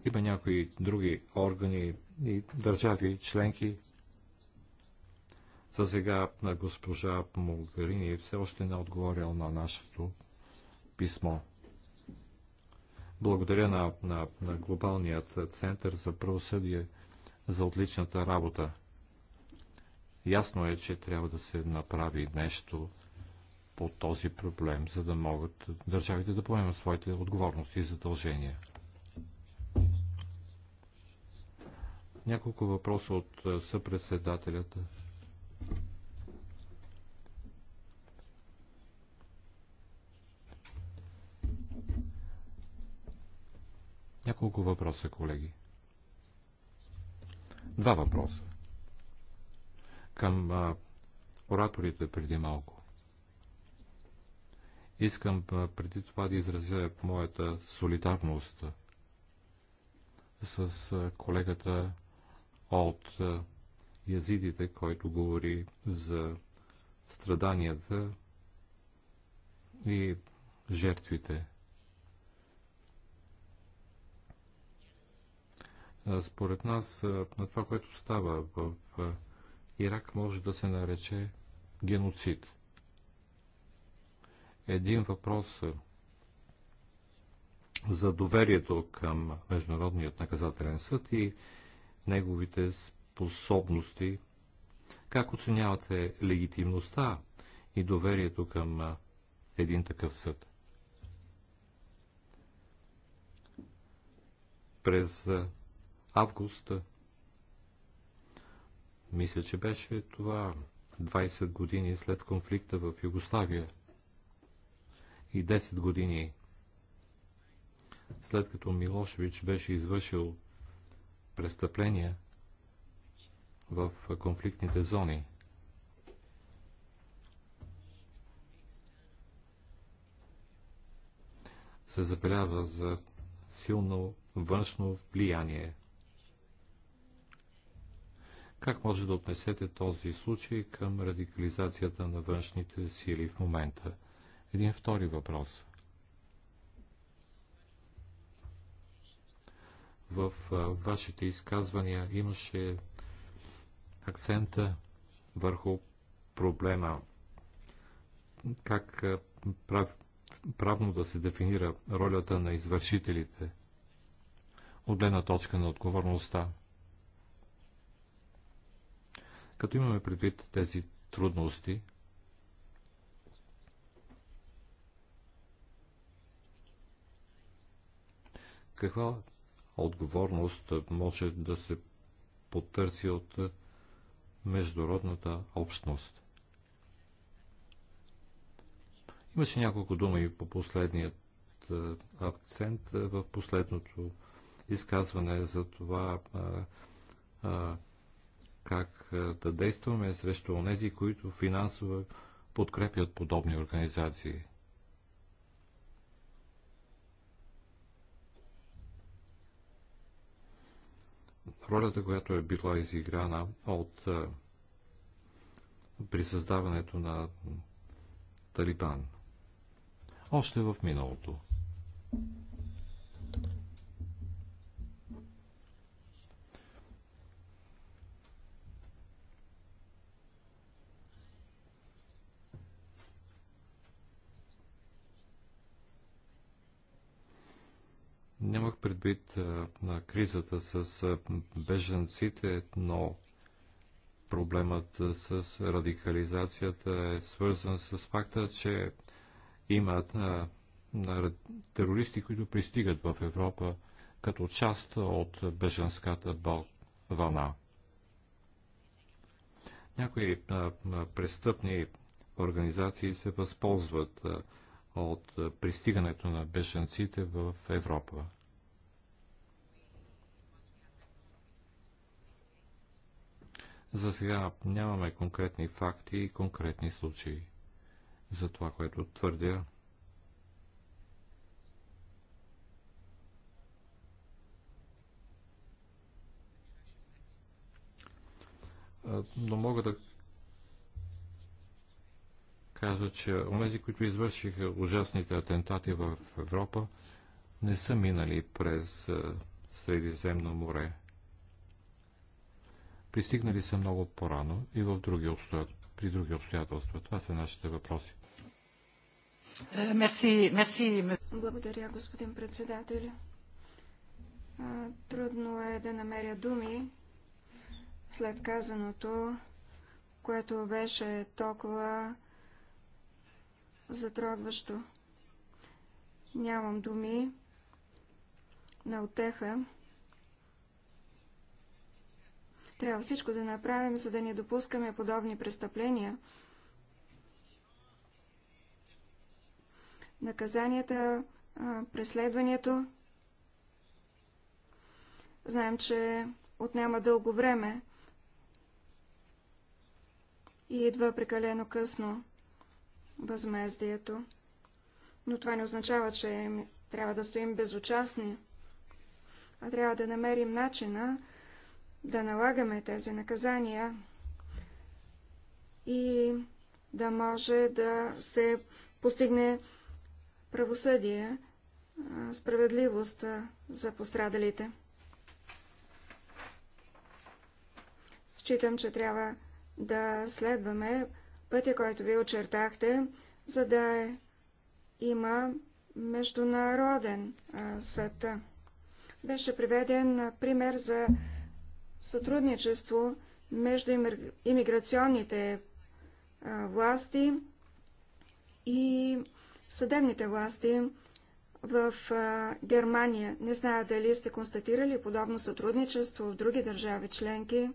Има някои други органи и държави членки, за сега на госпожа Могарини е все още не отговорил на нашето писмо. Благодаря на, на, на Глобалният център за правосъдие за отличната работа. Ясно е, че трябва да се направи нещо по този проблем, за да могат държавите да поемат своите отговорности и задължения. Няколко въпроса от съпредседателята. Няколко въпроса, колеги. Два въпроса. Към а, ораторите преди малко. Искам а, преди това да изразя моята солидарност с а, колегата от а, язидите, който говори за страданията и жертвите Според нас на това, което става в Ирак, може да се нарече геноцид. Един въпрос за доверието към Международният наказателен съд и неговите способности. Как оценявате легитимността и доверието към един такъв съд? През август. Мисля, че беше това 20 години след конфликта в Югославия и 10 години след като Милошевич беше извършил престъпления в конфликтните зони. се забелява за силно външно влияние – как може да отнесете този случай към радикализацията на външните сили в момента? Един втори въпрос. В вашите изказвания имаше акцента върху проблема как прав, правно да се дефинира ролята на извършителите от гледна точка на отговорността. Като имаме предвид тези трудности, каква отговорност може да се потърси от международната общност? Имаше няколко думи по последният акцент в последното изказване за това а, а, как да действаме срещу онези, които финансово подкрепят подобни организации. Ролята, която е била изиграна от при създаването на Талибан. Още в миналото. Нямах предвид на кризата с беженците, но проблемът с радикализацията е свързан с факта, че има терористи, които пристигат в Европа като част от беженската вълна. Някои престъпни организации се възползват от пристигането на беженците в Европа. За сега нямаме конкретни факти и конкретни случаи за това, което твърдя. Но мога да кажа, че онези, които извършиха ужасните атентати в Европа, не са минали през Средиземно море. Пристигнали са много по-рано и в други при други обстоятелства. Това са нашите въпроси. Е, мерси, мерси. Благодаря, господин председател. Трудно е да намеря думи след казаното, което беше толкова затрогващо. Нямам думи на отеха. Трябва всичко да направим, за да не допускаме подобни престъпления. Наказанията, преследването. Знаем, че отнема дълго време и идва прекалено късно възмездието. Но това не означава, че трябва да стоим безучастни, а трябва да намерим начина да налагаме тези наказания и да може да се постигне правосъдие, справедливост за пострадалите. Считам, че трябва да следваме пътя, който ви очертахте, за да има международен съд. Беше приведен пример за сътрудничество между иммиграционните власти и съдебните власти в Германия. Не зная дали сте констатирали подобно сътрудничество в други държави членки.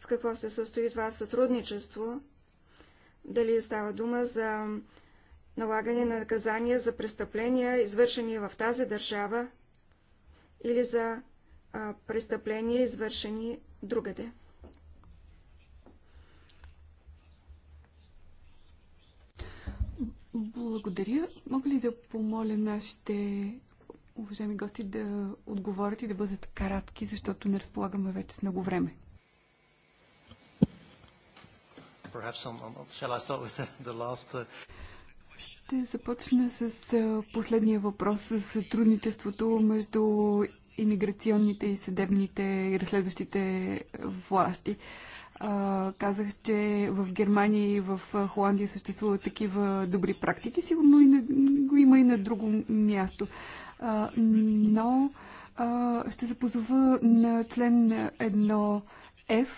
В какво се състои това сътрудничество? Дали става дума за налагане на наказания за престъпления, извършени в тази държава, или за престъпления, извършени другаде. Благодаря. Мога ли да помоля нашите уважаеми гости да отговорят и да бъдат кратки, защото не разполагаме вече с много време? Uh, Ще започна с uh, последния въпрос за сътрудничеството между иммиграционните и съдебните и разследващите власти. А, казах, че в Германия и в Холандия съществуват такива добри практики. Сигурно и на, го има и на друго място. А, но а, ще се позова на член 1F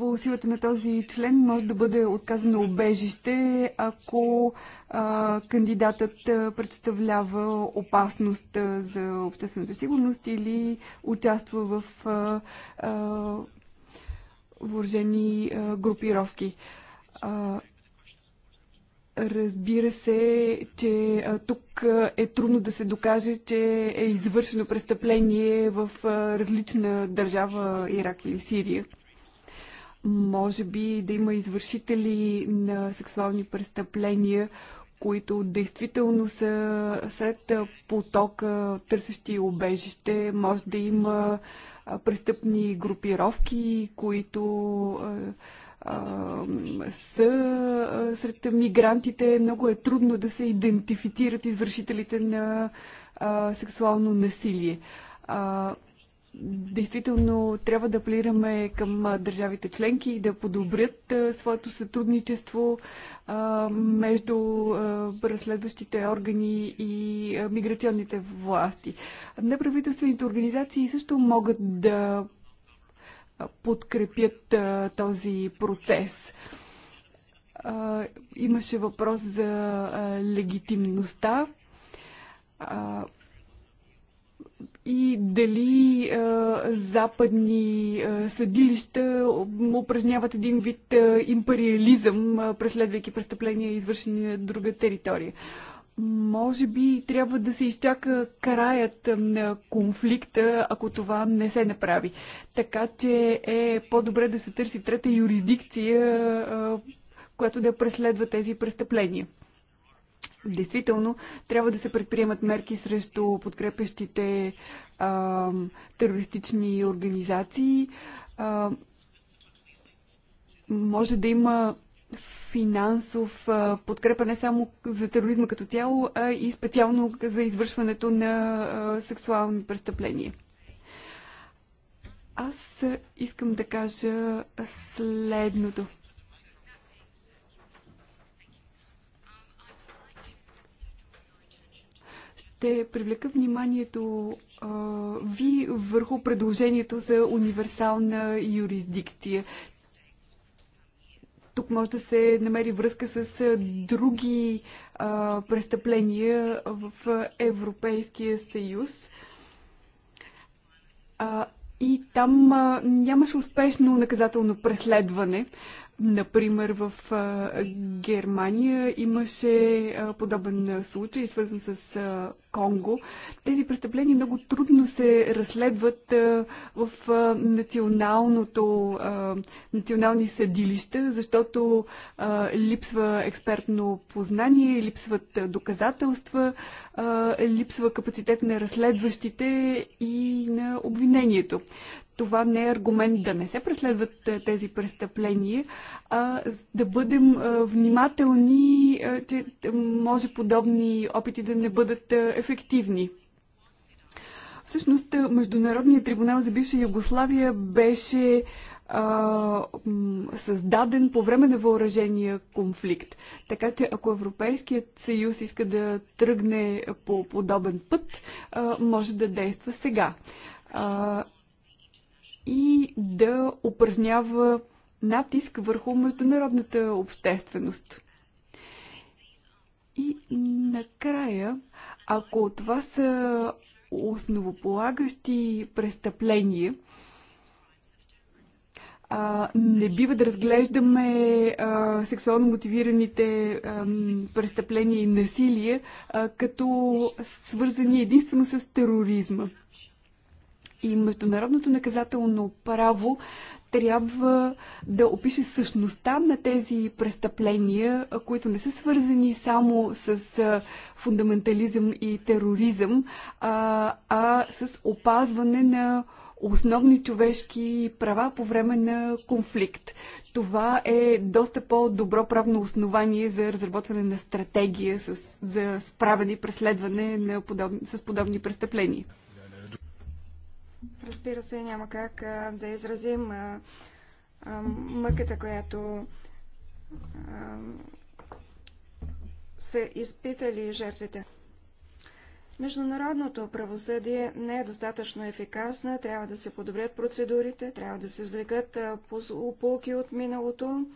по силата на този член може да бъде отказано обежище, ако а, кандидатът представлява опасност за обществената сигурност или участва в а, а, въоръжени а, групировки. А, разбира се, че а, тук е трудно да се докаже, че е извършено престъпление в а, различна държава, Ирак или Сирия. Може би да има извършители на сексуални престъпления, които действително са сред потока търсещи обежище. Може да има престъпни групировки, които са сред мигрантите. Много е трудно да се идентифицират извършителите на сексуално насилие. Действително трябва да апелираме към държавите членки и да подобрят своето сътрудничество между разследващите органи и миграционните власти. Неправителствените организации също могат да подкрепят този процес имаше въпрос за легитимността и дали а, западни а, съдилища упражняват един вид а, империализъм, а, преследвайки престъпления, извършени на друга територия. Може би трябва да се изчака краят на конфликта, ако това не се направи. Така че е по-добре да се търси трета юрисдикция, която да преследва тези престъпления. Действително, трябва да се предприемат мерки срещу подкрепещите а, терористични организации. А, може да има финансов а, подкрепа не само за тероризма като цяло, а и специално за извършването на а, сексуални престъпления. Аз искам да кажа следното. ще привлека вниманието а, ви върху предложението за универсална юрисдикция. Тук може да се намери връзка с а, други а, престъпления в Европейския съюз. А, и там а, нямаше успешно наказателно преследване. Например, в Германия имаше подобен случай, свързан с Конго. Тези престъпления много трудно се разследват в националното, национални съдилища, защото липсва експертно познание, липсват доказателства, липсва капацитет на разследващите и на обвинението това не е аргумент да не се преследват е, тези престъпления, а да бъдем е, внимателни, е, че може подобни опити да не бъдат ефективни. Всъщност, Международният трибунал за бивша Югославия беше а, създаден по време на въоръжения конфликт. Така че, ако Европейският съюз иска да тръгне по подобен път, а, може да действа сега. А, и да упражнява натиск върху международната общественост. И накрая, ако това са основополагащи престъпления, а, не бива да разглеждаме а, сексуално мотивираните а, престъпления и насилие а, като свързани единствено с тероризма и международното наказателно право трябва да опише същността на тези престъпления, които не са свързани само с фундаментализъм и тероризъм, а, а с опазване на основни човешки права по време на конфликт. Това е доста по-добро правно основание за разработване на стратегия за справяне и преследване на с подобни престъпления. Разбира се, няма как а, да изразим а, а, мъката, която а, са изпитали жертвите. Международното правосъдие не е достатъчно ефикасна, трябва да се подобрят процедурите, трябва да се извлекат полки от миналото,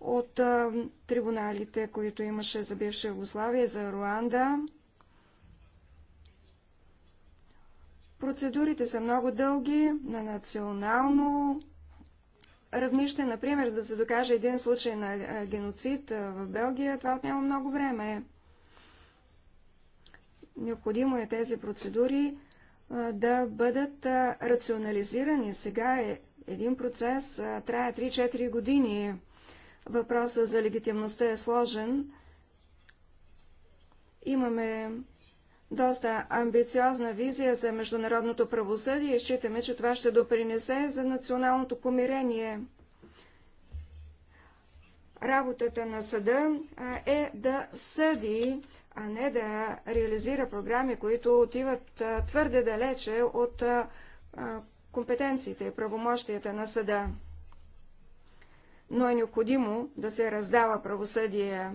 от а, трибуналите, които имаше за бивша Югославия, за Руанда, Процедурите са много дълги на национално равнище. Например, да се докаже един случай на геноцид в Белгия, това отнема много време. Необходимо е тези процедури да бъдат рационализирани. Сега е един процес трае 3-4 години. Въпросът за легитимността е сложен. Имаме доста амбициозна визия за международното правосъдие и считаме, че това ще допринесе за националното помирение. Работата на съда е да съди, а не да реализира програми, които отиват твърде далече от компетенциите и правомощията на съда. Но е необходимо да се раздава правосъдие.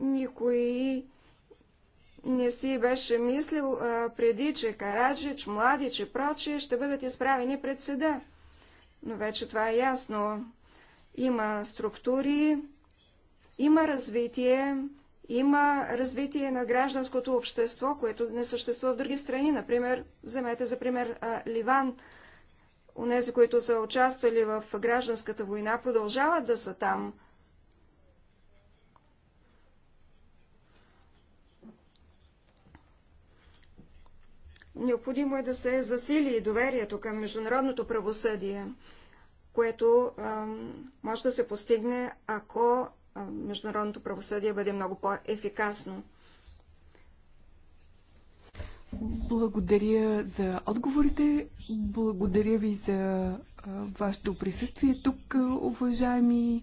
Никой не си беше мислил а, преди, че Караджич, Младич и прочие ще бъдат изправени пред съда. Но вече това е ясно. Има структури, има развитие, има развитие на гражданското общество, което не съществува в други страни. Например, вземете за пример а, Ливан. Унези, които са участвали в гражданската война, продължават да са там – Необходимо е да се засили доверието към международното правосъдие, което а, може да се постигне, ако а, международното правосъдие бъде много по-ефикасно. Благодаря за отговорите. Благодаря ви за а, вашето присъствие тук, уважаеми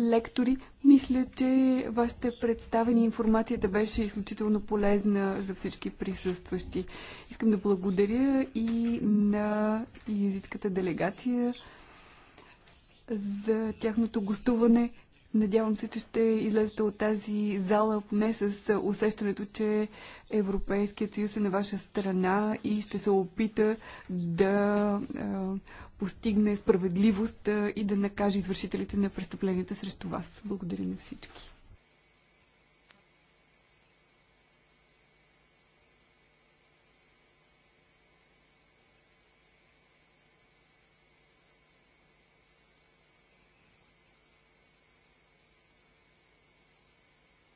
лектори. Мисля, че вашите представени информацията беше изключително полезна за всички присъстващи. Искам да благодаря и на езическата делегация за тяхното гостуване. Надявам се, че ще излезете от тази зала поне с усещането, че Европейският съюз е на ваша страна и ще се опита да постигне справедливост и да накаже извършителите на престъпленията срещу вас. Благодаря на всички.